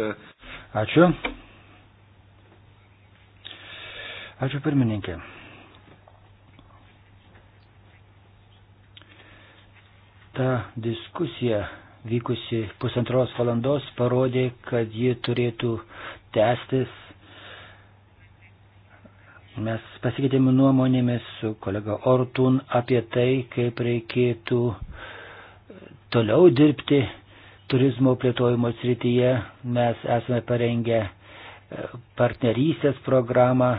Ačiū. Ačiū pirmininkė. Ta diskusija vykusi pusantros valandos parodė, kad ji turėtų tęstis Mes pasikeitėme nuomonėmis su kolega Ortun apie tai, kaip reikėtų toliau dirbti turizmo plėtojimo srityje. Mes esame parengę e, partnerystės programą.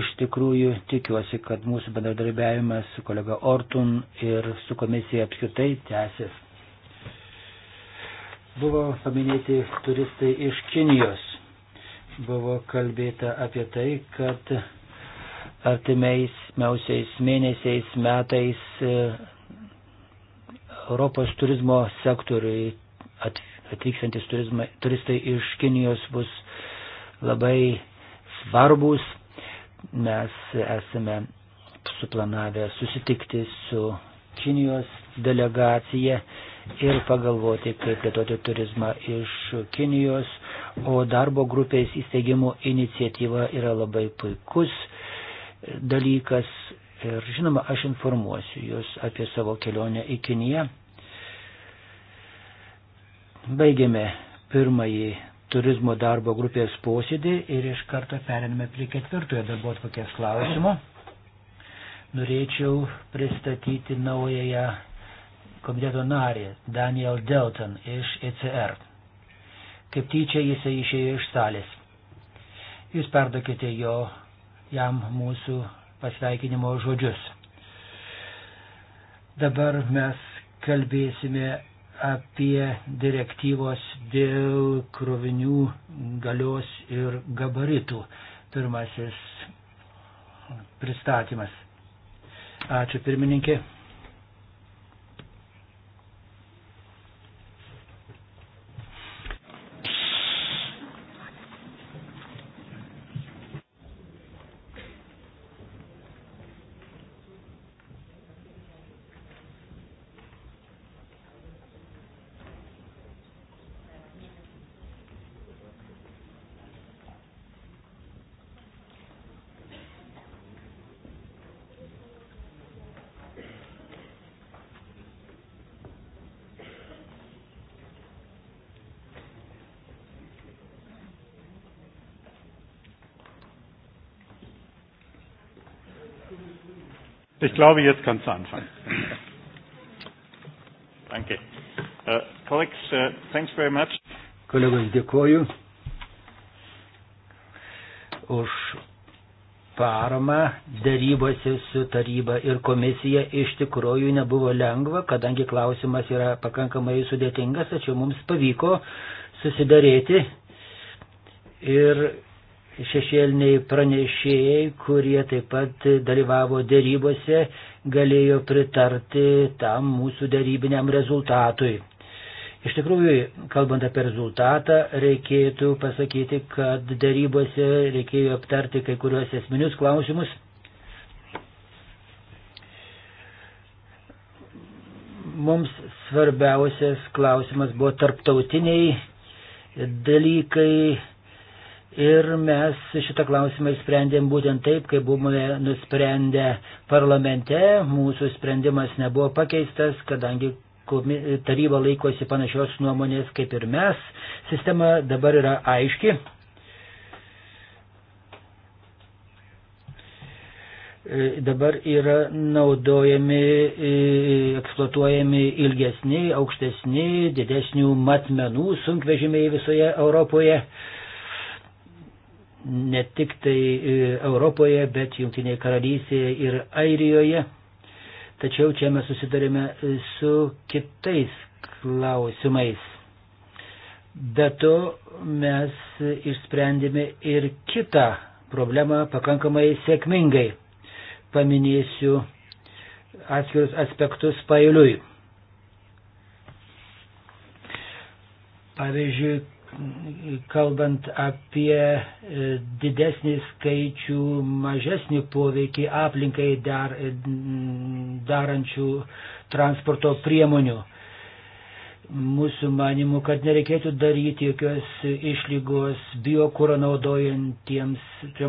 Iš tikrųjų tikiuosi, kad mūsų bendradarbiavimas su kolega Ortun ir su komisija apskritai tęsis. Buvo paminėti turistai iš Kinijos buvo kalbėta apie tai, kad artimiausiais mėnesiais, metais e, Europos turizmo sektoriui atvykstantis turizmai, turistai iš Kinijos bus labai svarbus. Mes esame suplanavę susitikti su Kinijos delegacija ir pagalvoti, kaip plėtoti turizmą iš Kinijos o darbo grupės įsteigimo iniciatyva yra labai puikus dalykas. Ir žinoma, aš informuosiu Jūs apie savo kelionę į Kiniją. Baigėme pirmąjį turizmo darbo grupės posėdį ir iš karto periname prie ketvirtojo darbo atvarkės klausimo. Norėčiau pristatyti naująją komiteto narį Daniel Delton iš ECR. Kaip tyčia jisai išėjo iš salės. Jūs perdokite jo, jam mūsų pasveikinimo žodžius. Dabar mes kalbėsime apie direktyvos dėl krovinių galios ir gabaritų. Pirmasis pristatymas. Ačiū pirmininkė. Ich glaube, jetzt kannst du anfangen. Danke. Uh, colleagues, uh, thanks very much. Kolegos, dėkoju už paramą darybose su taryba ir komisija iš tikrųjų nebuvo lengva, kadangi klausimas yra pakankamai sudėtingas, tačiau mums pavyko susidarėti ir šešėliniai pranešėjai, kurie taip pat dalyvavo dėrybose, galėjo pritarti tam mūsų dėrybiniam rezultatui. Iš tikrųjų, kalbant apie rezultatą, reikėtų pasakyti, kad dėrybose reikėjo aptarti kai kuriuos esminius klausimus. Mums svarbiausias klausimas buvo tarptautiniai dalykai, Ir mes šitą klausimą išsprendėm būtent taip, kaip buvome nusprendę parlamente. Mūsų sprendimas nebuvo pakeistas, kadangi taryba laikosi panašios nuomonės kaip ir mes. Sistema dabar yra aiški. E, dabar yra naudojami, e, eksploatuojami ilgesni, aukštesni, didesnių matmenų sunkvežimiai visoje Europoje ne tik tai e, Europoje, bet Junktinėje karalystėje ir Airijoje. Tačiau čia mes susidarėme e, su kitais klausimais. Be to mes išsprendėme ir kitą problemą pakankamai sėkmingai. Paminėsiu atskirus aspektus pailiui. Pavyzdžiui, kalbant apie e, didesnį skaičių, mažesnį poveikį aplinkai dar, e, darančių transporto priemonių. Mūsų manimų, kad nereikėtų daryti jokios išlygos biokūro naudojantiems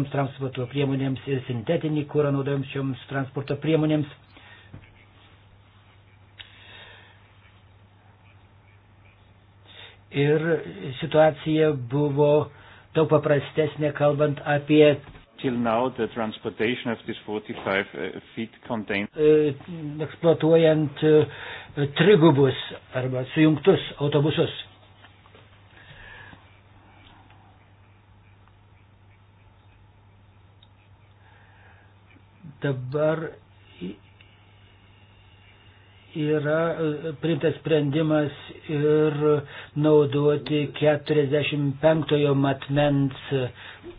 transporto priemonėms ir sintetinį kūrą naudojantiems transporto priemonėms. ir situacija buvo daug paprastesnė kalbant apie Till now, the transportation of this 45 uh, feet contains... E, eksploatuojant e, trigubus arba sujungtus autobusus. Dabar yra e, priimtas sprendimas ir naudoti 45 matmens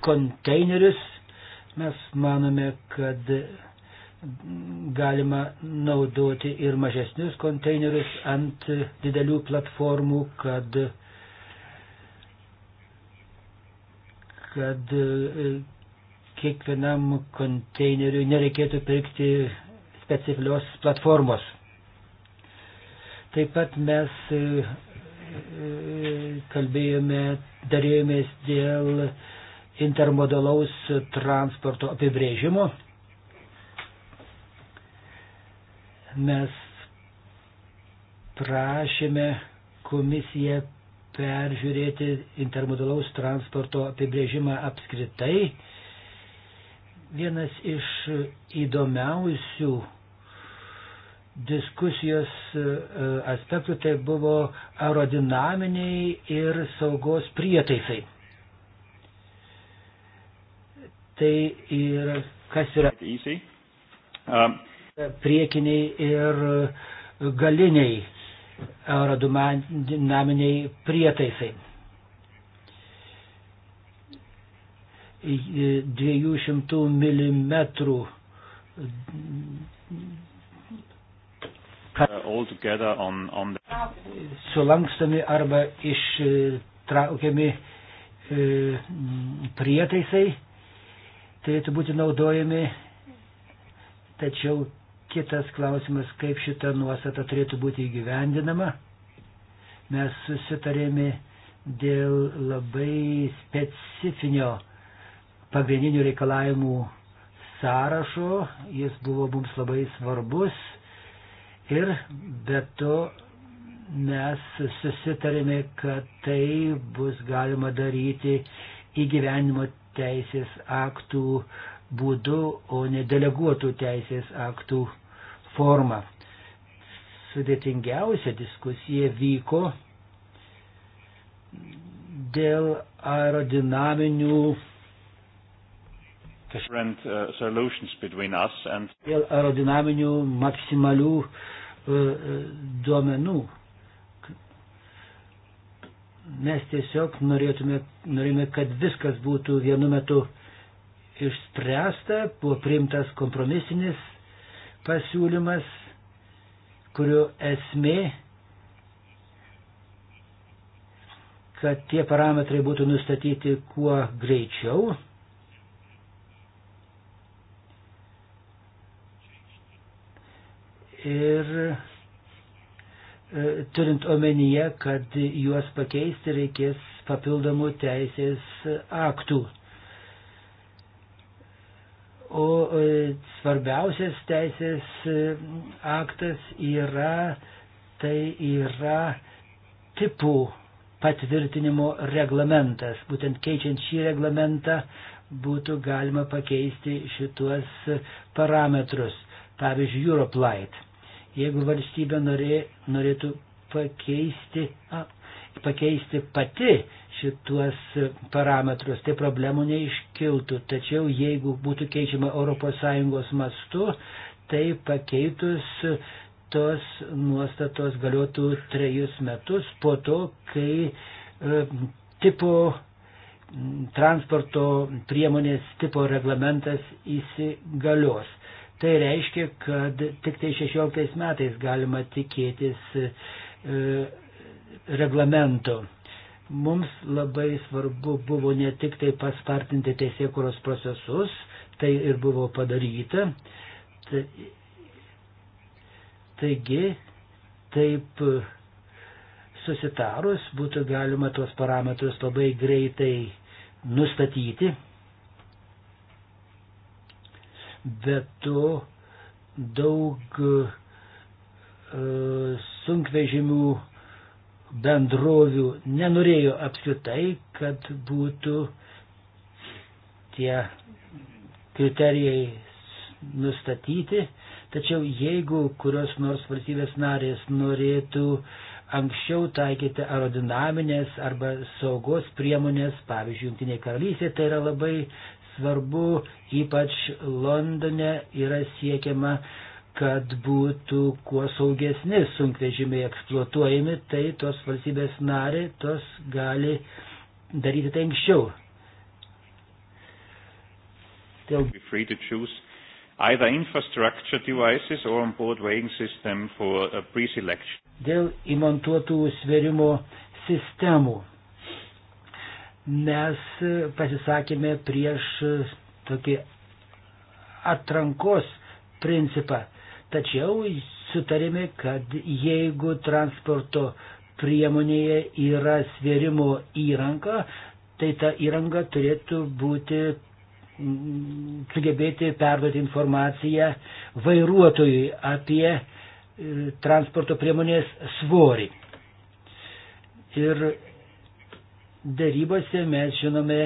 konteinerius. Mes manome, kad galima naudoti ir mažesnius konteinerius ant didelių platformų, kad, kad e, kiekvienam konteineriui nereikėtų pirkti specialios platformos. Taip pat mes e, e, kalbėjome, darėjomės dėl intermodalaus transporto apibrėžimo. Mes prašėme komisiją peržiūrėti intermodalaus transporto apibrėžimą apskritai. Vienas iš įdomiausių diskusijos e, e, aspektų tai buvo aerodinaminiai ir saugos prietaisai. Tai ir kas yra um. priekiniai ir galiniai aerodinaminiai prietaisai. 200 mm kad uh, sulankstami arba ištraukiami e, prietaisai turėtų būti naudojami, tačiau kitas klausimas, kaip šita nuostata turėtų būti įgyvendinama. Mes susitarėme dėl labai specifinio pagrindinių reikalavimų sąrašo, jis buvo mums labai svarbus Ir be to mes susitarėme, kad tai bus galima daryti įgyvenimo teisės aktų būdu, o ne deleguotų teisės aktų forma. Sudėtingiausia diskusija vyko dėl aerodinaminių uh, Dėl aerodinaminių maksimalių uh, E, e, duomenų. Mes tiesiog norėtume, norime, kad viskas būtų vienu metu išspręsta, buvo priimtas kompromisinis pasiūlymas, kurio esmė, kad tie parametrai būtų nustatyti kuo greičiau ir e, turint omenyje, kad juos pakeisti reikės papildomų teisės aktų. O e, svarbiausias teisės e, aktas yra, tai yra tipų patvirtinimo reglamentas. Būtent keičiant šį reglamentą būtų galima pakeisti šituos parametrus. Pavyzdžiui, Europlight jeigu valstybė norė, norėtų pakeisti, a, pakeisti pati šituos parametrus, tai problemų neiškiltų. Tačiau jeigu būtų keičiama ES mastu, tai pakeitus tos nuostatos galiotų trejus metus po to, kai e, tipo transporto priemonės tipo reglamentas įsigalios. Tai reiškia, kad tik tai 16 metais galima tikėtis e, reglamento. Mums labai svarbu buvo ne tik tai paspartinti teisėkuros procesus, tai ir buvo padaryta. Taigi, taip susitarus būtų galima tuos parametrus labai greitai nustatyti bet to daug e, sunkvežimių bendrovių nenorėjo apskritai, kad būtų tie kriterijai nustatyti, tačiau jeigu kurios nors valstybės narės norėtų anksčiau taikyti aerodinaminės arba saugos priemonės, pavyzdžiui, Junktinė karalystė, tai yra labai svarbu, ypač Londone yra siekiama, kad būtų kuo saugesni sunkvežimiai eksploatuojami, tai tos valstybės nari, tos gali daryti tai anksčiau. Dėl... Either infrastructure devices or onboard weighing system for a uh, pre-selection. Dėl įmontuotų svėrimo sistemų mes pasisakėme prieš tokį atrankos principą. Tačiau sutarėme, kad jeigu transporto priemonėje yra svėrimo įranka, tai ta įranga turėtų būti mm, sugebėti perduoti informaciją vairuotojui apie e, transporto priemonės svorį. Ir darybose mes žinome,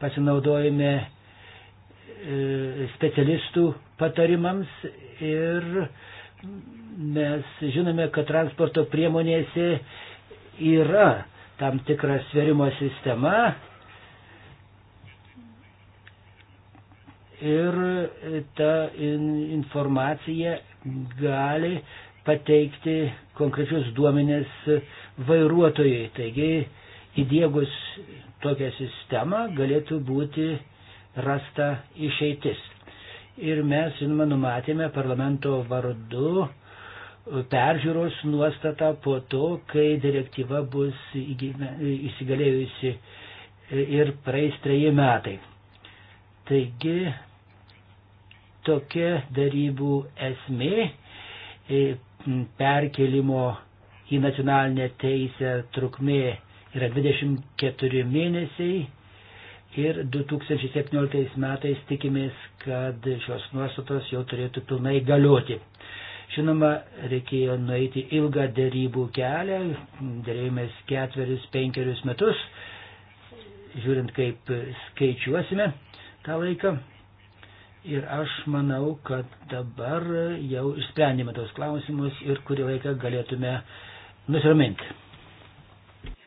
pasinaudojame e, specialistų patarimams ir mes žinome, kad transporto priemonėse yra tam tikra sverimo sistema ir ta informacija gali pateikti konkrečius duomenis vairuotojai. Taigi, įdėgus tokią sistemą galėtų būti rasta išeitis. Ir mes, žinoma, numatėme parlamento vardu peržiūros nuostatą po to, kai direktyva bus įsigalėjusi e, ir praeis treji metai. Taigi, tokia darybų esmė e, perkelimo į nacionalinę teisę trukmė yra 24 mėnesiai ir 2017 metais tikimės, kad šios nuostatos jau turėtų pilnai galioti. Žinoma, reikėjo nueiti ilgą dėrybų kelią, dėrėjomės ketverius, penkerius metus, žiūrint kaip skaičiuosime tą laiką. Ir aš manau, kad dabar jau išsprendėme tos klausimus ir kurį laiką galėtume nusiraminti.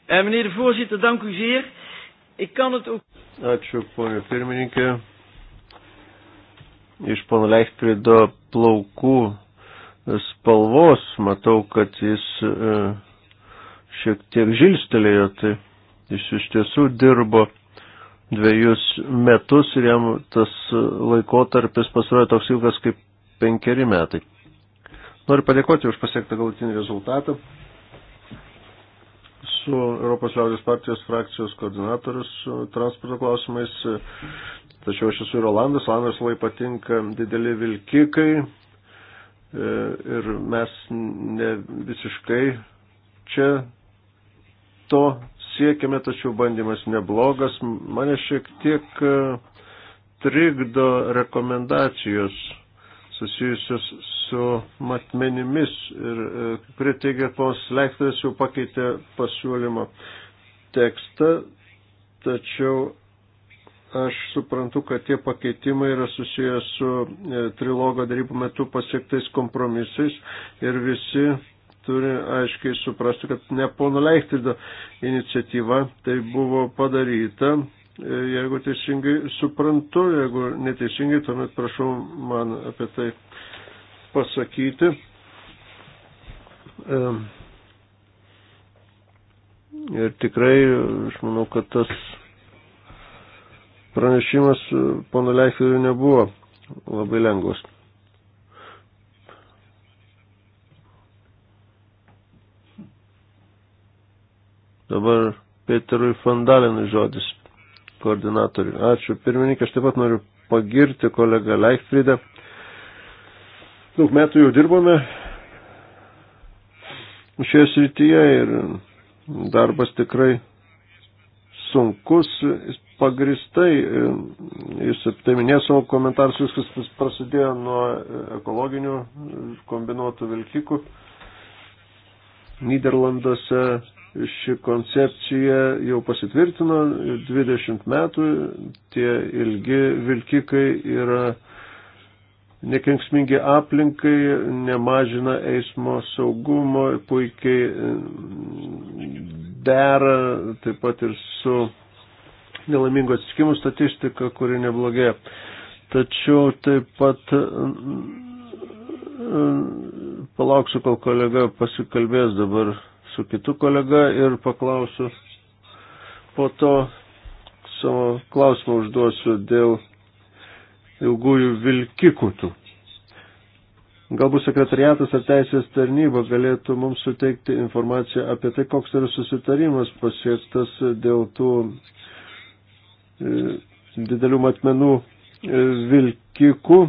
Uh, meneer de voorzitter, dank u zeer. Ik kan het ook. Ačiū, ponė pirmininkė. Iš pono Leichtfriedo plaukų spalvos matau, kad jis eh, šiek tiek žilstelėjo, tai jis iš tiesų dirbo dviejus metus ir jam tas laikotarpis pasirodė toks ilgas kaip penkeri metai. Noriu padėkoti už pasiektą galutinį rezultatą su Europos liaudės partijos frakcijos koordinatorius transporto klausimais. Tačiau aš esu ir Olandas, Olandas labai patinka dideli vilkikai e, ir mes ne visiškai čia to siekiame, tačiau bandymas neblogas. Mane šiek tiek e, trikdo rekomendacijos susijusios su matmenimis ir kai e, kurie teigia, ponas Lektoris jau pakeitė pasiūlymo tekstą, tačiau aš suprantu, kad tie pakeitimai yra susijęs su e, trilogo darybų metu pasiektais kompromisais ir visi turi aiškiai suprasti, kad ne pono Leichtrido iniciatyva tai buvo padaryta E, jeigu teisingai suprantu, jeigu neteisingai, tuomet prašau man apie tai pasakyti. E, ir tikrai, aš manau, kad tas pranešimas e, pono Leichleriu nebuvo labai lengvas. Dabar Peterui Fandalinui žodis koordinatoriui. Ačiū. Pirmininkė, aš taip pat noriu pagirti kolegą Leichfriedą. Daug metų jau dirbome šioje srityje ir darbas tikrai sunkus, pagristai, jūs tai minėjote savo komentarus, viskas prasidėjo nuo ekologinių kombinuotų vilkikų. Niderlanduose ši koncepcija jau pasitvirtino 20 metų, tie ilgi vilkikai yra nekenksmingi aplinkai, nemažina eismo saugumo, puikiai mm, dera taip pat ir su nelaimingo atsikimų statistika, kuri neblogėja. Tačiau taip pat mm, mm, palauksiu, kol kolega pasikalbės dabar su kitu kolega ir paklausiu. Po to savo klausimą užduosiu dėl ilgųjų vilkikutų. Galbūt sekretariatas ar teisės tarnyba galėtų mums suteikti informaciją apie tai, koks yra susitarimas pasiektas dėl tų e, didelių matmenų e, vilkikų,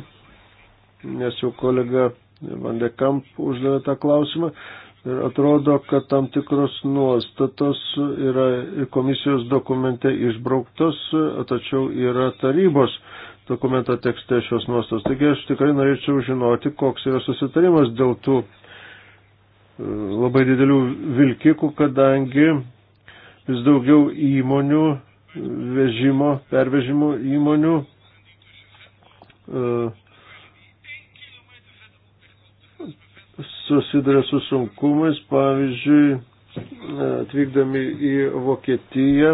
nes jau kolega Vandekamp uždavė tą klausimą. E, Ir atrodo, kad tam tikros nuostatos yra komisijos dokumente išbrauktos, tačiau yra tarybos dokumento tekste šios nuostatos. Taigi aš tikrai norėčiau žinoti, koks yra susitarimas dėl tų e, labai didelių vilkikų, kadangi vis daugiau įmonių, vežimo, pervežimo įmonių uh, susiduria su sunkumais, pavyzdžiui, atvykdami į Vokietiją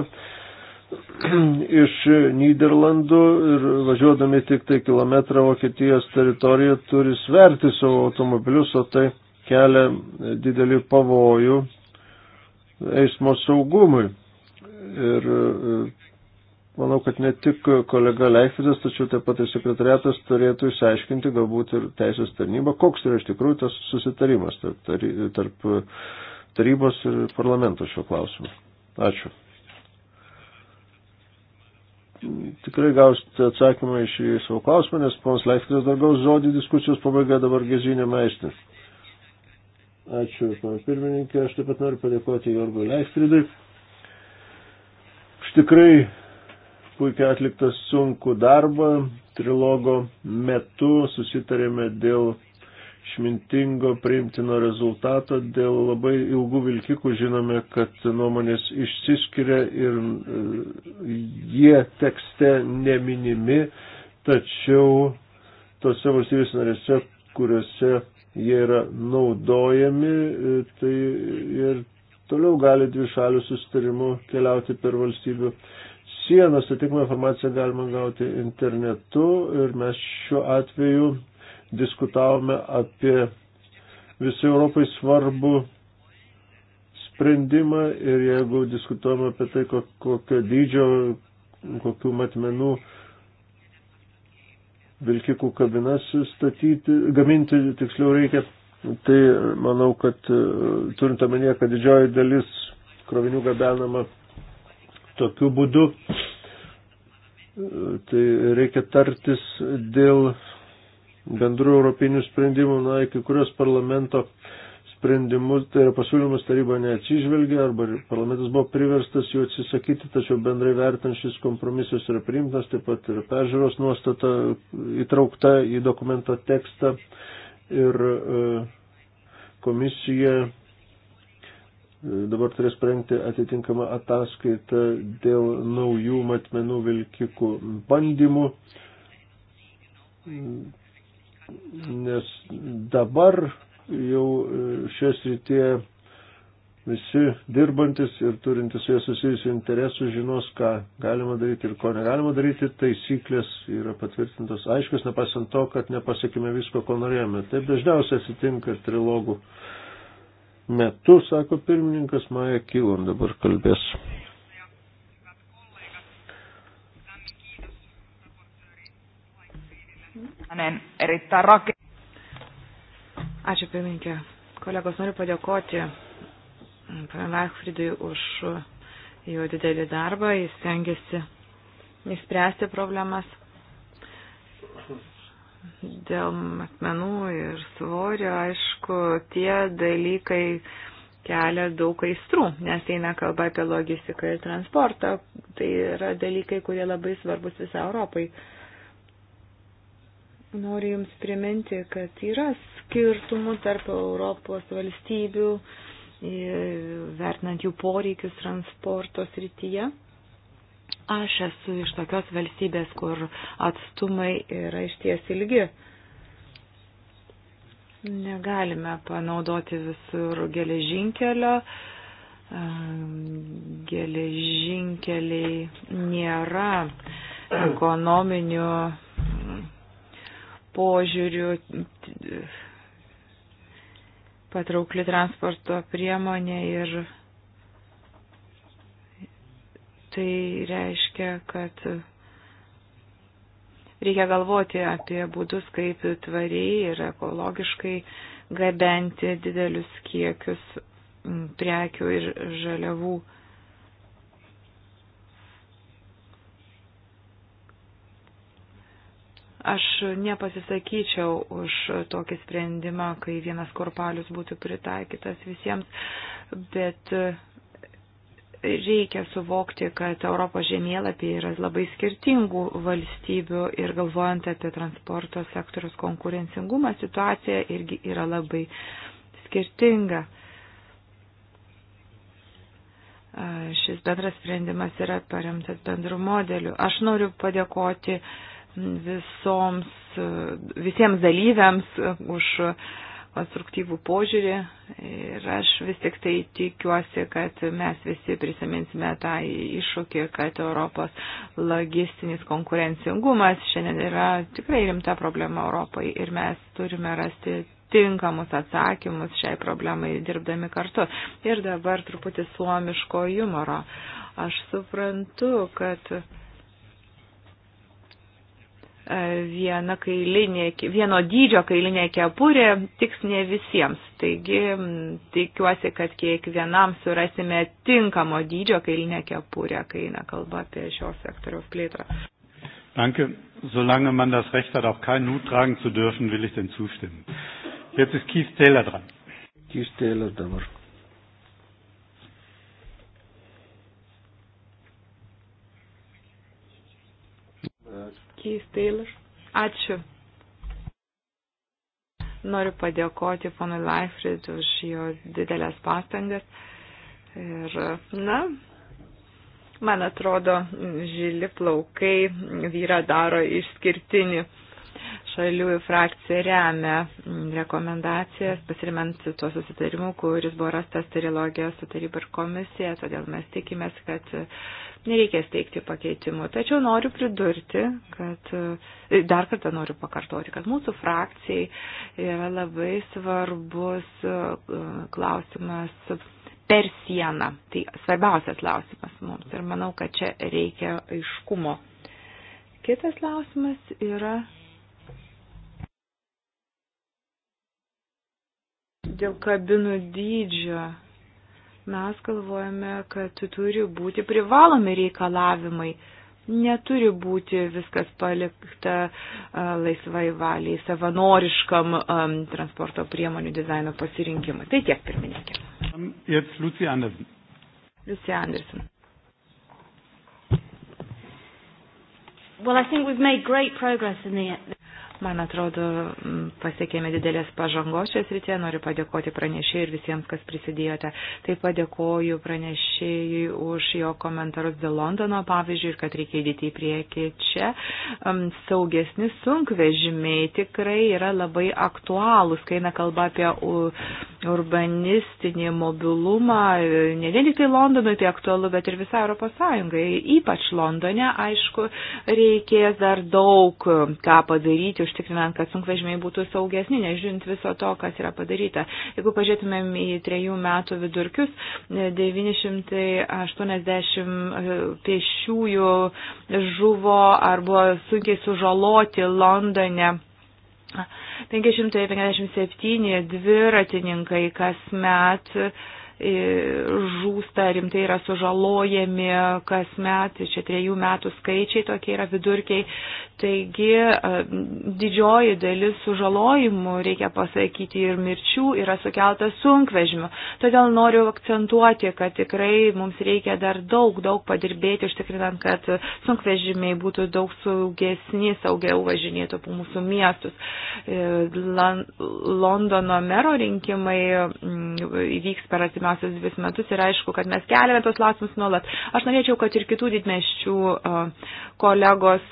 iš Niderlandų ir važiuodami tik tai kilometrą Vokietijos teritoriją turi sverti savo automobilius, o tai kelia didelį pavojų eismo saugumui. Ir manau, kad ne tik kolega Leifidas, tačiau taip pat ir sekretariatas turėtų išsiaiškinti, galbūt ir teisės tarnyba, koks yra iš tikrųjų tas susitarimas tarp, tarp tarybos ir parlamento šiuo klausimu. Ačiū. Tikrai gausite atsakymą iš savo klausimą, nes ponas Leifidas dar gaus žodį diskusijos pabaiga dabar gezinė meistė. Ačiū, pana pirmininkė, aš taip pat noriu padėkoti Jorgui Leifridui. Aš tikrai puikiai atliktą sunkų darbą. Trilogo metu susitarėme dėl išmintingo priimtino rezultato. Dėl labai ilgų vilkikų žinome, kad nuomonės išsiskiria ir e, jie tekste neminimi, tačiau tose valstybės narėse, kuriuose jie yra naudojami, e, tai ir toliau gali dvi šalių sustarimu keliauti per valstybių sienas, atitinkamą tai informaciją galima gauti internetu ir mes šiuo atveju diskutavome apie visai Europai svarbu sprendimą ir jeigu diskutuojame apie tai, kokio dydžio, kokių matmenų vilkikų kabinas statyti, gaminti tiksliau reikia, tai manau, kad turint omenyje, kad didžioji dalis krovinių gabenama tokiu būdu. E, tai reikia tartis dėl bendrų europinių sprendimų, na, kai kurios parlamento sprendimus, tai yra pasiūlymus taryba neatsižvelgia arba parlamentas buvo priverstas jų atsisakyti, tačiau bendrai vertant šis kompromisas yra priimtas, taip pat ir peržiūros nuostata įtraukta į dokumento tekstą ir e, komisija dabar turės parengti atitinkamą ataskaitą dėl naujų matmenų vilkikų bandymų, nes dabar jau šios rytie visi dirbantis ir turintis su jais susijusių interesų žinos, ką galima daryti ir ko negalima daryti. Taisyklės yra patvirtintos aiškios, nepaisant to, kad nepasiekime visko, ko norėjome. Taip dažniausiai atsitinka trilogų metu, sako pirmininkas Maja Kilon dabar kalbės. Ačiū pirmininkė. Kolegos, noriu padėkoti mm, Lachfridui už jo didelį darbą. Jis stengiasi išspręsti problemas dėl asmenų ir svorio, aišku, tie dalykai kelia daug aistrų, nes eina kalba apie logistiką ir transportą. Tai yra dalykai, kurie labai svarbus visą Europai. Noriu Jums priminti, kad yra skirtumų tarp Europos valstybių, e, vertinant jų poreikius transporto srityje. Aš esu iš tokios valstybės, kur atstumai yra išties ilgi. Negalime panaudoti visur geležinkelio. Geležinkeliai nėra ekonominių požiūrių patraukli transporto priemonė ir Tai reiškia, kad reikia galvoti apie būdus, kaip tvariai ir ekologiškai gabenti didelius kiekius prekių ir žaliavų. Aš nepasisakyčiau už tokį sprendimą, kai vienas korpalius būtų pritaikytas visiems, bet reikia suvokti, kad Europos žemėlapyje yra labai skirtingų valstybių ir galvojant apie transporto sektorius konkurencingumą, situacija irgi yra labai skirtinga. Šis bendras sprendimas yra paremtas bendru modeliu. Aš noriu padėkoti visoms, visiems dalyviams už uh, konstruktyvų požiūrį ir aš vis tik tai tikiuosi, kad mes visi prisiminsime tą iššūkį, kad Europos logistinis konkurencingumas šiandien yra tikrai rimta problema Europai ir mes turime rasti tinkamus atsakymus šiai problemai dirbdami kartu. Ir dabar truputį suomiško humoro. Aš suprantu, kad viena kailinė, vieno dydžio kailinė kepurė tiks ne visiems. Taigi tikiuosi, kad kiekvienam surasime tinkamo dydžio kailinę kepurę, kai eina kalba apie šios sektoriaus plėtrą. Danke. Solange man das Recht hat, auch keinen Hut tragen zu dürfen, will ich denn zustimmen. Jetzt ist Keith Taylor dran. Keith Taylor, da war. Keith Taylor. Ačiū. Noriu padėkoti ponui Leifrid už jo didelės pastangas. Ir, na, man atrodo, žili plaukai vyra daro išskirtinį žaliųjų frakcija remia mm, rekomendacijas, pasirimant tuo susitarimu, kuris buvo rastas trilogijos sutaryba ir komisija, todėl mes tikimės, kad e, nereikės teikti pakeitimų. Tačiau noriu pridurti, kad e, dar kartą noriu pakartoti, kad mūsų frakcijai yra labai svarbus e, klausimas per sieną. Tai svarbiausias klausimas mums ir manau, kad čia reikia aiškumo. Kitas klausimas yra Dėl kabinų dydžio mes galvojame, kad turi būti privalomi reikalavimai. Neturi būti viskas palikta laisvai valiai, savanoriškam um, transporto priemonių dizaino pasirinkimui. Tai tiek, pirmininkė. Liucija Andersen. Liucija Andersen. Well, I think we've made great progress in the Man atrodo, pasiekėme didelės pažangos šią sritį, noriu padėkoti pranešėjai ir visiems, kas prisidėjote. Taip padėkoju pranešėjai už jo komentarus dėl Londono, pavyzdžiui, ir kad reikia įdėti į priekį čia. Saugesni sunkvežimiai tikrai yra labai aktualūs, kai eina kalba apie urbanistinį mobilumą, ne vien tik tai Londonui tai aktualu, bet ir visai Europos Sąjungai. Ypač Londone, aišku, reikės dar daug ką padaryti užtikrinant, kad sunkvežimiai būtų saugesni, nežiūrint viso to, kas yra padaryta. Jeigu pažiūrėtumėm į trejų metų vidurkius, 980 e, e, pešiųjų žuvo ar buvo sunkiai sužaloti Londone. 557 dviratininkai kasmet žūsta, rimtai yra sužalojami kasmet, čia trejų metų skaičiai tokie yra vidurkiai. Taigi didžioji dalis sužalojimų, reikia pasakyti, ir mirčių yra sukelta sunkvežimiu. Todėl noriu akcentuoti, kad tikrai mums reikia dar daug, daug padirbėti, užtikrinant, kad sunkvežimiai būtų daug saugesni, saugiau važinėtų po mūsų miestus. E, Londono mero rinkimai vyks per atimą pirmiausius dvis metus ir aišku, kad mes keliame tos klausimus nuolat. Aš norėčiau, kad ir kitų didmeščių kolegos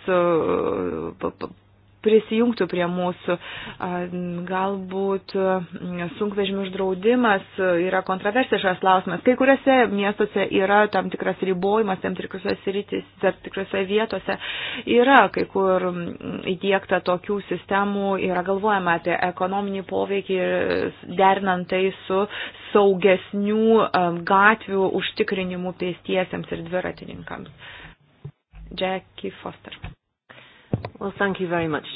prisijungtų prie mūsų. Galbūt mm, sunkvežimių uždraudimas yra kontroversiškas klausimas. Kai kuriuose miestuose yra tam tikras ribojimas, tam tikrose sritis, tam tikrose vietose yra kai kur mm, įdėkta tokių sistemų, yra galvojama apie ekonominį poveikį derinant tai su saugesnių gatvių užtikrinimu pėstiesiems ir dviratininkams. Jackie Foster. Well, thank you very much.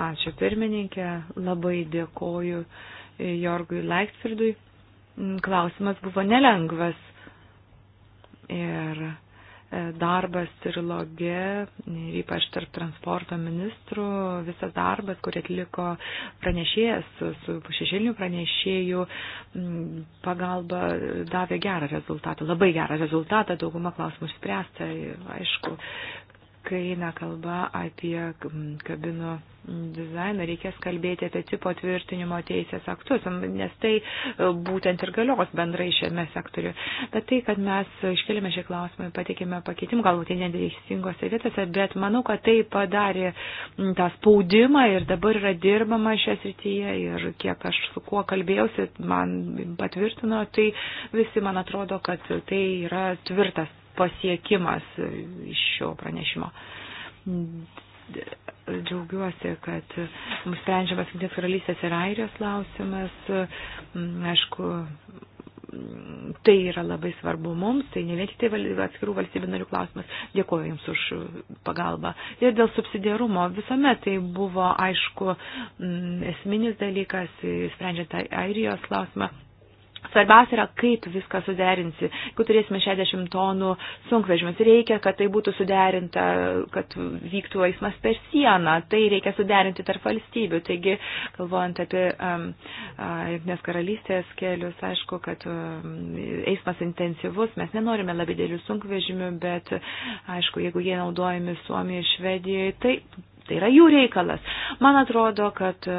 Ačiū pirmininkė, labai dėkoju Jorgui Leiksfridui. Mm, klausimas buvo nelengvas ir e, darbas trilogė, ypač tarp transporto ministrų, visas darbas, kurį atliko pranešėjas su, su šešėliniu pranešėju, mm, pagalba davė gerą rezultatą, labai gerą rezultatą, dauguma klausimų išspręsta, aišku, kai eina kalba apie mm, kabinų dizainą, reikės kalbėti apie tipo tvirtinimo teisės aktus, nes tai e, būtent ir galios bendrai šiame sektoriu. Bet tai, kad mes iškelime šį klausimą ir pateikėme pakeitimų, galbūt tai neteisingose vietose, bet manau, kad tai padarė mm, tą spaudimą ir dabar yra dirbama šią srityje ir kiek aš su kuo kalbėjausi, man patvirtino, tai visi man atrodo, kad tai yra tvirtas pasiekimas iš šio pranešimo. Džiaugiuosi, kad mums sprendžiamas Junktinės karalystės ir Airijos klausimas. Mm, aišku, mm, tai yra labai svarbu mums, tai ne vien tik tai atskirų valstybių narių klausimas. Dėkuoju Jums už pagalbą. Ir dėl subsidiarumo visuomet tai buvo, aišku, mm, esminis dalykas, sprendžiant Airijos klausimą. Svarbiausia yra, kaip viską suderinsi. Jeigu turėsime 60 tonų sunkvežimis, reikia, kad tai būtų suderinta, kad vyktų eismas per sieną. Tai reikia suderinti tarp valstybių. Taigi, galvojant apie um, Junktinės um, karalystės kelius, aišku, kad um, eismas intensyvus, mes nenorime labai dėlių sunkvežimių, bet, aišku, jeigu jie naudojami Suomijoje, Švedijoje, tai Tai yra jų reikalas. Man atrodo, kad e,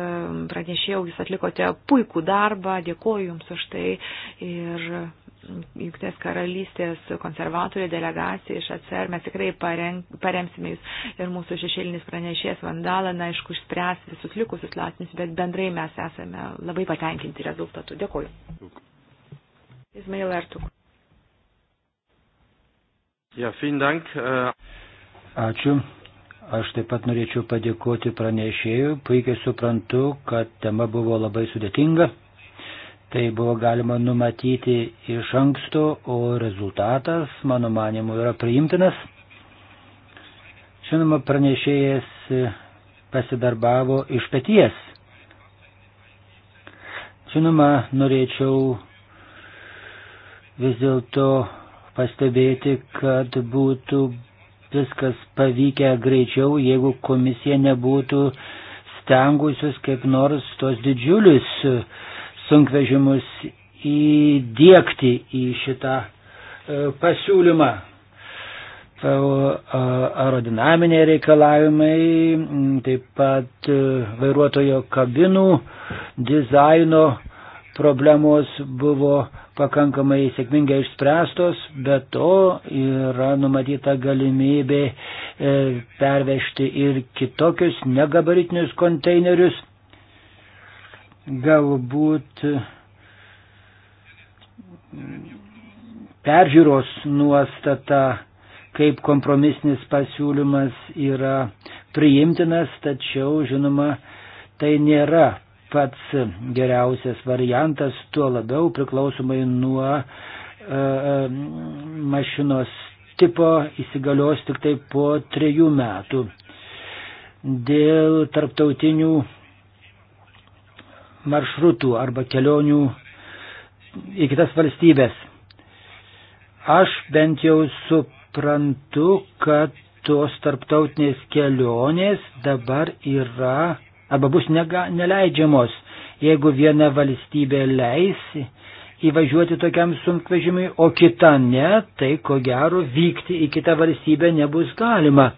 pranešėjau, jūs atlikote puikų darbą, dėkoju Jums už tai. Ir Junktinės karalystės konservatorių delegacija iš ACR, mes tikrai pareng, paremsime jūs ir mūsų šešėlinis pranešėjas Vandalana, aišku, išspręs visus likusius lasnis, bet bendrai mes esame labai patenkinti rezultatu. Dėkuoju. Ismail Artuk. Ja, vielen Dank. Äh. Ačiū. Aš taip pat norėčiau padėkoti pranešėjui. Puikiai suprantu, kad tema buvo labai sudėtinga. Tai buvo galima numatyti iš anksto, o rezultatas, mano manimu, yra priimtinas. Žinoma, pranešėjas pasidarbavo iš pėties. Žinoma, norėčiau vis dėlto pastebėti, kad būtų viskas pavykę greičiau, jeigu komisija nebūtų stengusius kaip nors tos didžiulius sunkvežimus įdėkti į šitą e, pasiūlymą. E, aerodinaminiai reikalavimai, taip pat e, vairuotojo kabinų dizaino problemos buvo pakankamai sėkmingai išspręstos, bet to yra numatyta galimybė e, pervežti ir kitokius negabaritinius konteinerius. Galbūt e, peržiūros nuostata kaip kompromisnis pasiūlymas yra priimtinas, tačiau, žinoma, tai nėra pats geriausias variantas, tuo labiau priklausomai nuo e, e, mašinos tipo įsigalios tik tai po trejų metų. Dėl tarptautinių maršrutų arba kelionių į kitas valstybės. Aš bent jau suprantu, kad tos tarptautinės kelionės dabar yra arba bus nega, neleidžiamos, jeigu viena valstybė leis įvažiuoti tokiam sunkvežimiui, o kita ne, tai ko gero vykti į kitą valstybę nebus galima.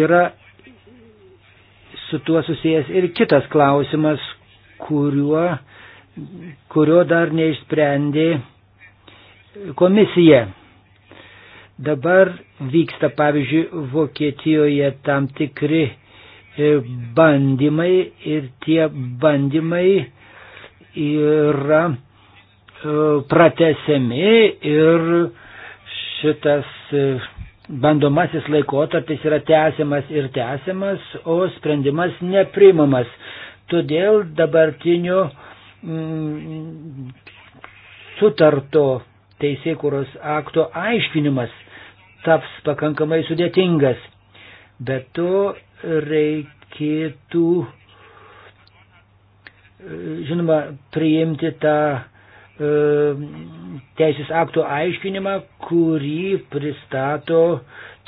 Yra su tuo susijęs ir kitas klausimas, kuriuo, kurio dar neišsprendė komisija. Dabar vyksta, pavyzdžiui, Vokietijoje tam tikri E, bandymai ir tie bandymai yra e, pratesiami ir šitas e, bandomasis laikotarpis yra tęsiamas ir tęsiamas, o sprendimas neprimamas. Todėl dabartiniu mm, sutarto teisėkuros akto aiškinimas taps pakankamai sudėtingas. Bet to reikėtų, žinoma, priimti tą e, teisės akto aiškinimą, kurį pristato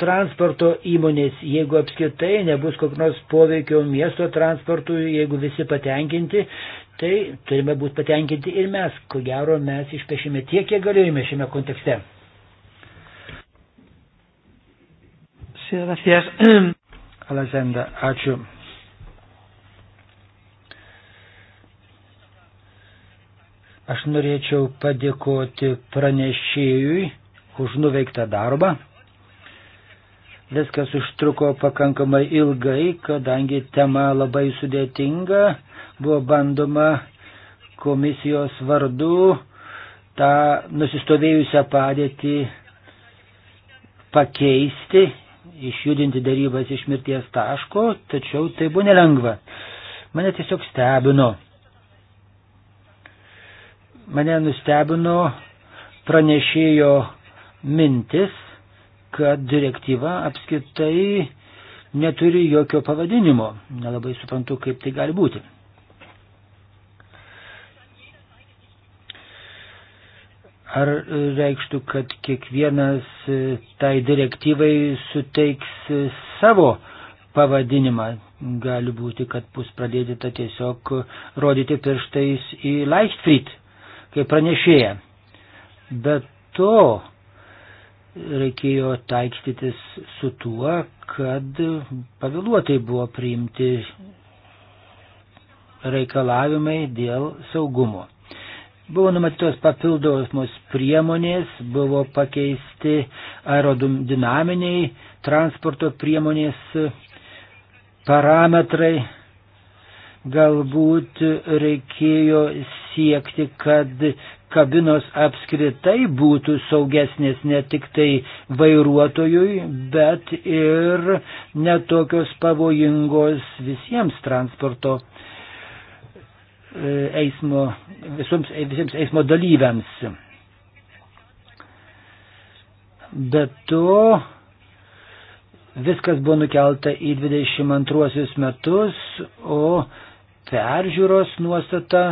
transporto įmonės. Jeigu apskritai nebus kokios nors poveikio miesto transportui, jeigu visi patenkinti, tai turime būti patenkinti ir mes. Ko gero, mes išpešime tiek, kiek galėjome šiame kontekste. Gracias. Alasenda. Ačiū. Aš norėčiau padėkoti pranešėjui už nuveiktą darbą. Viskas užtruko pakankamai ilgai, kadangi tema labai sudėtinga, buvo bandoma komisijos vardu tą nusistovėjusią padėtį pakeisti išjudinti darybas iš mirties taško, tačiau tai buvo nelengva. Mane tiesiog stebino. Mane nustebino pranešėjo mintis, kad direktyva apskritai neturi jokio pavadinimo. Nelabai suprantu, kaip tai gali būti. ar e, reikštų, kad kiekvienas e, tai direktyvai suteiks e, savo pavadinimą. Gali būti, kad bus pradėta tiesiog rodyti pirštais į Leichtfried, kaip pranešėją. Bet to reikėjo taikstytis su tuo, kad pavėluotai buvo priimti reikalavimai dėl saugumo. Buvo numatytos papildomos priemonės, buvo pakeisti aerodinaminiai transporto priemonės parametrai. Galbūt reikėjo siekti, kad kabinos apskritai būtų saugesnės ne tik tai vairuotojui, bet ir netokios pavojingos visiems transporto eismo, visoms, visiems eismo dalyviams. Be to, viskas buvo nukelta į 22 metus, o peržiūros nuostata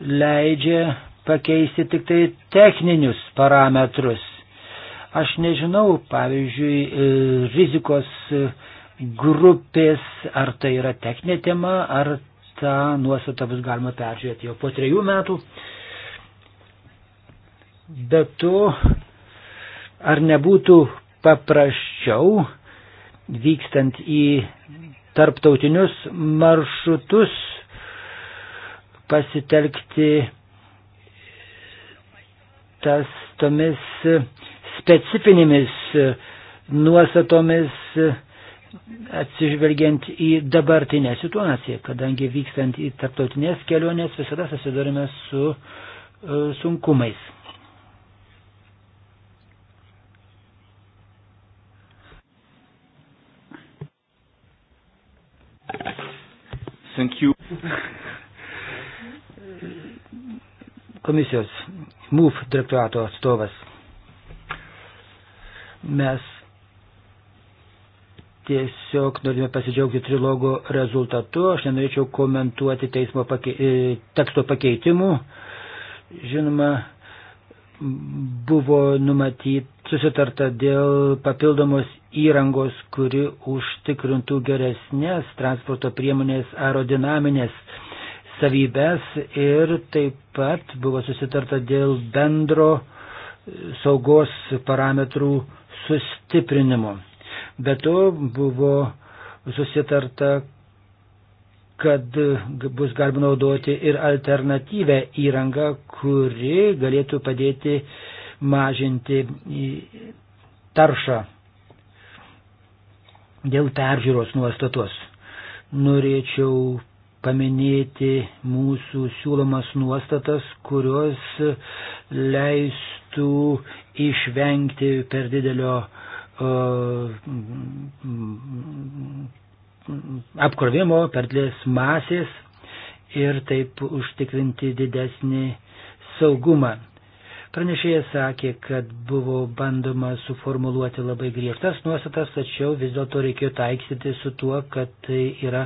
leidžia pakeisti tik tai techninius parametrus. Aš nežinau, pavyzdžiui, rizikos grupės, ar tai yra techninė tema, ar tą nuostatą bus galima peržiūrėti jau po trejų metų. Bet to, ar nebūtų paprasčiau vykstant į tarptautinius maršrutus pasitelkti tas tomis specifinėmis nuostatomis atsižvelgiant į dabartinę situaciją, kadangi vykstant į tarptautinės kelionės visada susidurime su e, sunkumais. Thank you. Komisijos MUF direktorato atstovas. Mes Tiesiog norime pasidžiaugti trilogo rezultatu. Aš nenorėčiau komentuoti teismo pake, e, teksto pakeitimų. Žinoma, buvo numatyti susitarta dėl papildomos įrangos, kuri užtikrintų geresnės transporto priemonės aerodinaminės savybės ir taip pat buvo susitarta dėl bendro saugos parametrų sustiprinimo. Be to buvo susitarta, kad bus galima naudoti ir alternatyvę įrangą, kuri galėtų padėti mažinti taršą dėl peržiūros nuostatos. Norėčiau paminėti mūsų siūlomas nuostatas, kurios leistų išvengti per didelio uh, apkrovimo perlės masės ir taip užtikrinti didesnį saugumą. Pranešėjas sakė, kad buvo bandoma suformuluoti labai griežtas nuostatas, tačiau vis dėlto reikėjo taikstyti su tuo, kad tai yra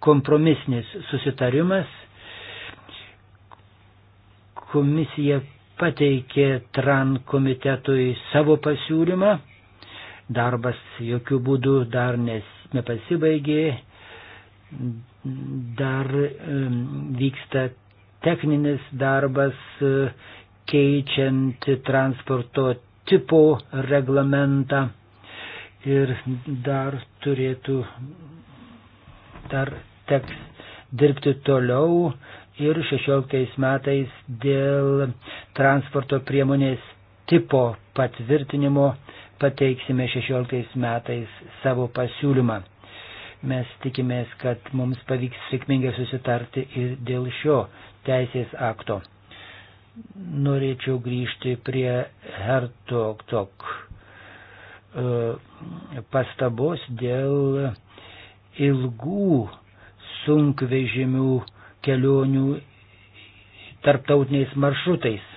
kompromisnis susitarimas. Komisija pateikė TRAN komitetui savo pasiūlymą Darbas jokių būdų dar nes, nepasibaigė, dar vyksta techninis darbas e, keičiant transporto tipo reglamentą ir dar turėtų, dar teks dirbti toliau ir 16 metais dėl transporto priemonės tipo patvirtinimo pateiksime 16 metais savo pasiūlymą. Mes tikimės, kad mums pavyks sėkmingai susitarti ir dėl šio teisės akto. Norėčiau grįžti prie Hertog Tok e, pastabos dėl ilgų sunkvežimių kelionių tarptautiniais maršrutais.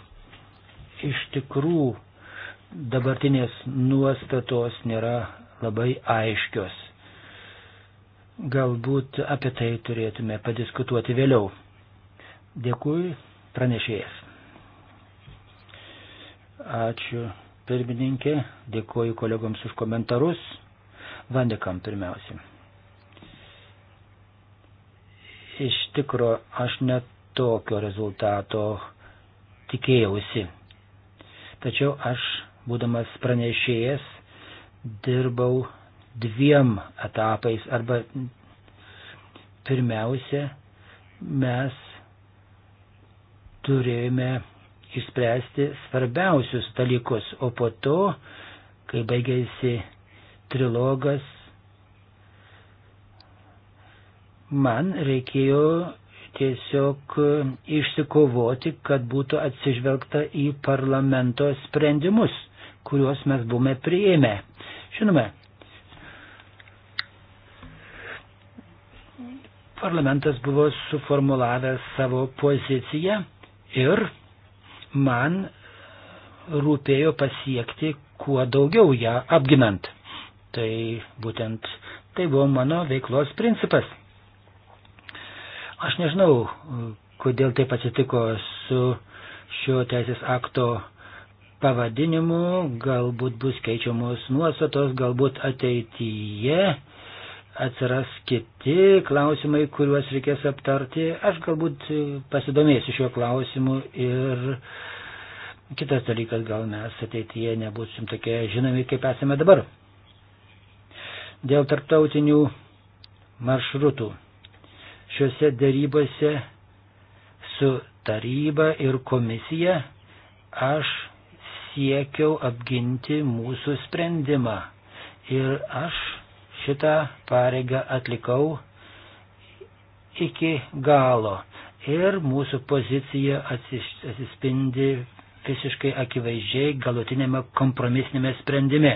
Iš tikrųjų, dabartinės nuostatos nėra labai aiškios. Galbūt apie tai turėtume padiskutuoti vėliau. Dėkui pranešėjas. Ačiū pirmininkė, dėkoju kolegoms už komentarus. Vandekam pirmiausiai. Iš tikro aš net tokio rezultato tikėjausi. Tačiau aš būdamas pranešėjas, dirbau dviem etapais arba pirmiausia, mes turėjome išspręsti svarbiausius dalykus, o po to, kai baigėsi trilogas, man reikėjo tiesiog išsikovoti, kad būtų atsižvelgta į parlamento sprendimus kuriuos mes buvome priėmę. Žinome, parlamentas buvo suformulavęs savo poziciją ir man rūpėjo pasiekti kuo daugiau ją apginant. Tai būtent tai buvo mano veiklos principas. Aš nežinau, kodėl taip atsitiko su šio teisės akto pavadinimu, galbūt bus keičiamos nuostatos, galbūt ateityje atsiras kiti klausimai, kuriuos reikės aptarti. Aš galbūt pasidomėsiu šiuo klausimu ir kitas dalykas, gal mes ateityje nebūsim tokie žinomi, kaip esame dabar. Dėl tarptautinių maršrutų. Šiuose darybose su taryba ir komisija aš siekiau apginti mūsų sprendimą. Ir aš šitą pareigą atlikau iki galo. Ir mūsų pozicija atsispindi visiškai akivaizdžiai galutinėme kompromisinėme sprendime.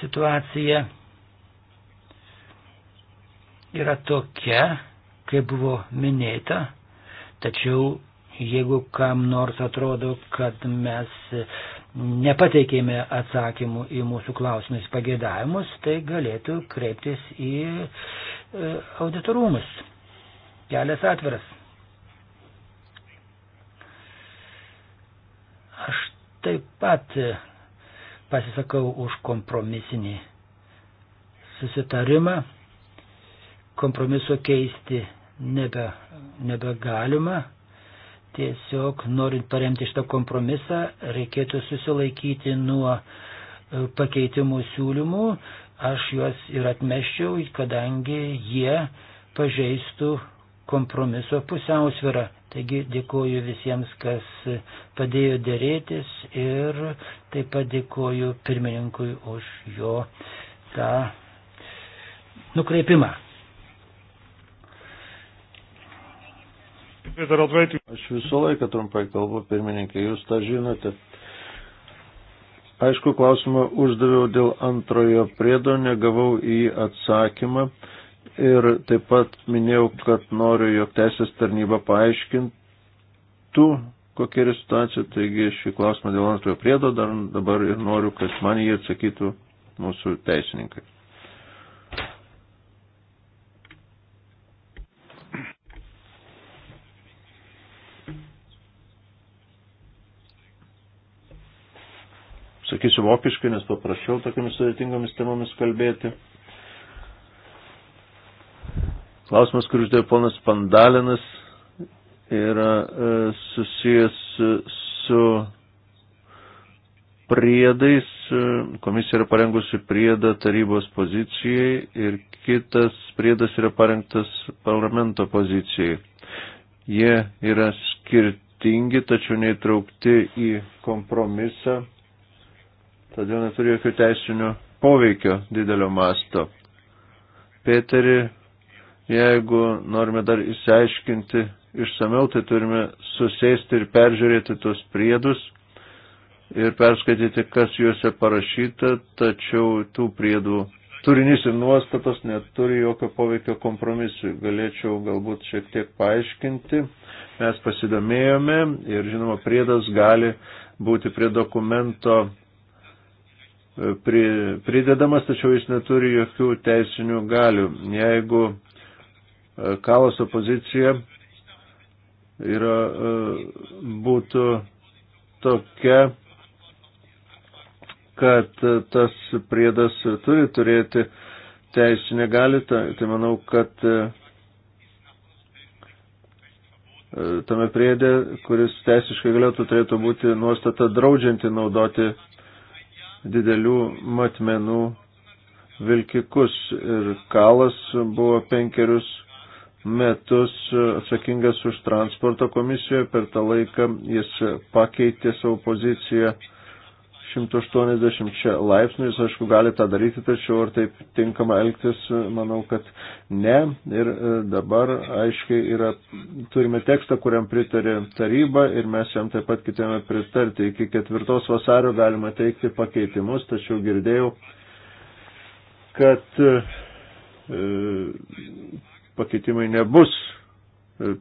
Situacija yra tokia, kaip buvo minėta, tačiau Jeigu kam nors atrodo, kad mes nepateikėme atsakymų į mūsų klausimus pagėdavimus, tai galėtų kreiptis į e, auditorumus. Kelias atviras. Aš taip pat pasisakau už kompromisinį susitarimą. Kompromiso keisti nebe, nebegalima Tiesiog norint paremti šitą kompromisą, reikėtų susilaikyti nuo e, pakeitimų siūlymų. Aš juos ir atmeščiau, kadangi jie pažeistų kompromiso pusiausvirą. Taigi dėkoju visiems, kas padėjo dėrėtis ir taip pat dėkoju pirmininkui už jo tą nukreipimą. Aš visą laiką trumpai kalbu, pirmininkai, jūs tą žinote. Aišku, klausimą uždaviau dėl antrojo priedo, negavau į atsakymą ir taip pat minėjau, kad noriu, jog teisės tarnyba paaiškintų, kokia yra situacija, taigi šį klausimą dėl antrojo priedo dar dabar ir noriu, kad man jį atsakytų mūsų teisininkai. sakysiu vokiškai, nes paprasčiau tokiamis sudėtingomis temomis kalbėti. Klausimas, kurį uždėjo ponas Pandalinas, yra e, susijęs su priedais. E, komisija yra parengusi priedą tarybos pozicijai ir kitas priedas yra parengtas parlamento pozicijai. Jie yra skirtingi, tačiau neįtraukti į kompromisą todėl neturi jokių teisinių poveikio didelio masto. Peterį, jeigu norime dar įsiaiškinti išsameu, tai turime susėsti ir peržiūrėti tos priedus ir perskaityti, kas juose parašyta, tačiau tų priedų turinys ir nuostatos neturi jokio poveikio kompromisui. Galėčiau galbūt šiek tiek paaiškinti. Mes pasidomėjome ir, žinoma, priedas gali būti prie dokumento pridedamas, tačiau jis neturi jokių teisinių galių. Jeigu e, kalas opozicija yra, e, būtų tokia, kad e, tas priedas turi turėti teisinę galią, tai manau, kad tame priedė, kuris teisiškai galėtų turėtų būti nuostata draudžianti naudoti didelių matmenų vilkikus ir Kalas buvo penkerius metus atsakingas už transporto komisiją, per tą laiką jis pakeitė savo poziciją 180 laipsnių, jis aišku gali tą daryti, tačiau ar taip tinkama elgtis, manau, kad ne. Ir e, dabar aiškiai yra, turime tekstą, kuriam pritarė taryba ir mes jam taip pat kitame pritarti. Iki 4 vasario galima teikti pakeitimus, tačiau girdėjau, kad e, e pakeitimai nebus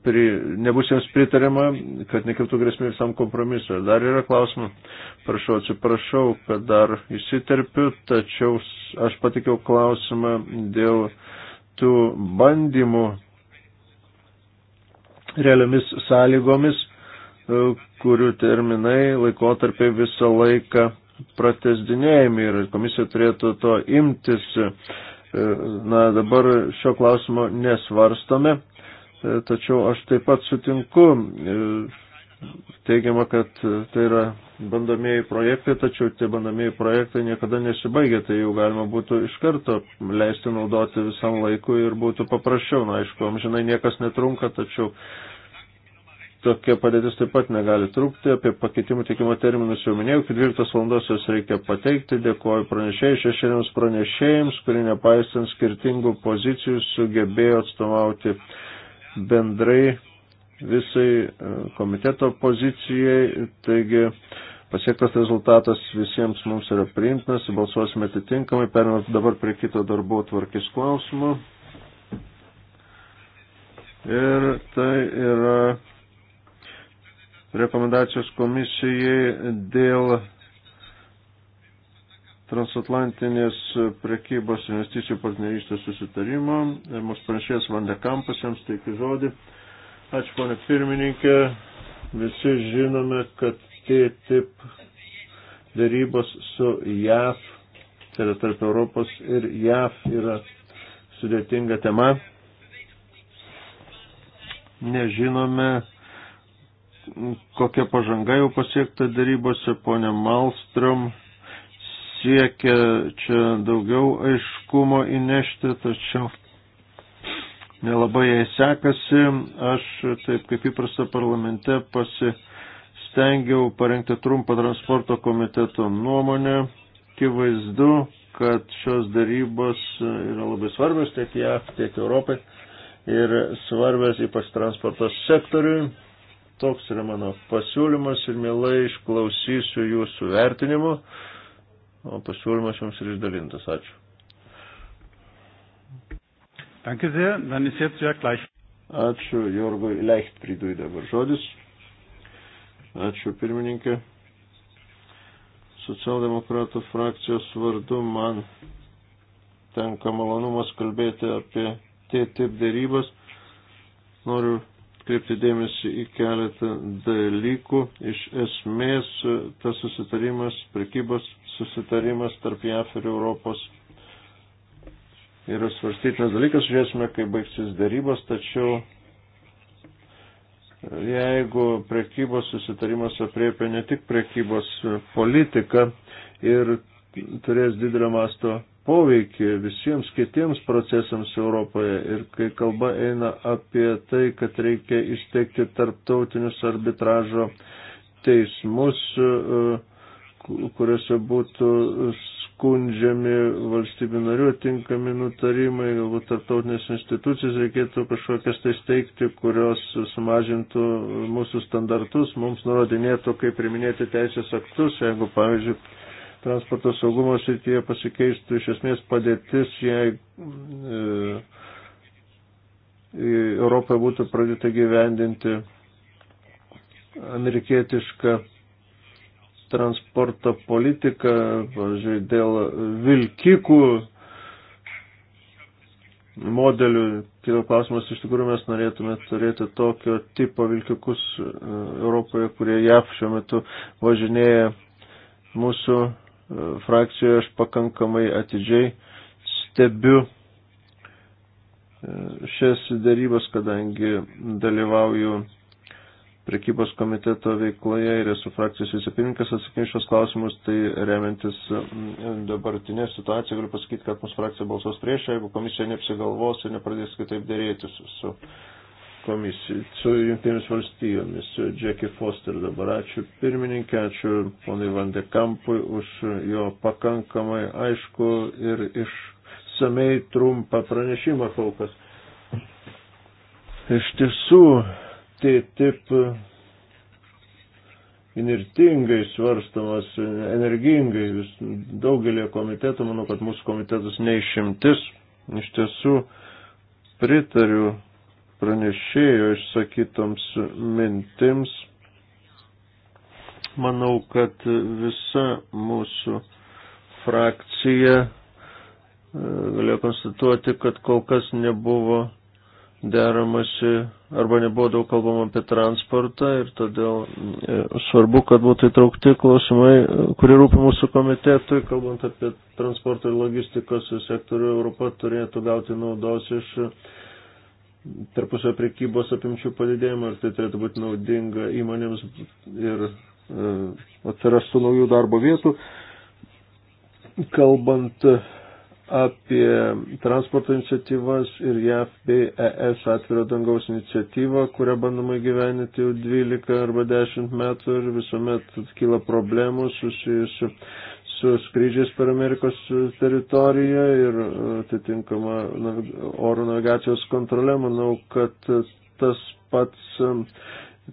pri, nebus jiems pritariama, kad nekiltų grėsmė visam kompromisui. Dar yra klausimų. Prašau, atsiprašau, kad dar įsiterpiu, tačiau aš patikiau klausimą dėl tų bandymų realiomis sąlygomis, e, kurių terminai laikotarpiai visą laiką pratesdinėjami ir komisija turėtų to imtis. E, na, dabar šio klausimo nesvarstome E, tačiau aš taip pat sutinku, e, teigiama, kad tai yra bandomieji projektai, tačiau tie bandomieji projektai niekada nesibaigia, tai jau galima būtų iš karto leisti naudoti visam laikui ir būtų paprasčiau. Na, aišku, amžinai niekas netrunka, tačiau tokia padėtis taip pat negali trūkti. Apie pakeitimų teikimo terminus jau minėjau, iki 12 valandos jos reikia pateikti. Dėkuoju pranešėjai, šešėliams pranešėjams, kurie nepaisant skirtingų pozicijų sugebėjo atstovauti bendrai visai e, komiteto pozicijai, taigi pasiektas rezultatas visiems mums yra priimtinas, balsuosime atitinkamai, perinant dabar prie kito darbo tvarkės klausimo. Ir tai yra rekomendacijos komisijai dėl transatlantinės prekybos investicijų partnerystės susitarimo. Mūsų pranešėjas Vandekampas jums teikia žodį. Ačiū, ponė pirmininkė. Visi žinome, kad TTIP darybos su JAV, tai yra tarp Europos ir JAV yra sudėtinga tema. Nežinome, kokia pažanga jau pasiekta darybose, ponė Malstrom siekia čia daugiau aiškumo įnešti, tačiau nelabai jai sekasi. Aš taip kaip įprasta parlamente pasistengiau parengti trumpą transporto komiteto nuomonę. Kivaizdu, kad šios darybos yra labai svarbios tiek JAV, tiek Europai ir svarbios ypač transporto sektoriui. Toks yra mano pasiūlymas ir mielai išklausysiu jūsų vertinimu pasiūlymas jums ir išdalintas. Ačiū. Danke sehr, dann ist jetzt ja gleich. Ačiū Jorgui Leichtfriedui dabar žodis. Ačiū pirmininkė. Socialdemokratų frakcijos vardu man tenka malonumas kalbėti apie TTIP dėrybas. Noriu atkreipti dėmesį į keletą dalykų. Iš esmės tas susitarimas, prekybos susitarimas tarp JAF ir Europos yra svarstytinas dalykas, žiūrėsime, kaip baigsis darybos, tačiau jeigu prekybos susitarimas apriepia ne tik prekybos politiką ir turės didelio masto poveikį visiems kitiems procesams Europoje. Ir kai kalba eina apie tai, kad reikia įsteigti tarptautinius arbitražo teismus, e, kuriuose būtų skundžiami valstybių narių tinkami nutarimai, galbūt tarptautinės institucijas reikėtų kažkokias tai steigti, kurios sumažintų mūsų standartus, mums nurodinėtų, kaip priminėti teisės aktus, jeigu, pavyzdžiui, transporto saugumo srityje pasikeistų iš esmės padėtis, jei e, Europoje būtų pradėta gyvendinti amerikietišką transporto politiką, pavyzdžiui, dėl vilkikų modelių. Kilo klausimas, iš tikrųjų mes norėtume turėti tokio tipo vilkikus e, Europoje, kurie JAV šiuo metu važinėja mūsų frakcijoje aš pakankamai atidžiai stebiu e, šias darybas, kadangi dalyvauju prekybos komiteto veikloje ir esu frakcijos vicepininkas atsakinšios klausimus, tai remiantis dabartinė situacija, galiu pasakyti, kad mūsų frakcija balsos prieš, jeigu komisija neapsigalvos ir nepradės kitaip dėrėtis su komisijai, su Junktinėmis valstijomis, su Jackie Foster dabar. Ačiū pirmininkė, ačiū ponai Vandekampui už jo pakankamai aišku ir išsamei trumpą pranešimą kol kas. Iš tiesų, tai taip inirtingai svarstamas, energingai vis daugelį komitetų, manau, kad mūsų komitetas neišimtis. Iš tiesų, pritariu pranešėjo išsakytoms mintims. Manau, kad visa mūsų frakcija e, galėjo konstatuoti, kad kol kas nebuvo deramasi arba nebuvo daug kalbama apie transportą ir todėl e, svarbu, kad būtų įtraukti klausimai, e, kurie rūpi mūsų komitetui, kalbant apie transporto ir logistikos sektorių, Europa turėtų gauti naudos iš tarpusio prekybos apimčių padidėjimą ir tai turėtų būti naudinga įmonėms ir e, atsirastų naujų darbo vietų. Kalbant apie transporto iniciatyvas ir JAF bei ES atviro dangaus iniciatyvą, kurią bandoma gyveninti jau 12 arba 10 metų ir visuomet kyla problemų susijusių su su skrydžiais per Amerikos teritoriją ir atitinkama oro navigacijos kontrolė. Manau, kad tas pats um,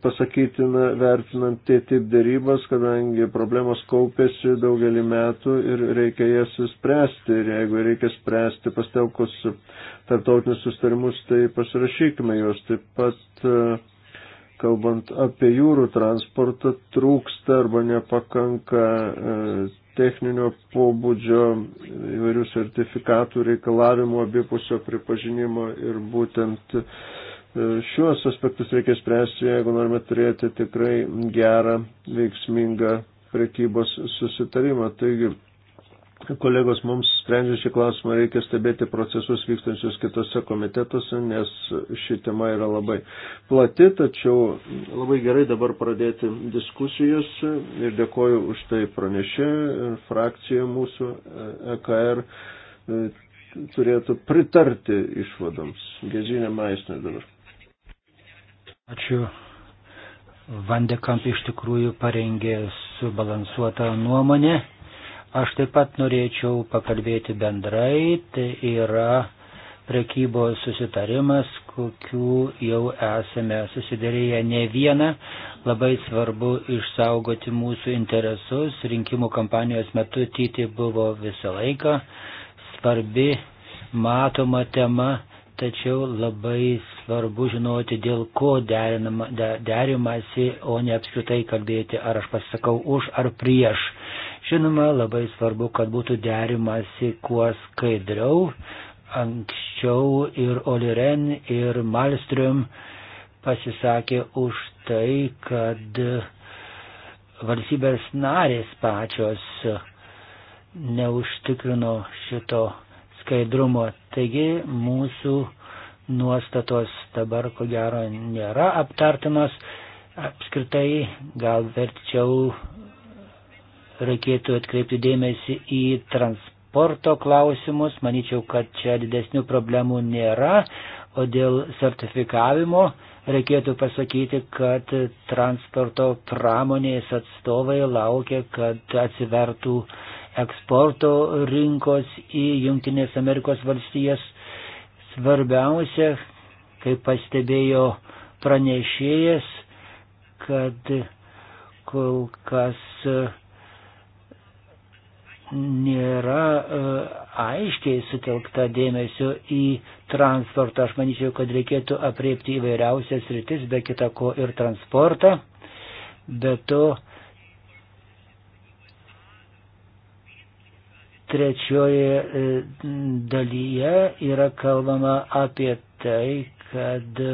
pasakytina vertinant TTIP dėrybas, kadangi problemos kaupėsi daugelį metų ir reikia jas spręsti. Ir jeigu reikia spręsti pastelkus tarptautinius sustarimus, tai pasirašykime juos. Taip pat, e, kalbant apie jūrų transportą, trūksta arba nepakanka e, techninio pobūdžio įvairių sertifikatų reikalavimų abipusio pripažinimo ir būtent e, šiuos aspektus reikia spręsti, jeigu norime turėti tikrai gerą, veiksmingą prekybos susitarimą. Taigi, kolegos mums sprendžiant šį klausimą reikia stebėti procesus vykstančius kitose komitetuose, nes ši tema yra labai plati, tačiau labai gerai dabar pradėti diskusijas ir dėkoju už tai pranešė frakcija mūsų EKR e e, turėtų pritarti išvadoms. Gezinė Maisnė dabar. Ačiū. Vandekamp iš tikrųjų parengė subalansuotą nuomonę. Aš taip pat norėčiau pakalbėti bendrai, tai yra prekybos susitarimas, kokiu jau esame susidarėję ne vieną. Labai svarbu išsaugoti mūsų interesus. Rinkimų kampanijos metu tyti buvo visą laiką svarbi, matoma tema, tačiau labai svarbu žinoti, dėl ko derinama, de, derimasi, o ne apskritai kalbėti, ar aš pasisakau už ar prieš. Žinoma, labai svarbu, kad būtų derimasi kuo skaidriau. Anksčiau ir Oliren, ir Malstrom pasisakė už tai, kad valstybės narės pačios neužtikrino šito skaidrumo. Taigi mūsų nuostatos dabar ko gero nėra aptartinos. Apskritai gal verčiau reikėtų atkreipti dėmesį į transporto klausimus. Manyčiau, kad čia didesnių problemų nėra, o dėl sertifikavimo reikėtų pasakyti, kad transporto pramonės atstovai laukia, kad atsivertų eksporto rinkos į Junktinės Amerikos valstijas. Svarbiausia, kaip pastebėjo pranešėjas, kad kol kas nėra e, aiškiai sutelkta dėmesio į transportą. Aš manyčiau, kad reikėtų apriepti įvairiausias rytis, be kita ko ir transportą. Be to, trečioje e, dalyje yra kalbama apie tai, kad e,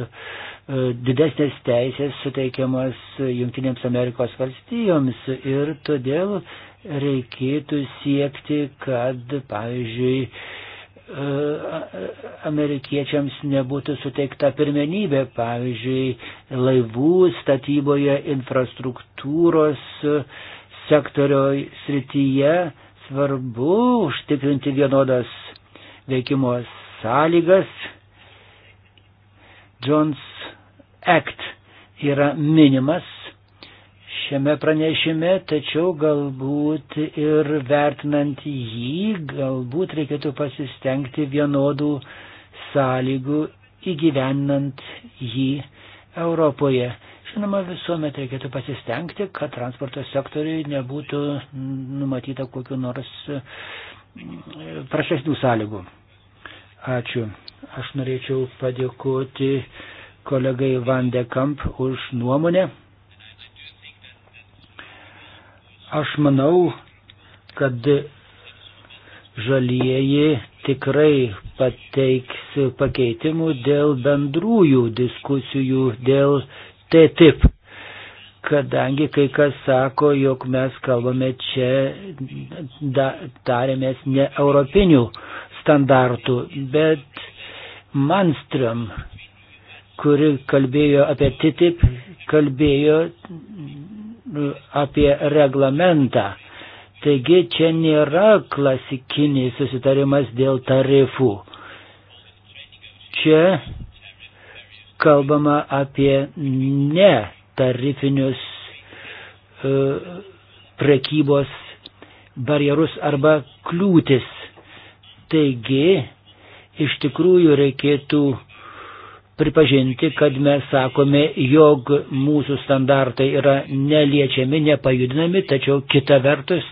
didesnės teisės suteikiamas Junktinėms Amerikos valstijoms ir todėl reikėtų siekti, kad, pavyzdžiui, e, amerikiečiams nebūtų suteikta pirmenybė, pavyzdžiui, laivų statyboje, infrastruktūros sektorio srityje svarbu užtikrinti vienodas veikimo sąlygas. Jones Act yra minimas šiame pranešime, tačiau galbūt ir vertinant jį, galbūt reikėtų pasistengti vienodų sąlygų įgyvendinant jį Europoje. Žinoma, visuomet reikėtų pasistengti, kad transporto sektoriui nebūtų numatyta kokiu nors mm, prašesnių sąlygų. Ačiū. Aš norėčiau padėkoti kolegai Van de Kamp už nuomonę. Aš manau, kad žalieji tikrai pateiks pakeitimų dėl bendrųjų diskusijų, dėl TTIP. Kadangi kai kas sako, jog mes kalbame čia, da, tarėmės ne europinių standartų, bet Manström, kuri kalbėjo apie TTIP, kalbėjo apie reglamentą. Taigi čia nėra klasikinis susitarimas dėl tarifų. Čia kalbama apie ne tarifinius e, prekybos barjerus arba kliūtis. Taigi, iš tikrųjų reikėtų pripažinti, kad mes sakome, jog mūsų standartai yra neliečiami, nepajudinami, tačiau kita vertus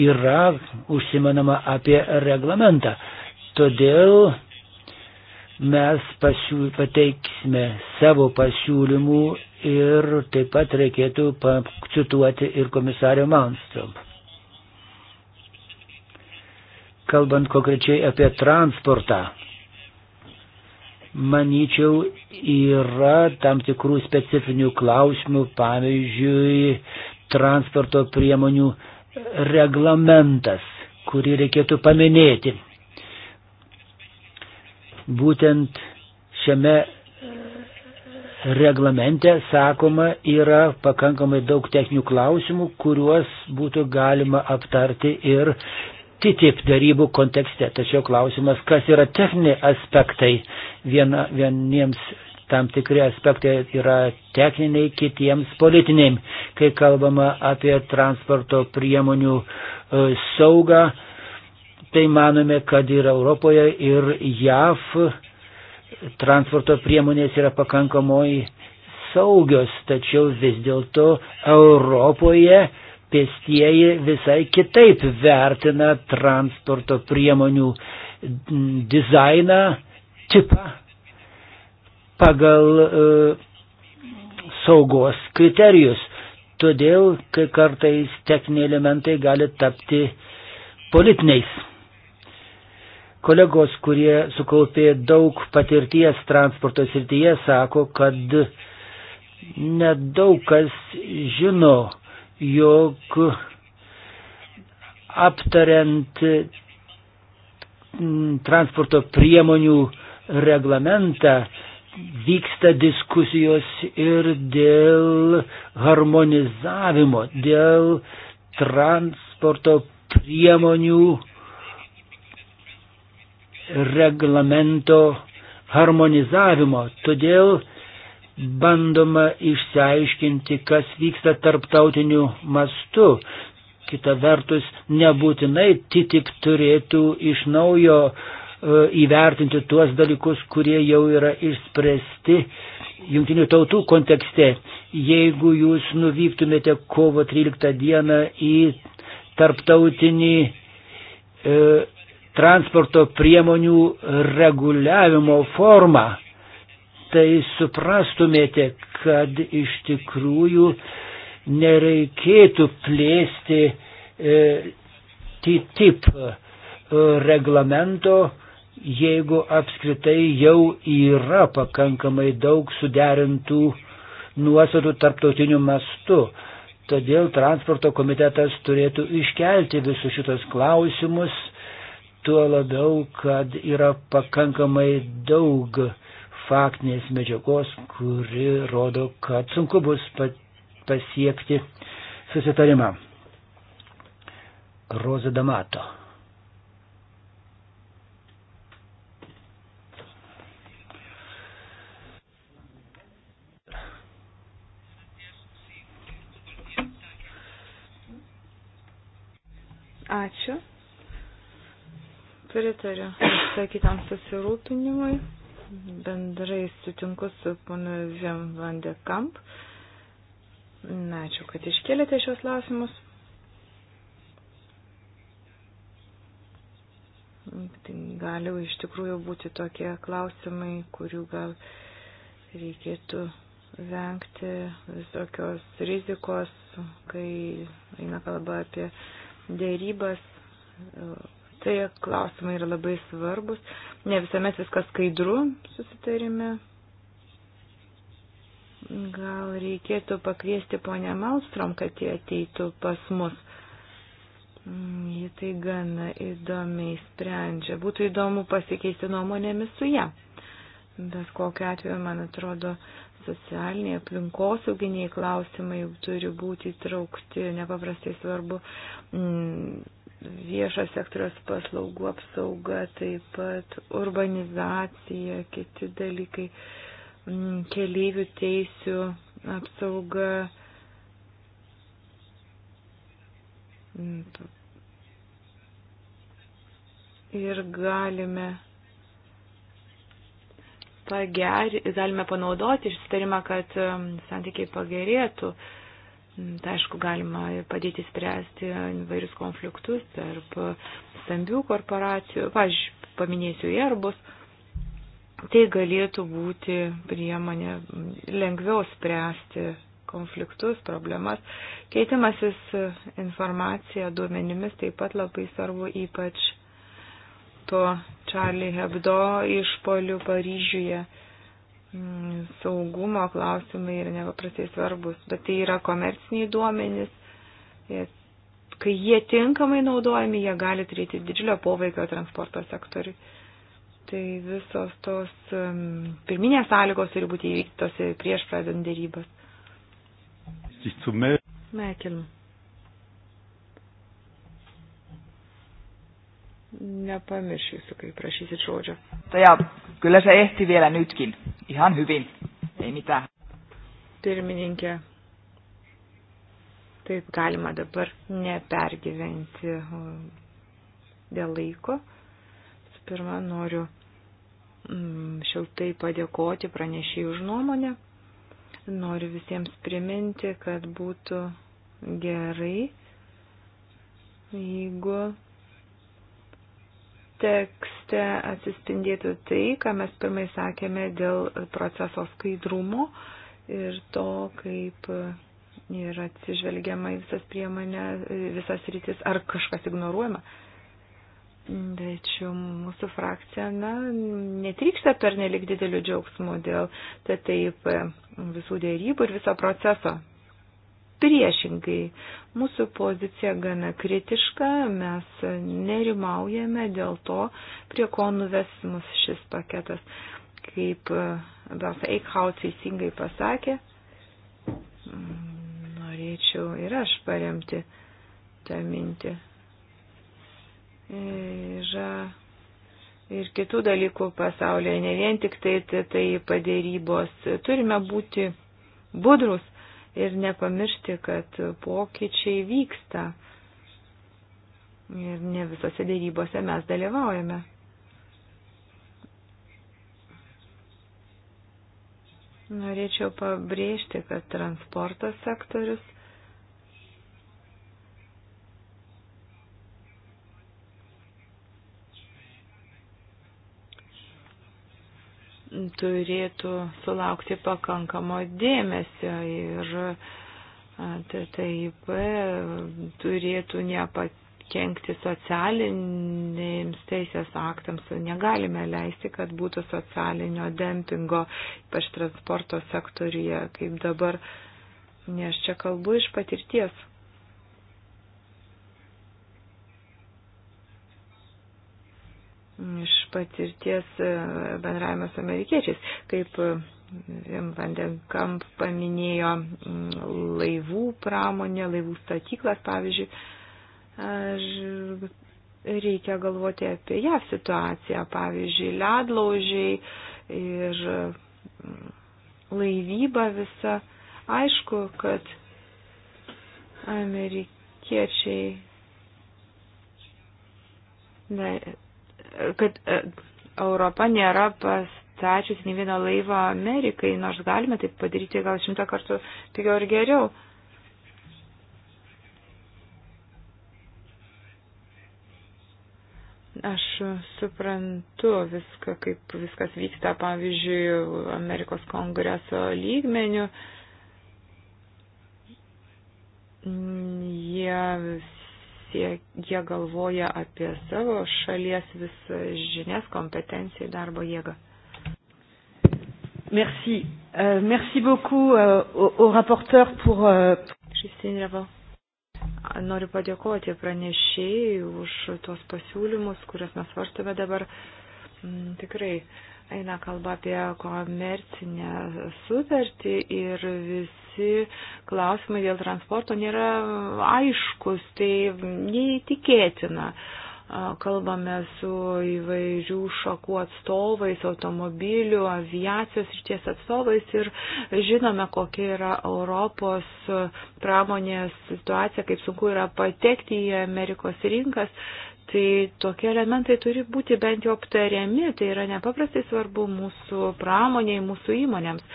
yra užsimanama apie reglamentą. Todėl mes pasiū, pateiksime savo pasiūlymų ir taip pat reikėtų cituoti ir komisario Malmstrom. Kalbant konkrečiai apie transportą, manyčiau, yra tam tikrų specifinių klausimų, pavyzdžiui, transporto priemonių reglamentas, kurį reikėtų paminėti. Būtent šiame e, reglamente, sakoma, yra pakankamai daug techninių klausimų, kuriuos būtų galima aptarti ir TTIP darybų kontekste. Tačiau klausimas, kas yra techniniai aspektai. Viena, vieniems tam tikri aspektai yra techniniai, kitiems politiniai. Kai kalbama apie transporto priemonių e, saugą, tai manome, kad ir Europoje, ir JAV transporto priemonės yra pakankamoji saugios, tačiau vis dėlto Europoje uh, pėstieji visai kitaip vertina transporto priemonių dizainą, tipą pagal e, saugos kriterijus. Todėl, kai kartais techniniai elementai gali tapti politiniais. Kolegos, kurie sukaupė daug patirties transporto srityje, sako, kad nedaug kas žino, jog aptariant mm, transporto priemonių reglamentą vyksta diskusijos ir dėl harmonizavimo, dėl transporto priemonių reglamento harmonizavimo. Todėl bandoma išsiaiškinti, kas vyksta tarptautiniu mastu. Kita vertus, nebūtinai TTIP turėtų iš naujo e, įvertinti tuos dalykus, kurie jau yra išspręsti jungtinių tautų kontekste. Jeigu jūs nuvyktumėte kovo 13 dieną į tarptautinį e, transporto priemonių reguliavimo formą, tai suprastumėte, kad iš tikrųjų nereikėtų plėsti e, TTIP e, reglamento, jeigu apskritai jau yra pakankamai daug suderintų nuostatų tarptautiniu mastu. Todėl transporto komitetas turėtų iškelti visus šitos klausimus, tuo labiau, kad yra pakankamai daug e, faktinės medžiagos, kuri rodo, kad sunku bus pasiekti susitarimą. Roza Damato. Ačiū. Pritariu sakytam susirūpinimui bendrai sutinku su ponu Vim van de Kamp. Na, ačiū, kad iškėlėte šios klausimus. Tai gali iš tikrųjų būti tokie klausimai, kurių gal reikėtų vengti visokios rizikos, kai eina kalba apie dėrybas Tai klausimai yra labai svarbus. Ne visuomet viskas skaidru susitarime. Gal reikėtų pakviesti ponę Malstrom, kad jie ateitų pas mus. Mm, ji tai gana įdomiai sprendžia. Būtų įdomu pasikeisti nuomonėmis su ją. Bet kokiu atveju, man atrodo, socialiniai, aplinkosauginiai klausimai turi būti įtraukti, nepaprastai svarbu mm, viešo sektoriaus paslaugų apsauga, taip pat urbanizacija, kiti dalykai, mm, keleivių teisių apsauga, ir galime pageri, galime panaudoti išsitarimą, kad mm, santykiai pagerėtų. Uh, Mm, tai aišku, galima padėti spręsti įvairius konfliktus tarp stambių korporacijų. Pavyzdžiui, paminėsiu Airbus. Tai galėtų būti priemonė lengviau spręsti konfliktus, problemas. Keitimasis informacija duomenimis taip pat labai svarbu, ypač po Charlie Hebdo išpolių Paryžiuje. Mm, saugumo klausimai yra nepaprastai svarbus, bet tai yra komerciniai duomenys. Kai jie tinkamai naudojami, jie gali turėti didžiulio poveikio transporto sektoriui. Tai visos tos um, pirminės sąlygos turi būti įvykdytos prieš pradedant dėrybas. Mekelim. Nepamiršysiu, kai prašysit žodžio. Tai jau. Kyllä se ehti vielä nytkin. Ihan hyvin. Ei mitään. Pirmininkė. Taip galima dabar nepergyventi dėl laiko. Pirma, noriu mm, šiltai padėkoti pranešiai už nuomonę. Noriu visiems priminti, kad būtų gerai, jeigu tekste atsispindėtų tai, ką mes pirmai sakėme dėl proceso skaidrumo ir to, kaip yra atsižvelgiama į visas priemonę, visas rytis, ar kažkas ignoruojama. Tačiau mūsų frakcija na, netrykšta per nelik dideliu džiaugsmu dėl TTIP visų dėrybų ir viso proceso. Priešingai, mūsų pozicija gana kritiška, mes nerimaujame dėl to, prie ko nuves mus šis paketas. Kaip Bas e, Eichhaus teisingai pasakė, mm, norėčiau ir aš paremti tą mintį. E, yra ir kitų dalykų pasaulyje, ne vien tik tai, tai, tai padėrybos. Turime būti budrus ir nepamiršti, kad pokyčiai vyksta ir ne visose dėrybose mes dalyvaujame. Norėčiau pabrėžti, kad transporto sektorius turėtų sulaukti pakankamo dėmesio ir TTIP turėtų nepakenkti socialinėms teisės aktams. Negalime leisti, kad būtų socialinio dempingo, ypač transporto sektoriuje, kaip dabar, nes čia kalbu iš patirties. iš patirties e, bendravimo su amerikiečiais, kaip e, Vandenkamp paminėjo mm, laivų pramonę, laivų statyklas, pavyzdžiui. Aš e, reikia galvoti apie ją situaciją, pavyzdžiui, ledlaužiai ir mm, laivyba visa. Aišku, kad amerikiečiai kad e, Europa nėra pastačius nei vieno laivo Amerikai, nors galime taip padaryti gal šimtą kartų pigiau ir geriau. Aš suprantu viską, kaip viskas vyksta, pavyzdžiui, Amerikos kongreso lygmenių. Jie jie, jie galvoja apie savo šalies vis žinias, kompetenciją, darbo jėgą. Merci. Uh, merci beaucoup uh, au, au rapporteur pour. Uh... Noriu padėkoti pranešėjai už tuos pasiūlymus, kuriuos mes svarstame dabar. Mm, tikrai uh, eina kalba apie komercinę sutartį ir visi klausimai dėl transporto nėra aiškus, tai neįtikėtina. Kalbame su įvairių šakų atstovais, automobilių, aviacijos išties atstovais ir žinome, kokia yra Europos pramonės situacija, kaip sunku yra patekti į Amerikos rinkas. Tai tokie elementai turi būti bent jau aptariami, tai yra nepaprastai svarbu mūsų pramoniai, mūsų įmonėms.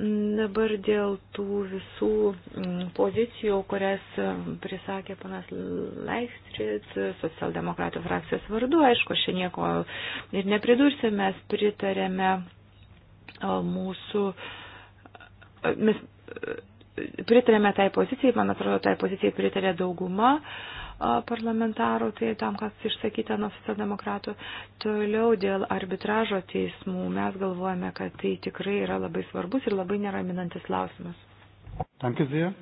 Mm, dabar dėl tų visų mm, pozicijų, kurias mm, prisakė panas Leistrit, socialdemokratų frakcijos vardu, aišku, čia nieko ir nepridursim, mes pritarėme mūsų, mes pritarėme tai pozicijai, man atrodo, tai pozicijai pritarė dauguma parlamentarų, tai tam, kas išsakyta nuo socialdemokratų. Toliau dėl arbitražo teismų mes galvojame, kad tai tikrai yra labai svarbus ir labai neraminantis klausimas. Danke sehr.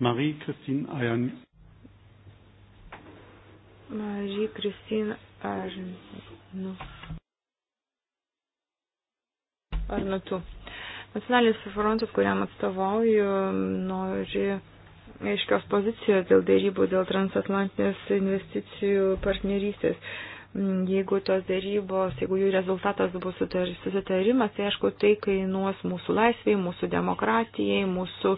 Marie-Christine Ayan. Marie-Christine Ayan. Ar nu tu? Nacionalinis frontas, kuriam atstovauju, nori aiškios pozicijos dėl dėrybų, dėl transatlantinės investicijų partnerystės. Jeigu tos dėrybos, jeigu jų rezultatas bus susitarimas, tai aišku, tai kainuos mūsų laisvėjai, mūsų demokratijai, mūsų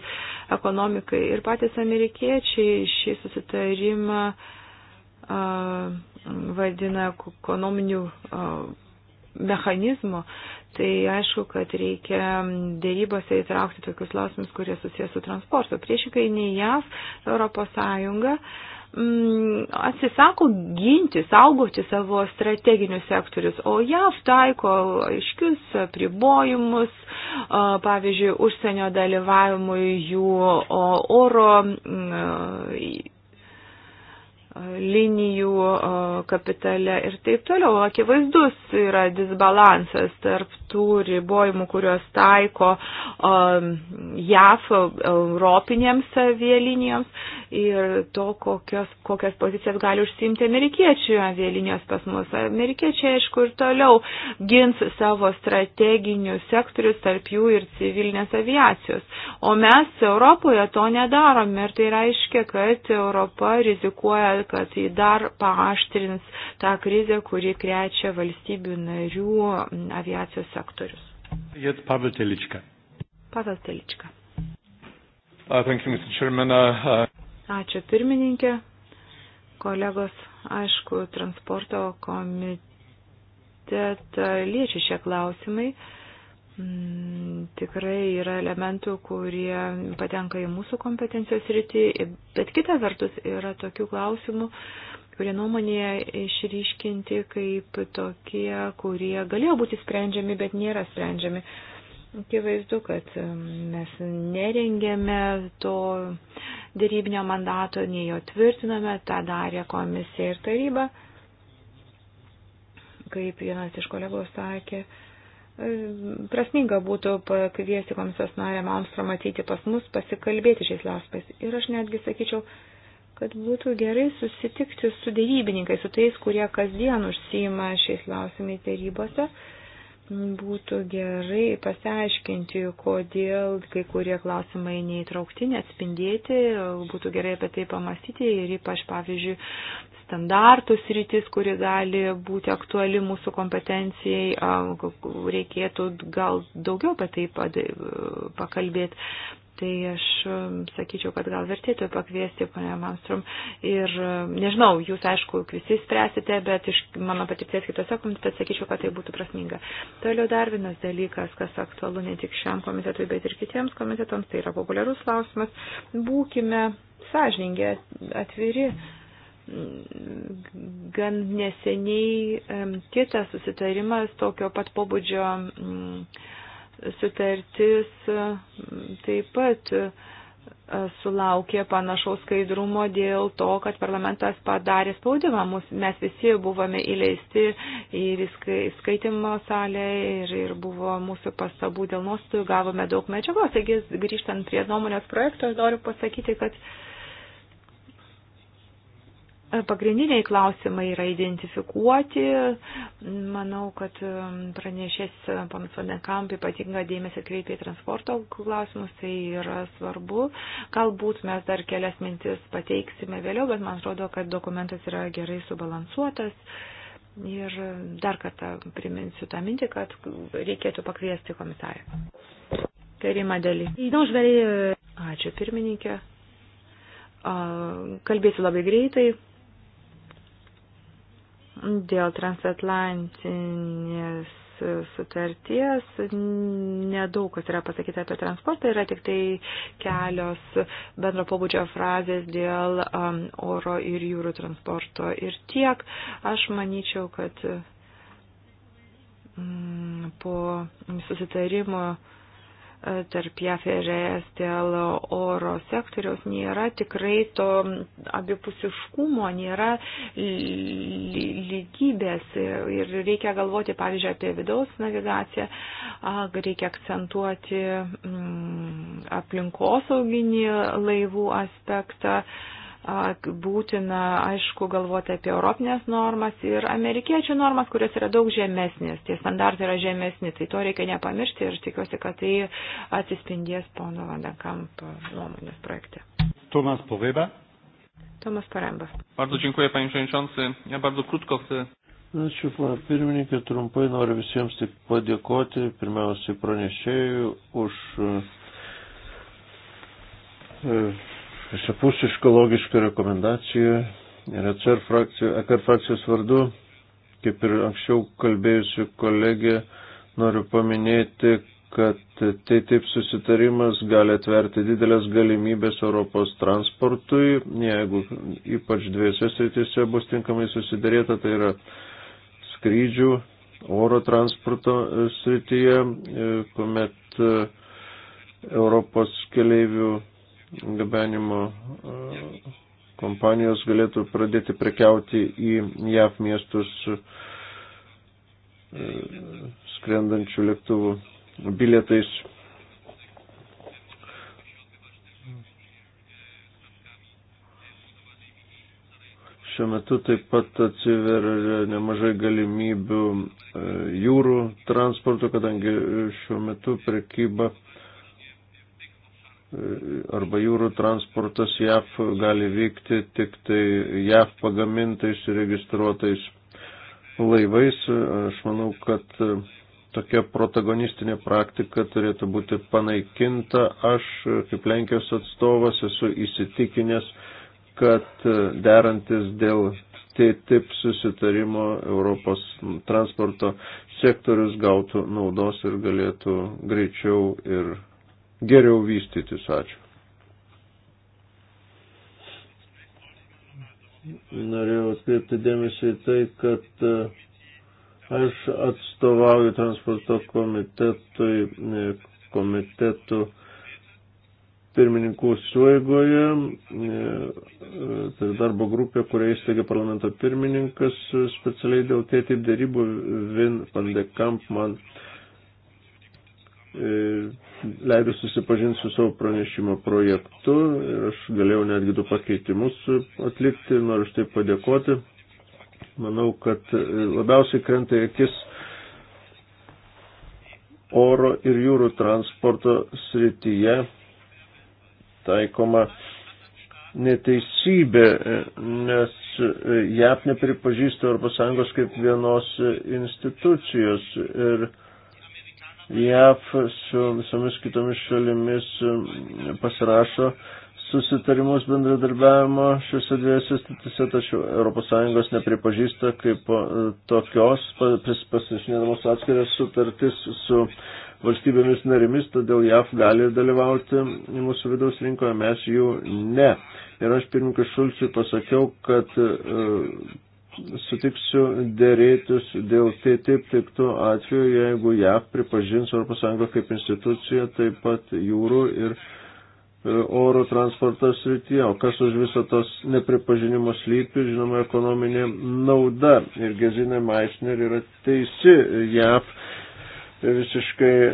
ekonomikai. Ir patys amerikiečiai šį susitarimą a, vadina ekonominiu a, mechanizmu. Tai aišku, kad reikia dėrybose įtraukti tokius lausimus, kurie susijęs su transportu. Priešingai nei JAV, Europos Sąjunga mm, atsisako ginti, saugoti savo strateginius sektorius, o JAV taiko aiškius pribojimus, pavyzdžiui, užsienio dalyvavimui jų oro mm, linijų kapitale ir taip toliau. Akivaizdus yra disbalansas tarp tų ribojimų, kuriuos taiko JAF europinėms avialinijoms ir to, kokios, kokias pozicijas gali užsiimti amerikiečių avialinijos pas mus. Amerikiečiai, aišku, ir toliau gins savo strateginius sektorius, tarp jų ir civilinės aviacijos. O mes Europoje to nedarome ir tai reiškia, kad Europa rizikuoja todėl kad tai dar paaštrins tą krizę, kuri krečia valstybių narių aviacijos sektorius. Jetzt Pavel Telička. Pavel Telička. Uh, thank you, Mr. Chairman. Uh, uh... Ačiū pirmininkė, kolegos, aišku, transporto komitete uh, liečia šie klausimai. Uh, Mm, tikrai yra elementų, kurie patenka į mūsų kompetencijos rytį, bet kita vertus yra tokių klausimų, kurie nuomonėje išryškinti kaip tokie, kurie galėjo būti sprendžiami, bet nėra sprendžiami. Akivaizdu, kad mm, mes nerengėme to dėrybinio mandato, nei jo tvirtiname, tą darė komisija ir taryba, kaip vienas iš kolegos sakė. Uh, prasminga būtų pakviesti komisijos narę Malmstrom ateiti pas mus, pasikalbėti šiais laspais. Ir aš netgi sakyčiau, kad būtų gerai susitikti su dėrybininkai, su tais, kurie kasdien užsima šiais klausimais dėrybose. Uh, būtų gerai pasiaiškinti, kodėl kai kurie klausimai neįtraukti, neatspindėti, būtų gerai apie tai pamastyti ir ypač, pavyzdžiui, standartus rytis, kuri gali būti aktuali mūsų kompetencijai, reikėtų gal daugiau apie tai pakalbėti tai aš um, sakyčiau, kad gal vertėtų pakviesti ponę Manstrom. Ir um, nežinau, jūs aišku, visi spręsite, bet iš mano patirties kitose komitete sakyčiau, kad tai būtų prasminga. Toliau dar vienas dalykas, kas aktualu ne tik šiam komitetui, bet ir kitiems komitetams, tai yra populiarus klausimas. Būkime sąžiningi, atviri gan neseniai um, kitas susitarimas tokio pat pobūdžio sutartis taip pat e, sulaukė panašaus skaidrumo dėl to, kad parlamentas padarė spaudimą. Mes visi buvome įleisti į skaitimo salę ir, ir buvo mūsų pastabų dėl nuostų, gavome daug medžiagos. Taigi, grįžtant prie nuomonės projekto, noriu pasakyti, kad uh, Pagrindiniai klausimai yra identifikuoti. Manau, kad um, pranešės uh, panas Vandenkamp ypatingą dėmesį kreipia į transporto klausimus, tai yra svarbu. Galbūt mes dar kelias mintis pateiksime vėliau, bet man atrodo, kad dokumentas yra gerai subalansuotas. Ir dar kartą priminsiu tą mintį, kad reikėtų pakviesti komisarę. Karima Deli. Ačiū pirmininkė. Kalbėsiu labai greitai dėl transatlantinės sutarties nedaug kas yra pasakyta apie transportą, yra tik tai kelios bendro pobūdžio frazės dėl um, oro ir jūrų transporto. Ir tiek aš manyčiau, kad mm, po susitarimo tarp JAF ir ES dėl oro sektoriaus nėra tikrai to abipusiškumo, nėra lygybės ir reikia galvoti, pavyzdžiui, apie vidaus navigaciją, reikia akcentuoti mm, aplinkosauginį laivų aspektą būtina, aišku, galvoti apie europinės normas ir amerikiečių normas, kurios yra daug žemesnės, tie standartai yra žemesni, tai to reikia nepamiršti ir tikiuosi, kad tai atsispindės pono Vandenkamp nuomonės projekte. Tomas Poweba. Tomas Paremba. Bardzo dziękuję, panie przewodniczący. Ja bardzo krótko chcę. Ačiū, pana pirmininkė, trumpai noriu visiems tik padėkoti, pirmiausiai pranešėjų už e, visapusiškų logiškų rekomendacijų ir ECR frakcijos, ECR frakcijos vardu, kaip ir anksčiau kalbėjusi kolegė, noriu paminėti, kad tai taip susitarimas gali atverti didelės galimybės Europos transportui, jeigu ypač dviejose srityse bus tinkamai susidarėta, tai yra skrydžių oro transporto srityje, kuomet Europos keleivių gabenimo e, kompanijos galėtų pradėti prekiauti į JAV miestus e, skrendančių lėktuvų bilietais. Šiuo metu taip pat atsiveria nemažai galimybių e, jūrų transporto, kadangi šiuo metu prekyba arba jūrų transportas JAF gali vykti tik tai JAF pagamintais ir registruotais laivais. Aš manau, kad e, tokia protagonistinė praktika turėtų būti panaikinta. Aš, e, kaip Lenkijos atstovas, esu įsitikinęs, kad e, derantis dėl TTIP susitarimo Europos transporto sektorius gautų naudos ir galėtų greičiau ir geriau vystytis. Ačiū. Norėjau atkreipti dėmesį į tai, kad e, aš atstovauju transporto komitetui, e, komitetų pirmininkų suėgoje, e, tai darbo grupė, kurią įsteigė parlamento pirmininkas specialiai dėl tėti dėrybų Vin Pandekamp man leidus susipažinti su savo pranešimo projektu ir aš galėjau netgi du pakeitimus atlikti, noriu už tai padėkoti. Manau, kad e, labiausiai krenta į akis oro ir jūrų transporto srityje taikoma neteisybė, e, nes e, JAP nepripažįsta ES kaip vienos institucijos ir JAV su visomis kitomis šalimis e, pasirašo susitarimus bendradarbiavimo šiuose dviejose statise, tačiau ES nepripažįsta kaip e, tokios, pasirašinėdamos atskiras sutartis su valstybėmis narimis, todėl JAV gali dalyvauti mūsų vidaus rinkoje, mes jų ne. Ir aš pirmininkas Šulčiui pasakiau, kad e, sutiksiu dėrėtis dėl TTIP tik tuo atveju, jeigu JAV pripažins ES kaip instituciją, taip pat jūrų ir e, oro transporto srityje. O kas už viso tos nepripažinimo slypi, žinoma, ekonominė nauda. Ir Gezinė Maisner yra teisi JAV visiškai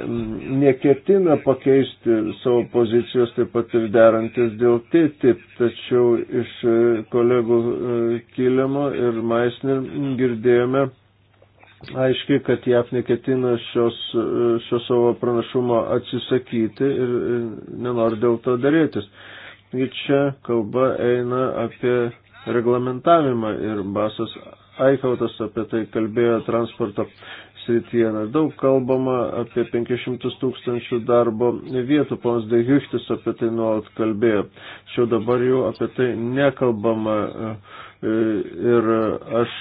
neketina pakeisti savo pozicijos, taip pat ir derantis dėl TTIP, tačiau iš e, kolegų e, Kilimo ir Maisner girdėjome aiškiai, kad JAF neketina šios, e, šios savo pranašumo atsisakyti ir nenori dėl to darytis. Ir čia kalba eina apie reglamentavimą ir Basas Aikautas apie tai kalbėjo transporto srityje. Na, daug kalbama apie 500 tūkstančių darbo vietų, ponas Dehiuštis apie tai nuolat kalbėjo. Šiau dabar jau apie tai nekalbama. E, ir aš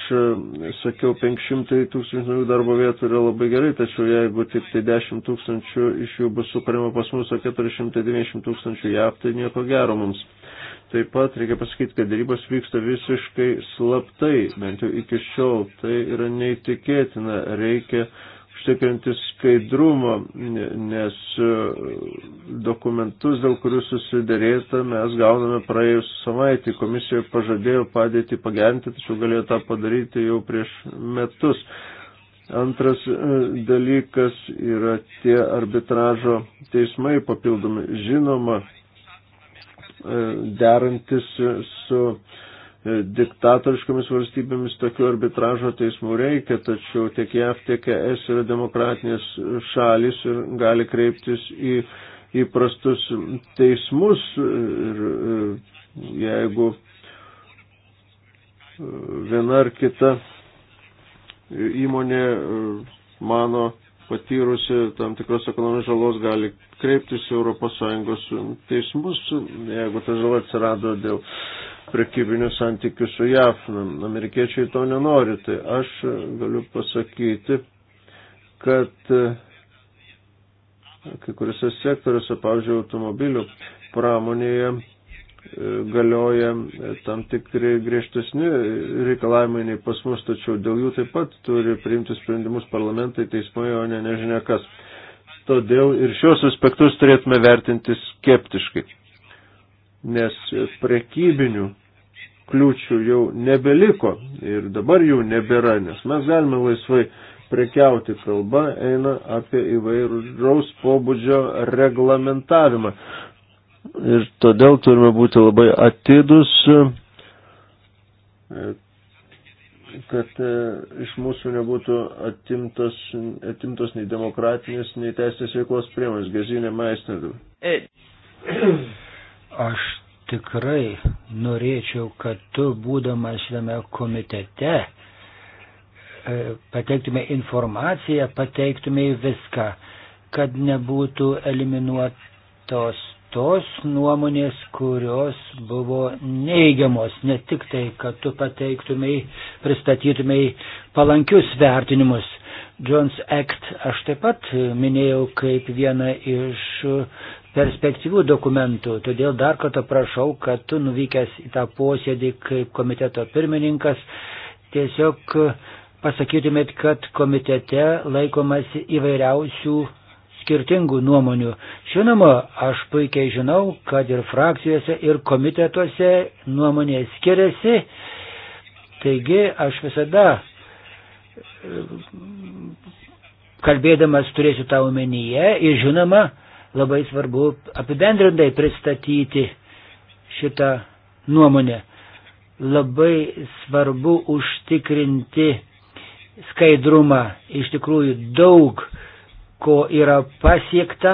sakiau, 500 tūkstančių naujų darbo vietų yra labai gerai, tačiau jeigu tik tai 10 tūkstančių iš jų bus sukūrima pas mus, o 490 tūkstančių jav, tai nieko gero mums. Taip pat reikia pasakyti, kad dėrybos vyksta visiškai slaptai, bent jau iki šiol. Tai yra neįtikėtina. Reikia užtikrinti skaidrumą, nes e, dokumentus, dėl kurių susidėrėta, mes gauname praėjus savaitį. Komisija pažadėjo padėti pagerinti, tačiau galėjo tą padaryti jau prieš metus. Antras e, dalykas yra tie arbitražo teismai papildomi. Žinoma, derantis su e, diktatoriškomis valstybėmis tokių arbitražo teismų reikia, tačiau tiek JAV, tiek ES yra demokratinės šalis ir gali kreiptis į įprastus teismus ir e, jeigu e, viena ar kita įmonė mano, patyrusi tam tikros ekonominės žalos gali kreiptis į ES teismus, jeigu ta žala atsirado dėl prekybinių santykių su JAF. Amerikiečiai to nenori, tai aš galiu pasakyti, kad e, kai kuriuose sektoriuose, pavyzdžiui, automobilių pramonėje galioja tam tikri griežtesni reikalavimai nei pas mus, tačiau dėl jų taip pat turi priimti sprendimus parlamentai, teismai, o ne nežinia kas. Todėl ir šios aspektus turėtume vertinti skeptiškai, nes prekybinių kliūčių jau nebeliko ir dabar jų nebėra, nes mes galime laisvai prekiauti kalba, eina apie įvairaus pobūdžio reglamentavimą ir todėl turime būti labai atidus, e, kad e, iš mūsų nebūtų atimtos, atimtos nei demokratinės, nei teisės veiklos priemonės. Gezinė Meisnerdu. E. Aš tikrai norėčiau, kad tu, būdamas šiame komitete, pateiktume informaciją, pateiktume viską, kad nebūtų eliminuotos tos nuomonės, kurios buvo neigiamos, ne tik tai, kad tu pateiktumai, pristatytumai palankius vertinimus. Jones Act aš taip pat minėjau kaip vieną iš perspektyvių dokumentų, todėl dar kartą prašau, kad tu nuvykęs į tą posėdį kaip komiteto pirmininkas tiesiog pasakytumėt, kad komitete laikomasi įvairiausių skirtingų nuomonių. Žinoma, aš puikiai žinau, kad ir frakcijose, ir komitetuose nuomonė skiriasi. Taigi aš visada e, kalbėdamas turėsiu tą omenyje ir žinoma, labai svarbu apibendrintai pristatyti šitą nuomonę. Labai svarbu užtikrinti skaidrumą. Iš tikrųjų daug uh, ko yra pasiekta,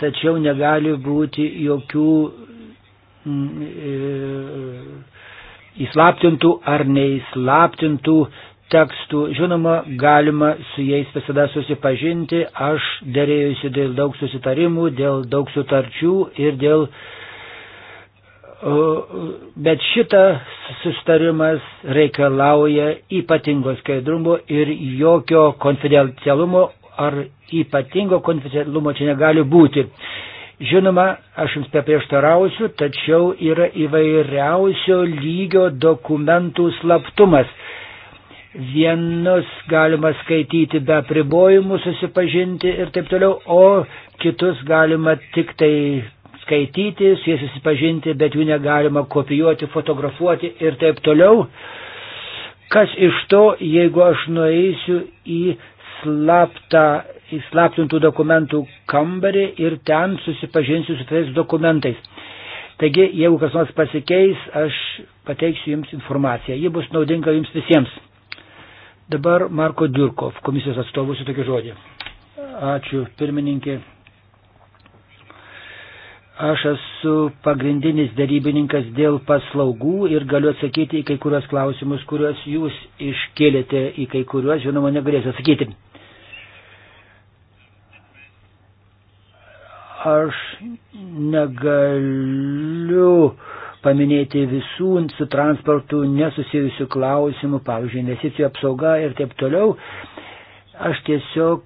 tačiau negali būti jokių mm, e, įslaptintų ar neįslaptintų tekstų. Žinoma, galima su jais visada susipažinti. Aš dėrėjusi dėl daug susitarimų, dėl daug sutarčių ir dėl. Bet šitas sustarimas reikalauja ypatingo skaidrumo ir jokio konfidencialumo, ar ypatingo konfidencialumo čia negali būti. Žinoma, aš jums paprieštarausiu, tačiau yra įvairiausio lygio dokumentų slaptumas. Vienus galima skaityti be pribojimų, susipažinti ir taip toliau, o kitus galima tik tai skaityti, su jais susipažinti, bet jų negalima kopijuoti, fotografuoti ir taip toliau. Kas iš to, jeigu aš nueisiu į slaptą įslaptintų dokumentų kambarį ir ten susipažinsiu su tais dokumentais. Taigi, jeigu kas nors pasikeis, aš pateiksiu Jums informaciją. Ji bus naudinga Jums visiems. Dabar Marko Durkov, komisijos atstovus, tokį žodį. Ačiū, pirmininkė. Aš esu pagrindinis darybininkas dėl paslaugų ir galiu atsakyti į kai kurios klausimus, kuriuos jūs iškėlėte, į kai kuriuos, žinoma, negalėsiu atsakyti. Aš negaliu paminėti visų su transportu nesusijusių klausimų, pavyzdžiui, investicijų apsauga ir taip toliau. Aš tiesiog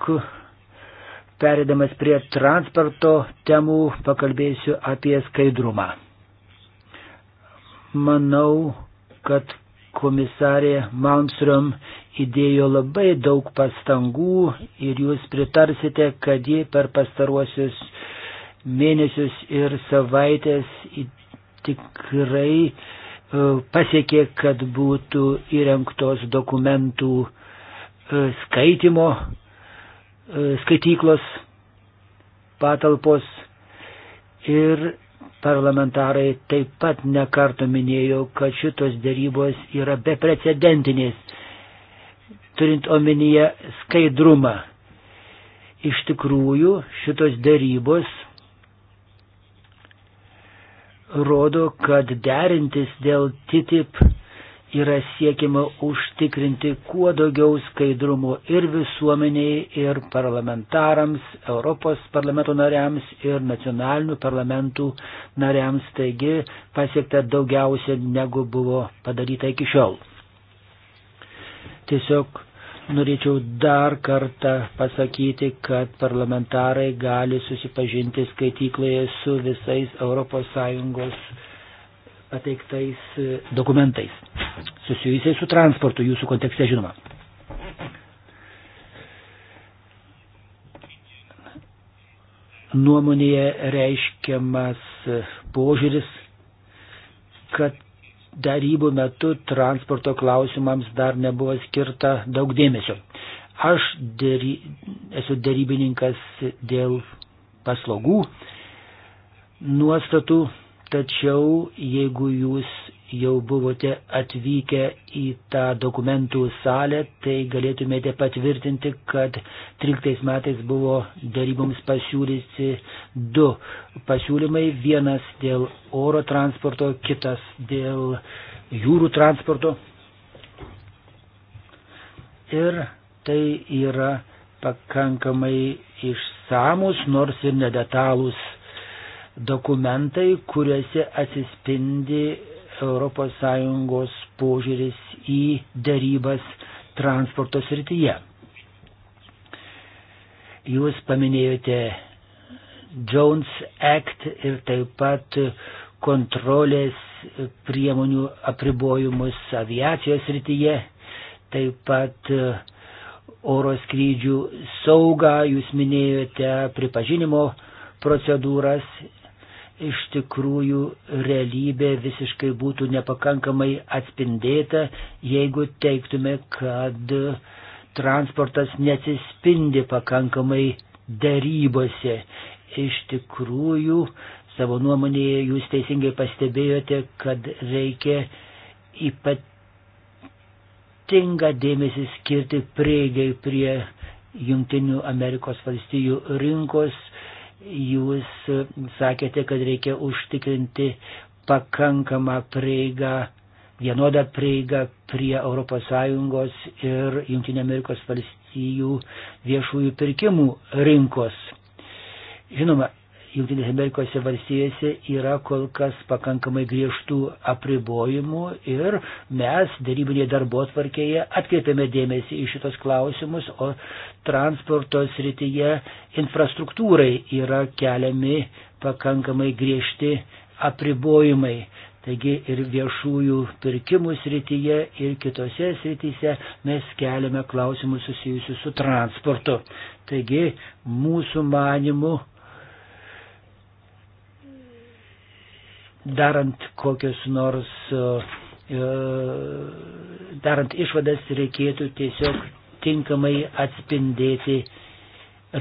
perėdamas prie transporto temų pakalbėsiu apie skaidrumą. Manau, kad komisarė Malmström įdėjo labai daug pastangų ir jūs pritarsite, kad ji per pastaruosius mėnesius ir savaitės tikrai e, pasiekė, kad būtų įrengtos dokumentų e, skaitimo e, skaityklos patalpos ir parlamentarai taip pat nekarto minėjo, kad šitos dėrybos yra beprecedentinės, turint omenyje skaidrumą. Iš tikrųjų, šitos dėrybos rodo, kad derintis dėl TTIP yra siekiama užtikrinti kuo daugiau skaidrumo ir visuomeniai, ir parlamentarams, Europos parlamento nariams, ir nacionalinių parlamentų nariams, taigi pasiekta daugiausia negu buvo padaryta iki šiol. Tiesiog Norėčiau dar kartą pasakyti, kad parlamentarai gali susipažinti skaitykloje su visais ES pateiktais e, dokumentais, susijusiais su transportu, jūsų kontekste žinoma. Nuomonėje reiškiamas e, požiūris, kad darybų metu transporto klausimams dar nebuvo skirta daug dėmesio. Aš dėry, esu dėrybininkas dėl paslaugų nuostatų, tačiau jeigu jūs jau buvote atvykę į tą dokumentų salę, tai galėtumėte patvirtinti, kad 13 metais buvo daryboms pasiūlyti du pasiūlymai. Vienas dėl oro transporto, kitas dėl jūrų transporto. Ir tai yra pakankamai išsamus, nors ir nedetalūs dokumentai, kuriuose atsispindi ES požiūris į darybas transporto srityje. Jūs paminėjote Jones Act ir taip pat kontrolės priemonių apribojimus aviacijos srityje, taip pat oro skrydžių saugą, jūs minėjote pripažinimo procedūras iš tikrųjų realybė visiškai būtų nepakankamai atspindėta, jeigu teiktume, kad transportas nesispindi pakankamai darybose. Iš tikrųjų, savo nuomonėje jūs teisingai pastebėjote, kad reikia ypatingą dėmesį skirti prieigai prie Junktinių Amerikos valstijų rinkos, Jūs e, sakėte, kad reikia užtikrinti pakankamą prieigą, vienodą prieigą prie ES ir JAV viešųjų pirkimų rinkos. Žinoma, Junktinėse Amerikos valstijose yra kol kas pakankamai griežtų apribojimų ir mes darybinėje darbo atvarkėje atkreipiame dėmesį į šitos klausimus, o transporto srityje infrastruktūrai yra keliami pakankamai griežti apribojimai. Taigi ir viešųjų pirkimų srityje, ir kitose srityse mes keliame klausimus susijusius su transportu. Taigi mūsų manimu darant kokius nors, e, e, darant išvadas reikėtų tiesiog tinkamai atspindėti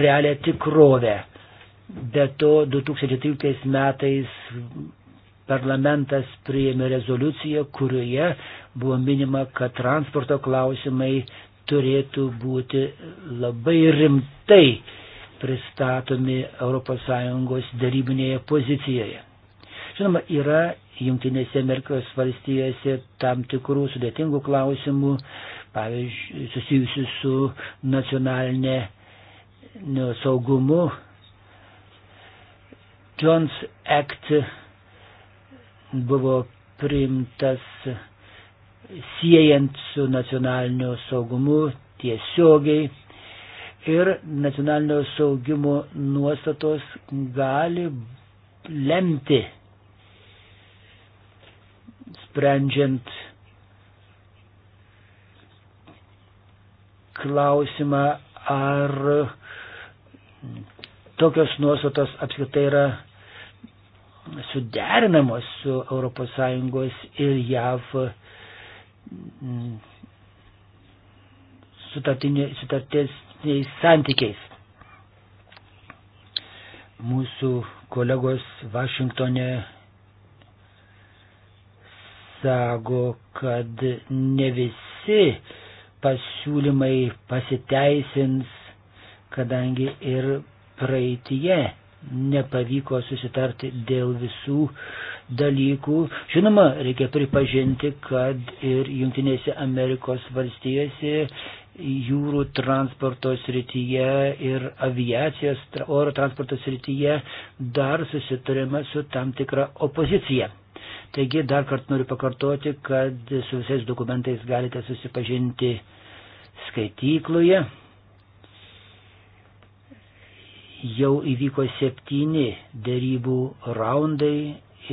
realią tikrovę. Be to, 2013 metais parlamentas priėmė rezoliuciją, kurioje buvo minima, kad transporto klausimai turėtų būti labai rimtai pristatomi ES darybinėje pozicijoje. Žinoma, yra Junktinėse Amerikos valstijose tam tikrų sudėtingų klausimų, pavyzdžiui, susijusių su nacionalinė nu, saugumu. Jones Act buvo priimtas siejant su nacionaliniu saugumu tiesiogiai ir nacionalinio saugimo nuostatos gali lemti sprendžiant klausimą, ar tokios nuostatos apskritai yra suderinamos su ES ir JAV mm, sutartiniais santykiais. Mūsų kolegos Vašingtonė sako, kad ne visi pasiūlymai pasiteisins, kadangi ir praeitie nepavyko susitarti dėl visų dalykų. Žinoma, reikia pripažinti, kad ir Junktinėse Amerikos valstijose jūrų transporto srityje ir aviacijos oro transporto srityje dar susiturime su tam tikra opozicija. Taigi dar kart noriu pakartoti, kad su visais dokumentais galite susipažinti skaitykloje. Jau įvyko septyni dėrybų raundai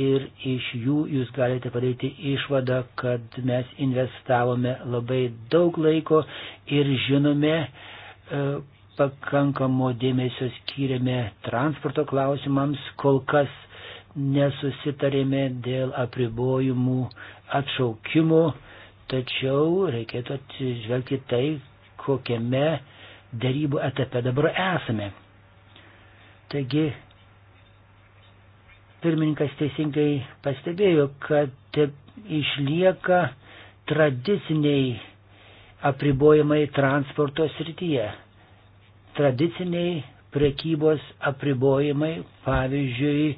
ir iš jų jūs galite padaryti išvadą, kad mes investavome labai daug laiko ir žinome, e, pakankamo dėmesio skiriame transporto klausimams, kol kas nesusitarėme dėl apribojimų atšaukimo, tačiau reikėtų atsižvelgti tai, kokiame darybų etape dabar esame. Taigi, pirmininkas teisingai pastebėjo, kad išlieka tradiciniai apribojimai transporto srityje. Tradiciniai prekybos apribojimai, pavyzdžiui,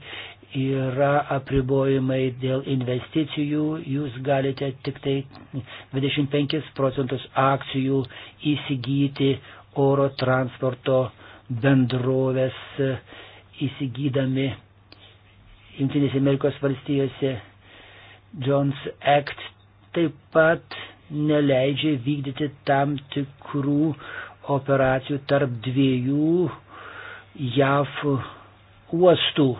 yra apribojimai dėl investicijų, jūs galite tik tai 25 procentus akcijų įsigyti oro transporto bendrovės e, įsigydami Junktinėse Amerikos valstijose Jones Act taip pat neleidžia vykdyti tam tikrų operacijų tarp dviejų JAV uostų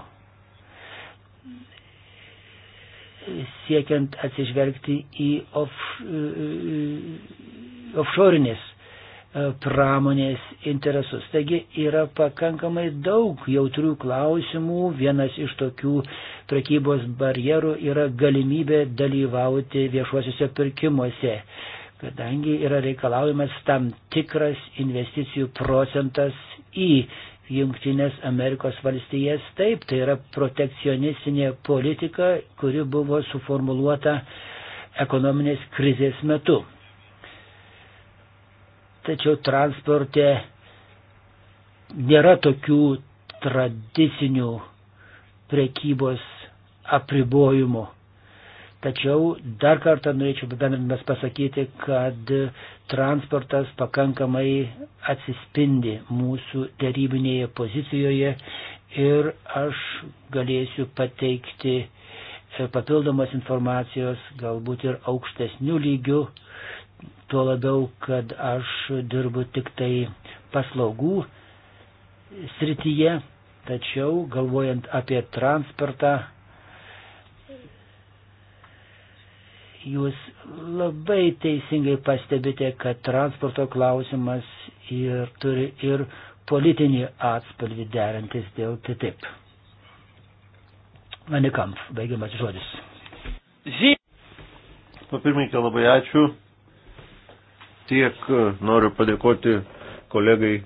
siekiant atsižvelgti į off, offshorinės e, pramonės interesus. Taigi yra pakankamai daug jautrių klausimų. Vienas iš tokių prekybos barjerų yra galimybė dalyvauti viešuosiuose pirkimuose, kadangi yra reikalaujamas tam tikras investicijų procentas į Junktinės Amerikos valstijas. Taip, tai yra protekcionistinė politika, kuri buvo suformuluota ekonominės krizės metu. Tačiau transporte nėra tokių tradicinių prekybos apribojimų. Tačiau dar kartą norėčiau bendrindamas pasakyti, kad transportas pakankamai atsispindi mūsų dėrybinėje pozicijoje ir aš galėsiu pateikti e, papildomas informacijos, galbūt ir aukštesnių lygių, tuo labiau, kad aš dirbu tik tai paslaugų srityje, tačiau galvojant apie transportą, Jūs labai teisingai pastebite, kad transporto klausimas ir turi ir politinį atspalvį derantis dėl TTIP. Manikamp, baigiamas žodis. Zy... Papirminkė, labai ačiū. Tiek e, noriu padėkoti kolegai,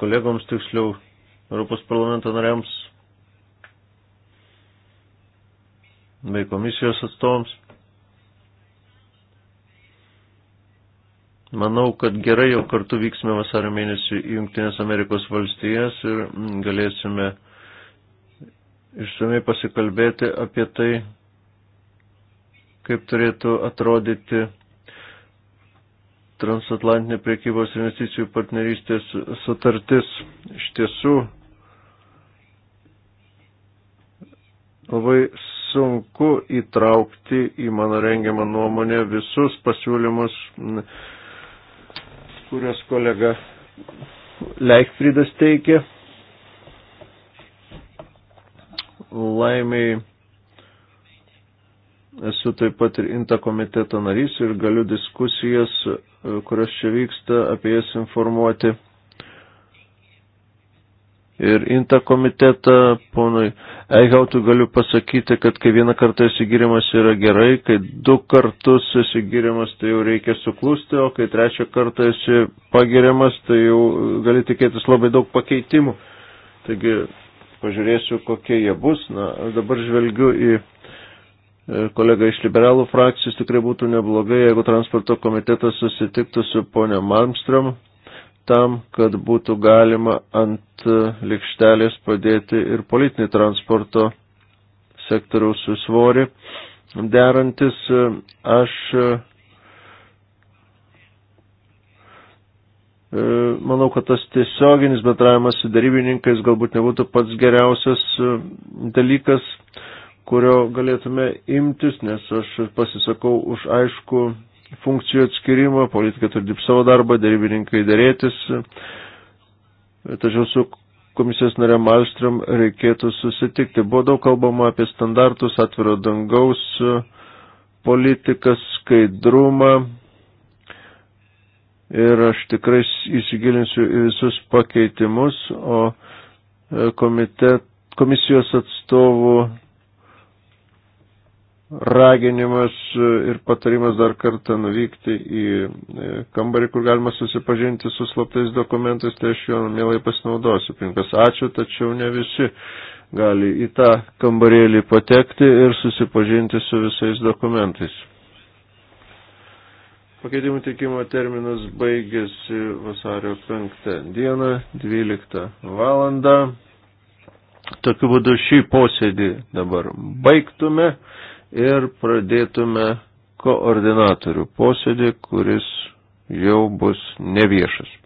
kolegoms tiksliau, Europos parlamento nariams bei komisijos atstovams. Manau, kad gerai jau kartu vyksime vasario mėnesį į Junktinės Amerikos valstijas ir galėsime išsamei pasikalbėti apie tai, kaip turėtų atrodyti transatlantinė priekybos investicijų partnerystės sutartis. Iš tiesų labai sunku įtraukti į mano rengiamą nuomonę visus pasiūlymus, kuriuos kolega Leikfridas teikė. Laimiai esu taip pat ir INTA komiteto narys ir galiu diskusijas, e, kurios čia vyksta, apie jas informuoti ir intą komitetą. Ponui Eichautui galiu pasakyti, kad kai vieną kartą esi giriamas yra gerai, kai du kartus esi giriamas, tai jau reikia suklusti, o kai trečią kartą esi pagiriamas, tai jau gali tikėtis labai daug pakeitimų. Taigi pažiūrėsiu, kokie jie bus. Na, dabar žvelgiu į e, kolega iš liberalų frakcijos, tikrai būtų neblogai, jeigu transporto komitetas susitiktų su ponia Malmström tam, kad būtų galima ant likštelės padėti ir politinį transporto sektoriaus svorį. Derantis aš e, manau, kad tas tiesioginis bendravimas su darybininkais galbūt nebūtų pats geriausias e, dalykas, kurio galėtume imtis, nes aš pasisakau už aišku funkcijų atskirimą, politika turi dirbti savo darbą, dėrybininkai dėrėtis. Tačiau su komisijos narė Malstrom reikėtų susitikti. Buvo daug kalbama apie standartus, atviro dangaus politiką, skaidrumą. Ir aš tikrai įsigilinsiu į visus pakeitimus, o e, komitet, komisijos atstovų raginimas e, ir patarimas dar kartą nuvykti į e, kambarį, kur galima susipažinti su slaptais dokumentais, tai aš jo mielai pasinaudosiu. Pinkas, ačiū, tačiau ne visi gali į tą kambarėlį patekti ir susipažinti su visais dokumentais. Pakeitimų teikimo terminas baigėsi vasario 5 dieną, 12 valandą. Tokiu būdu šį posėdį dabar baigtume ir pradėtume koordinatorių posėdį, kuris jau bus neviešas.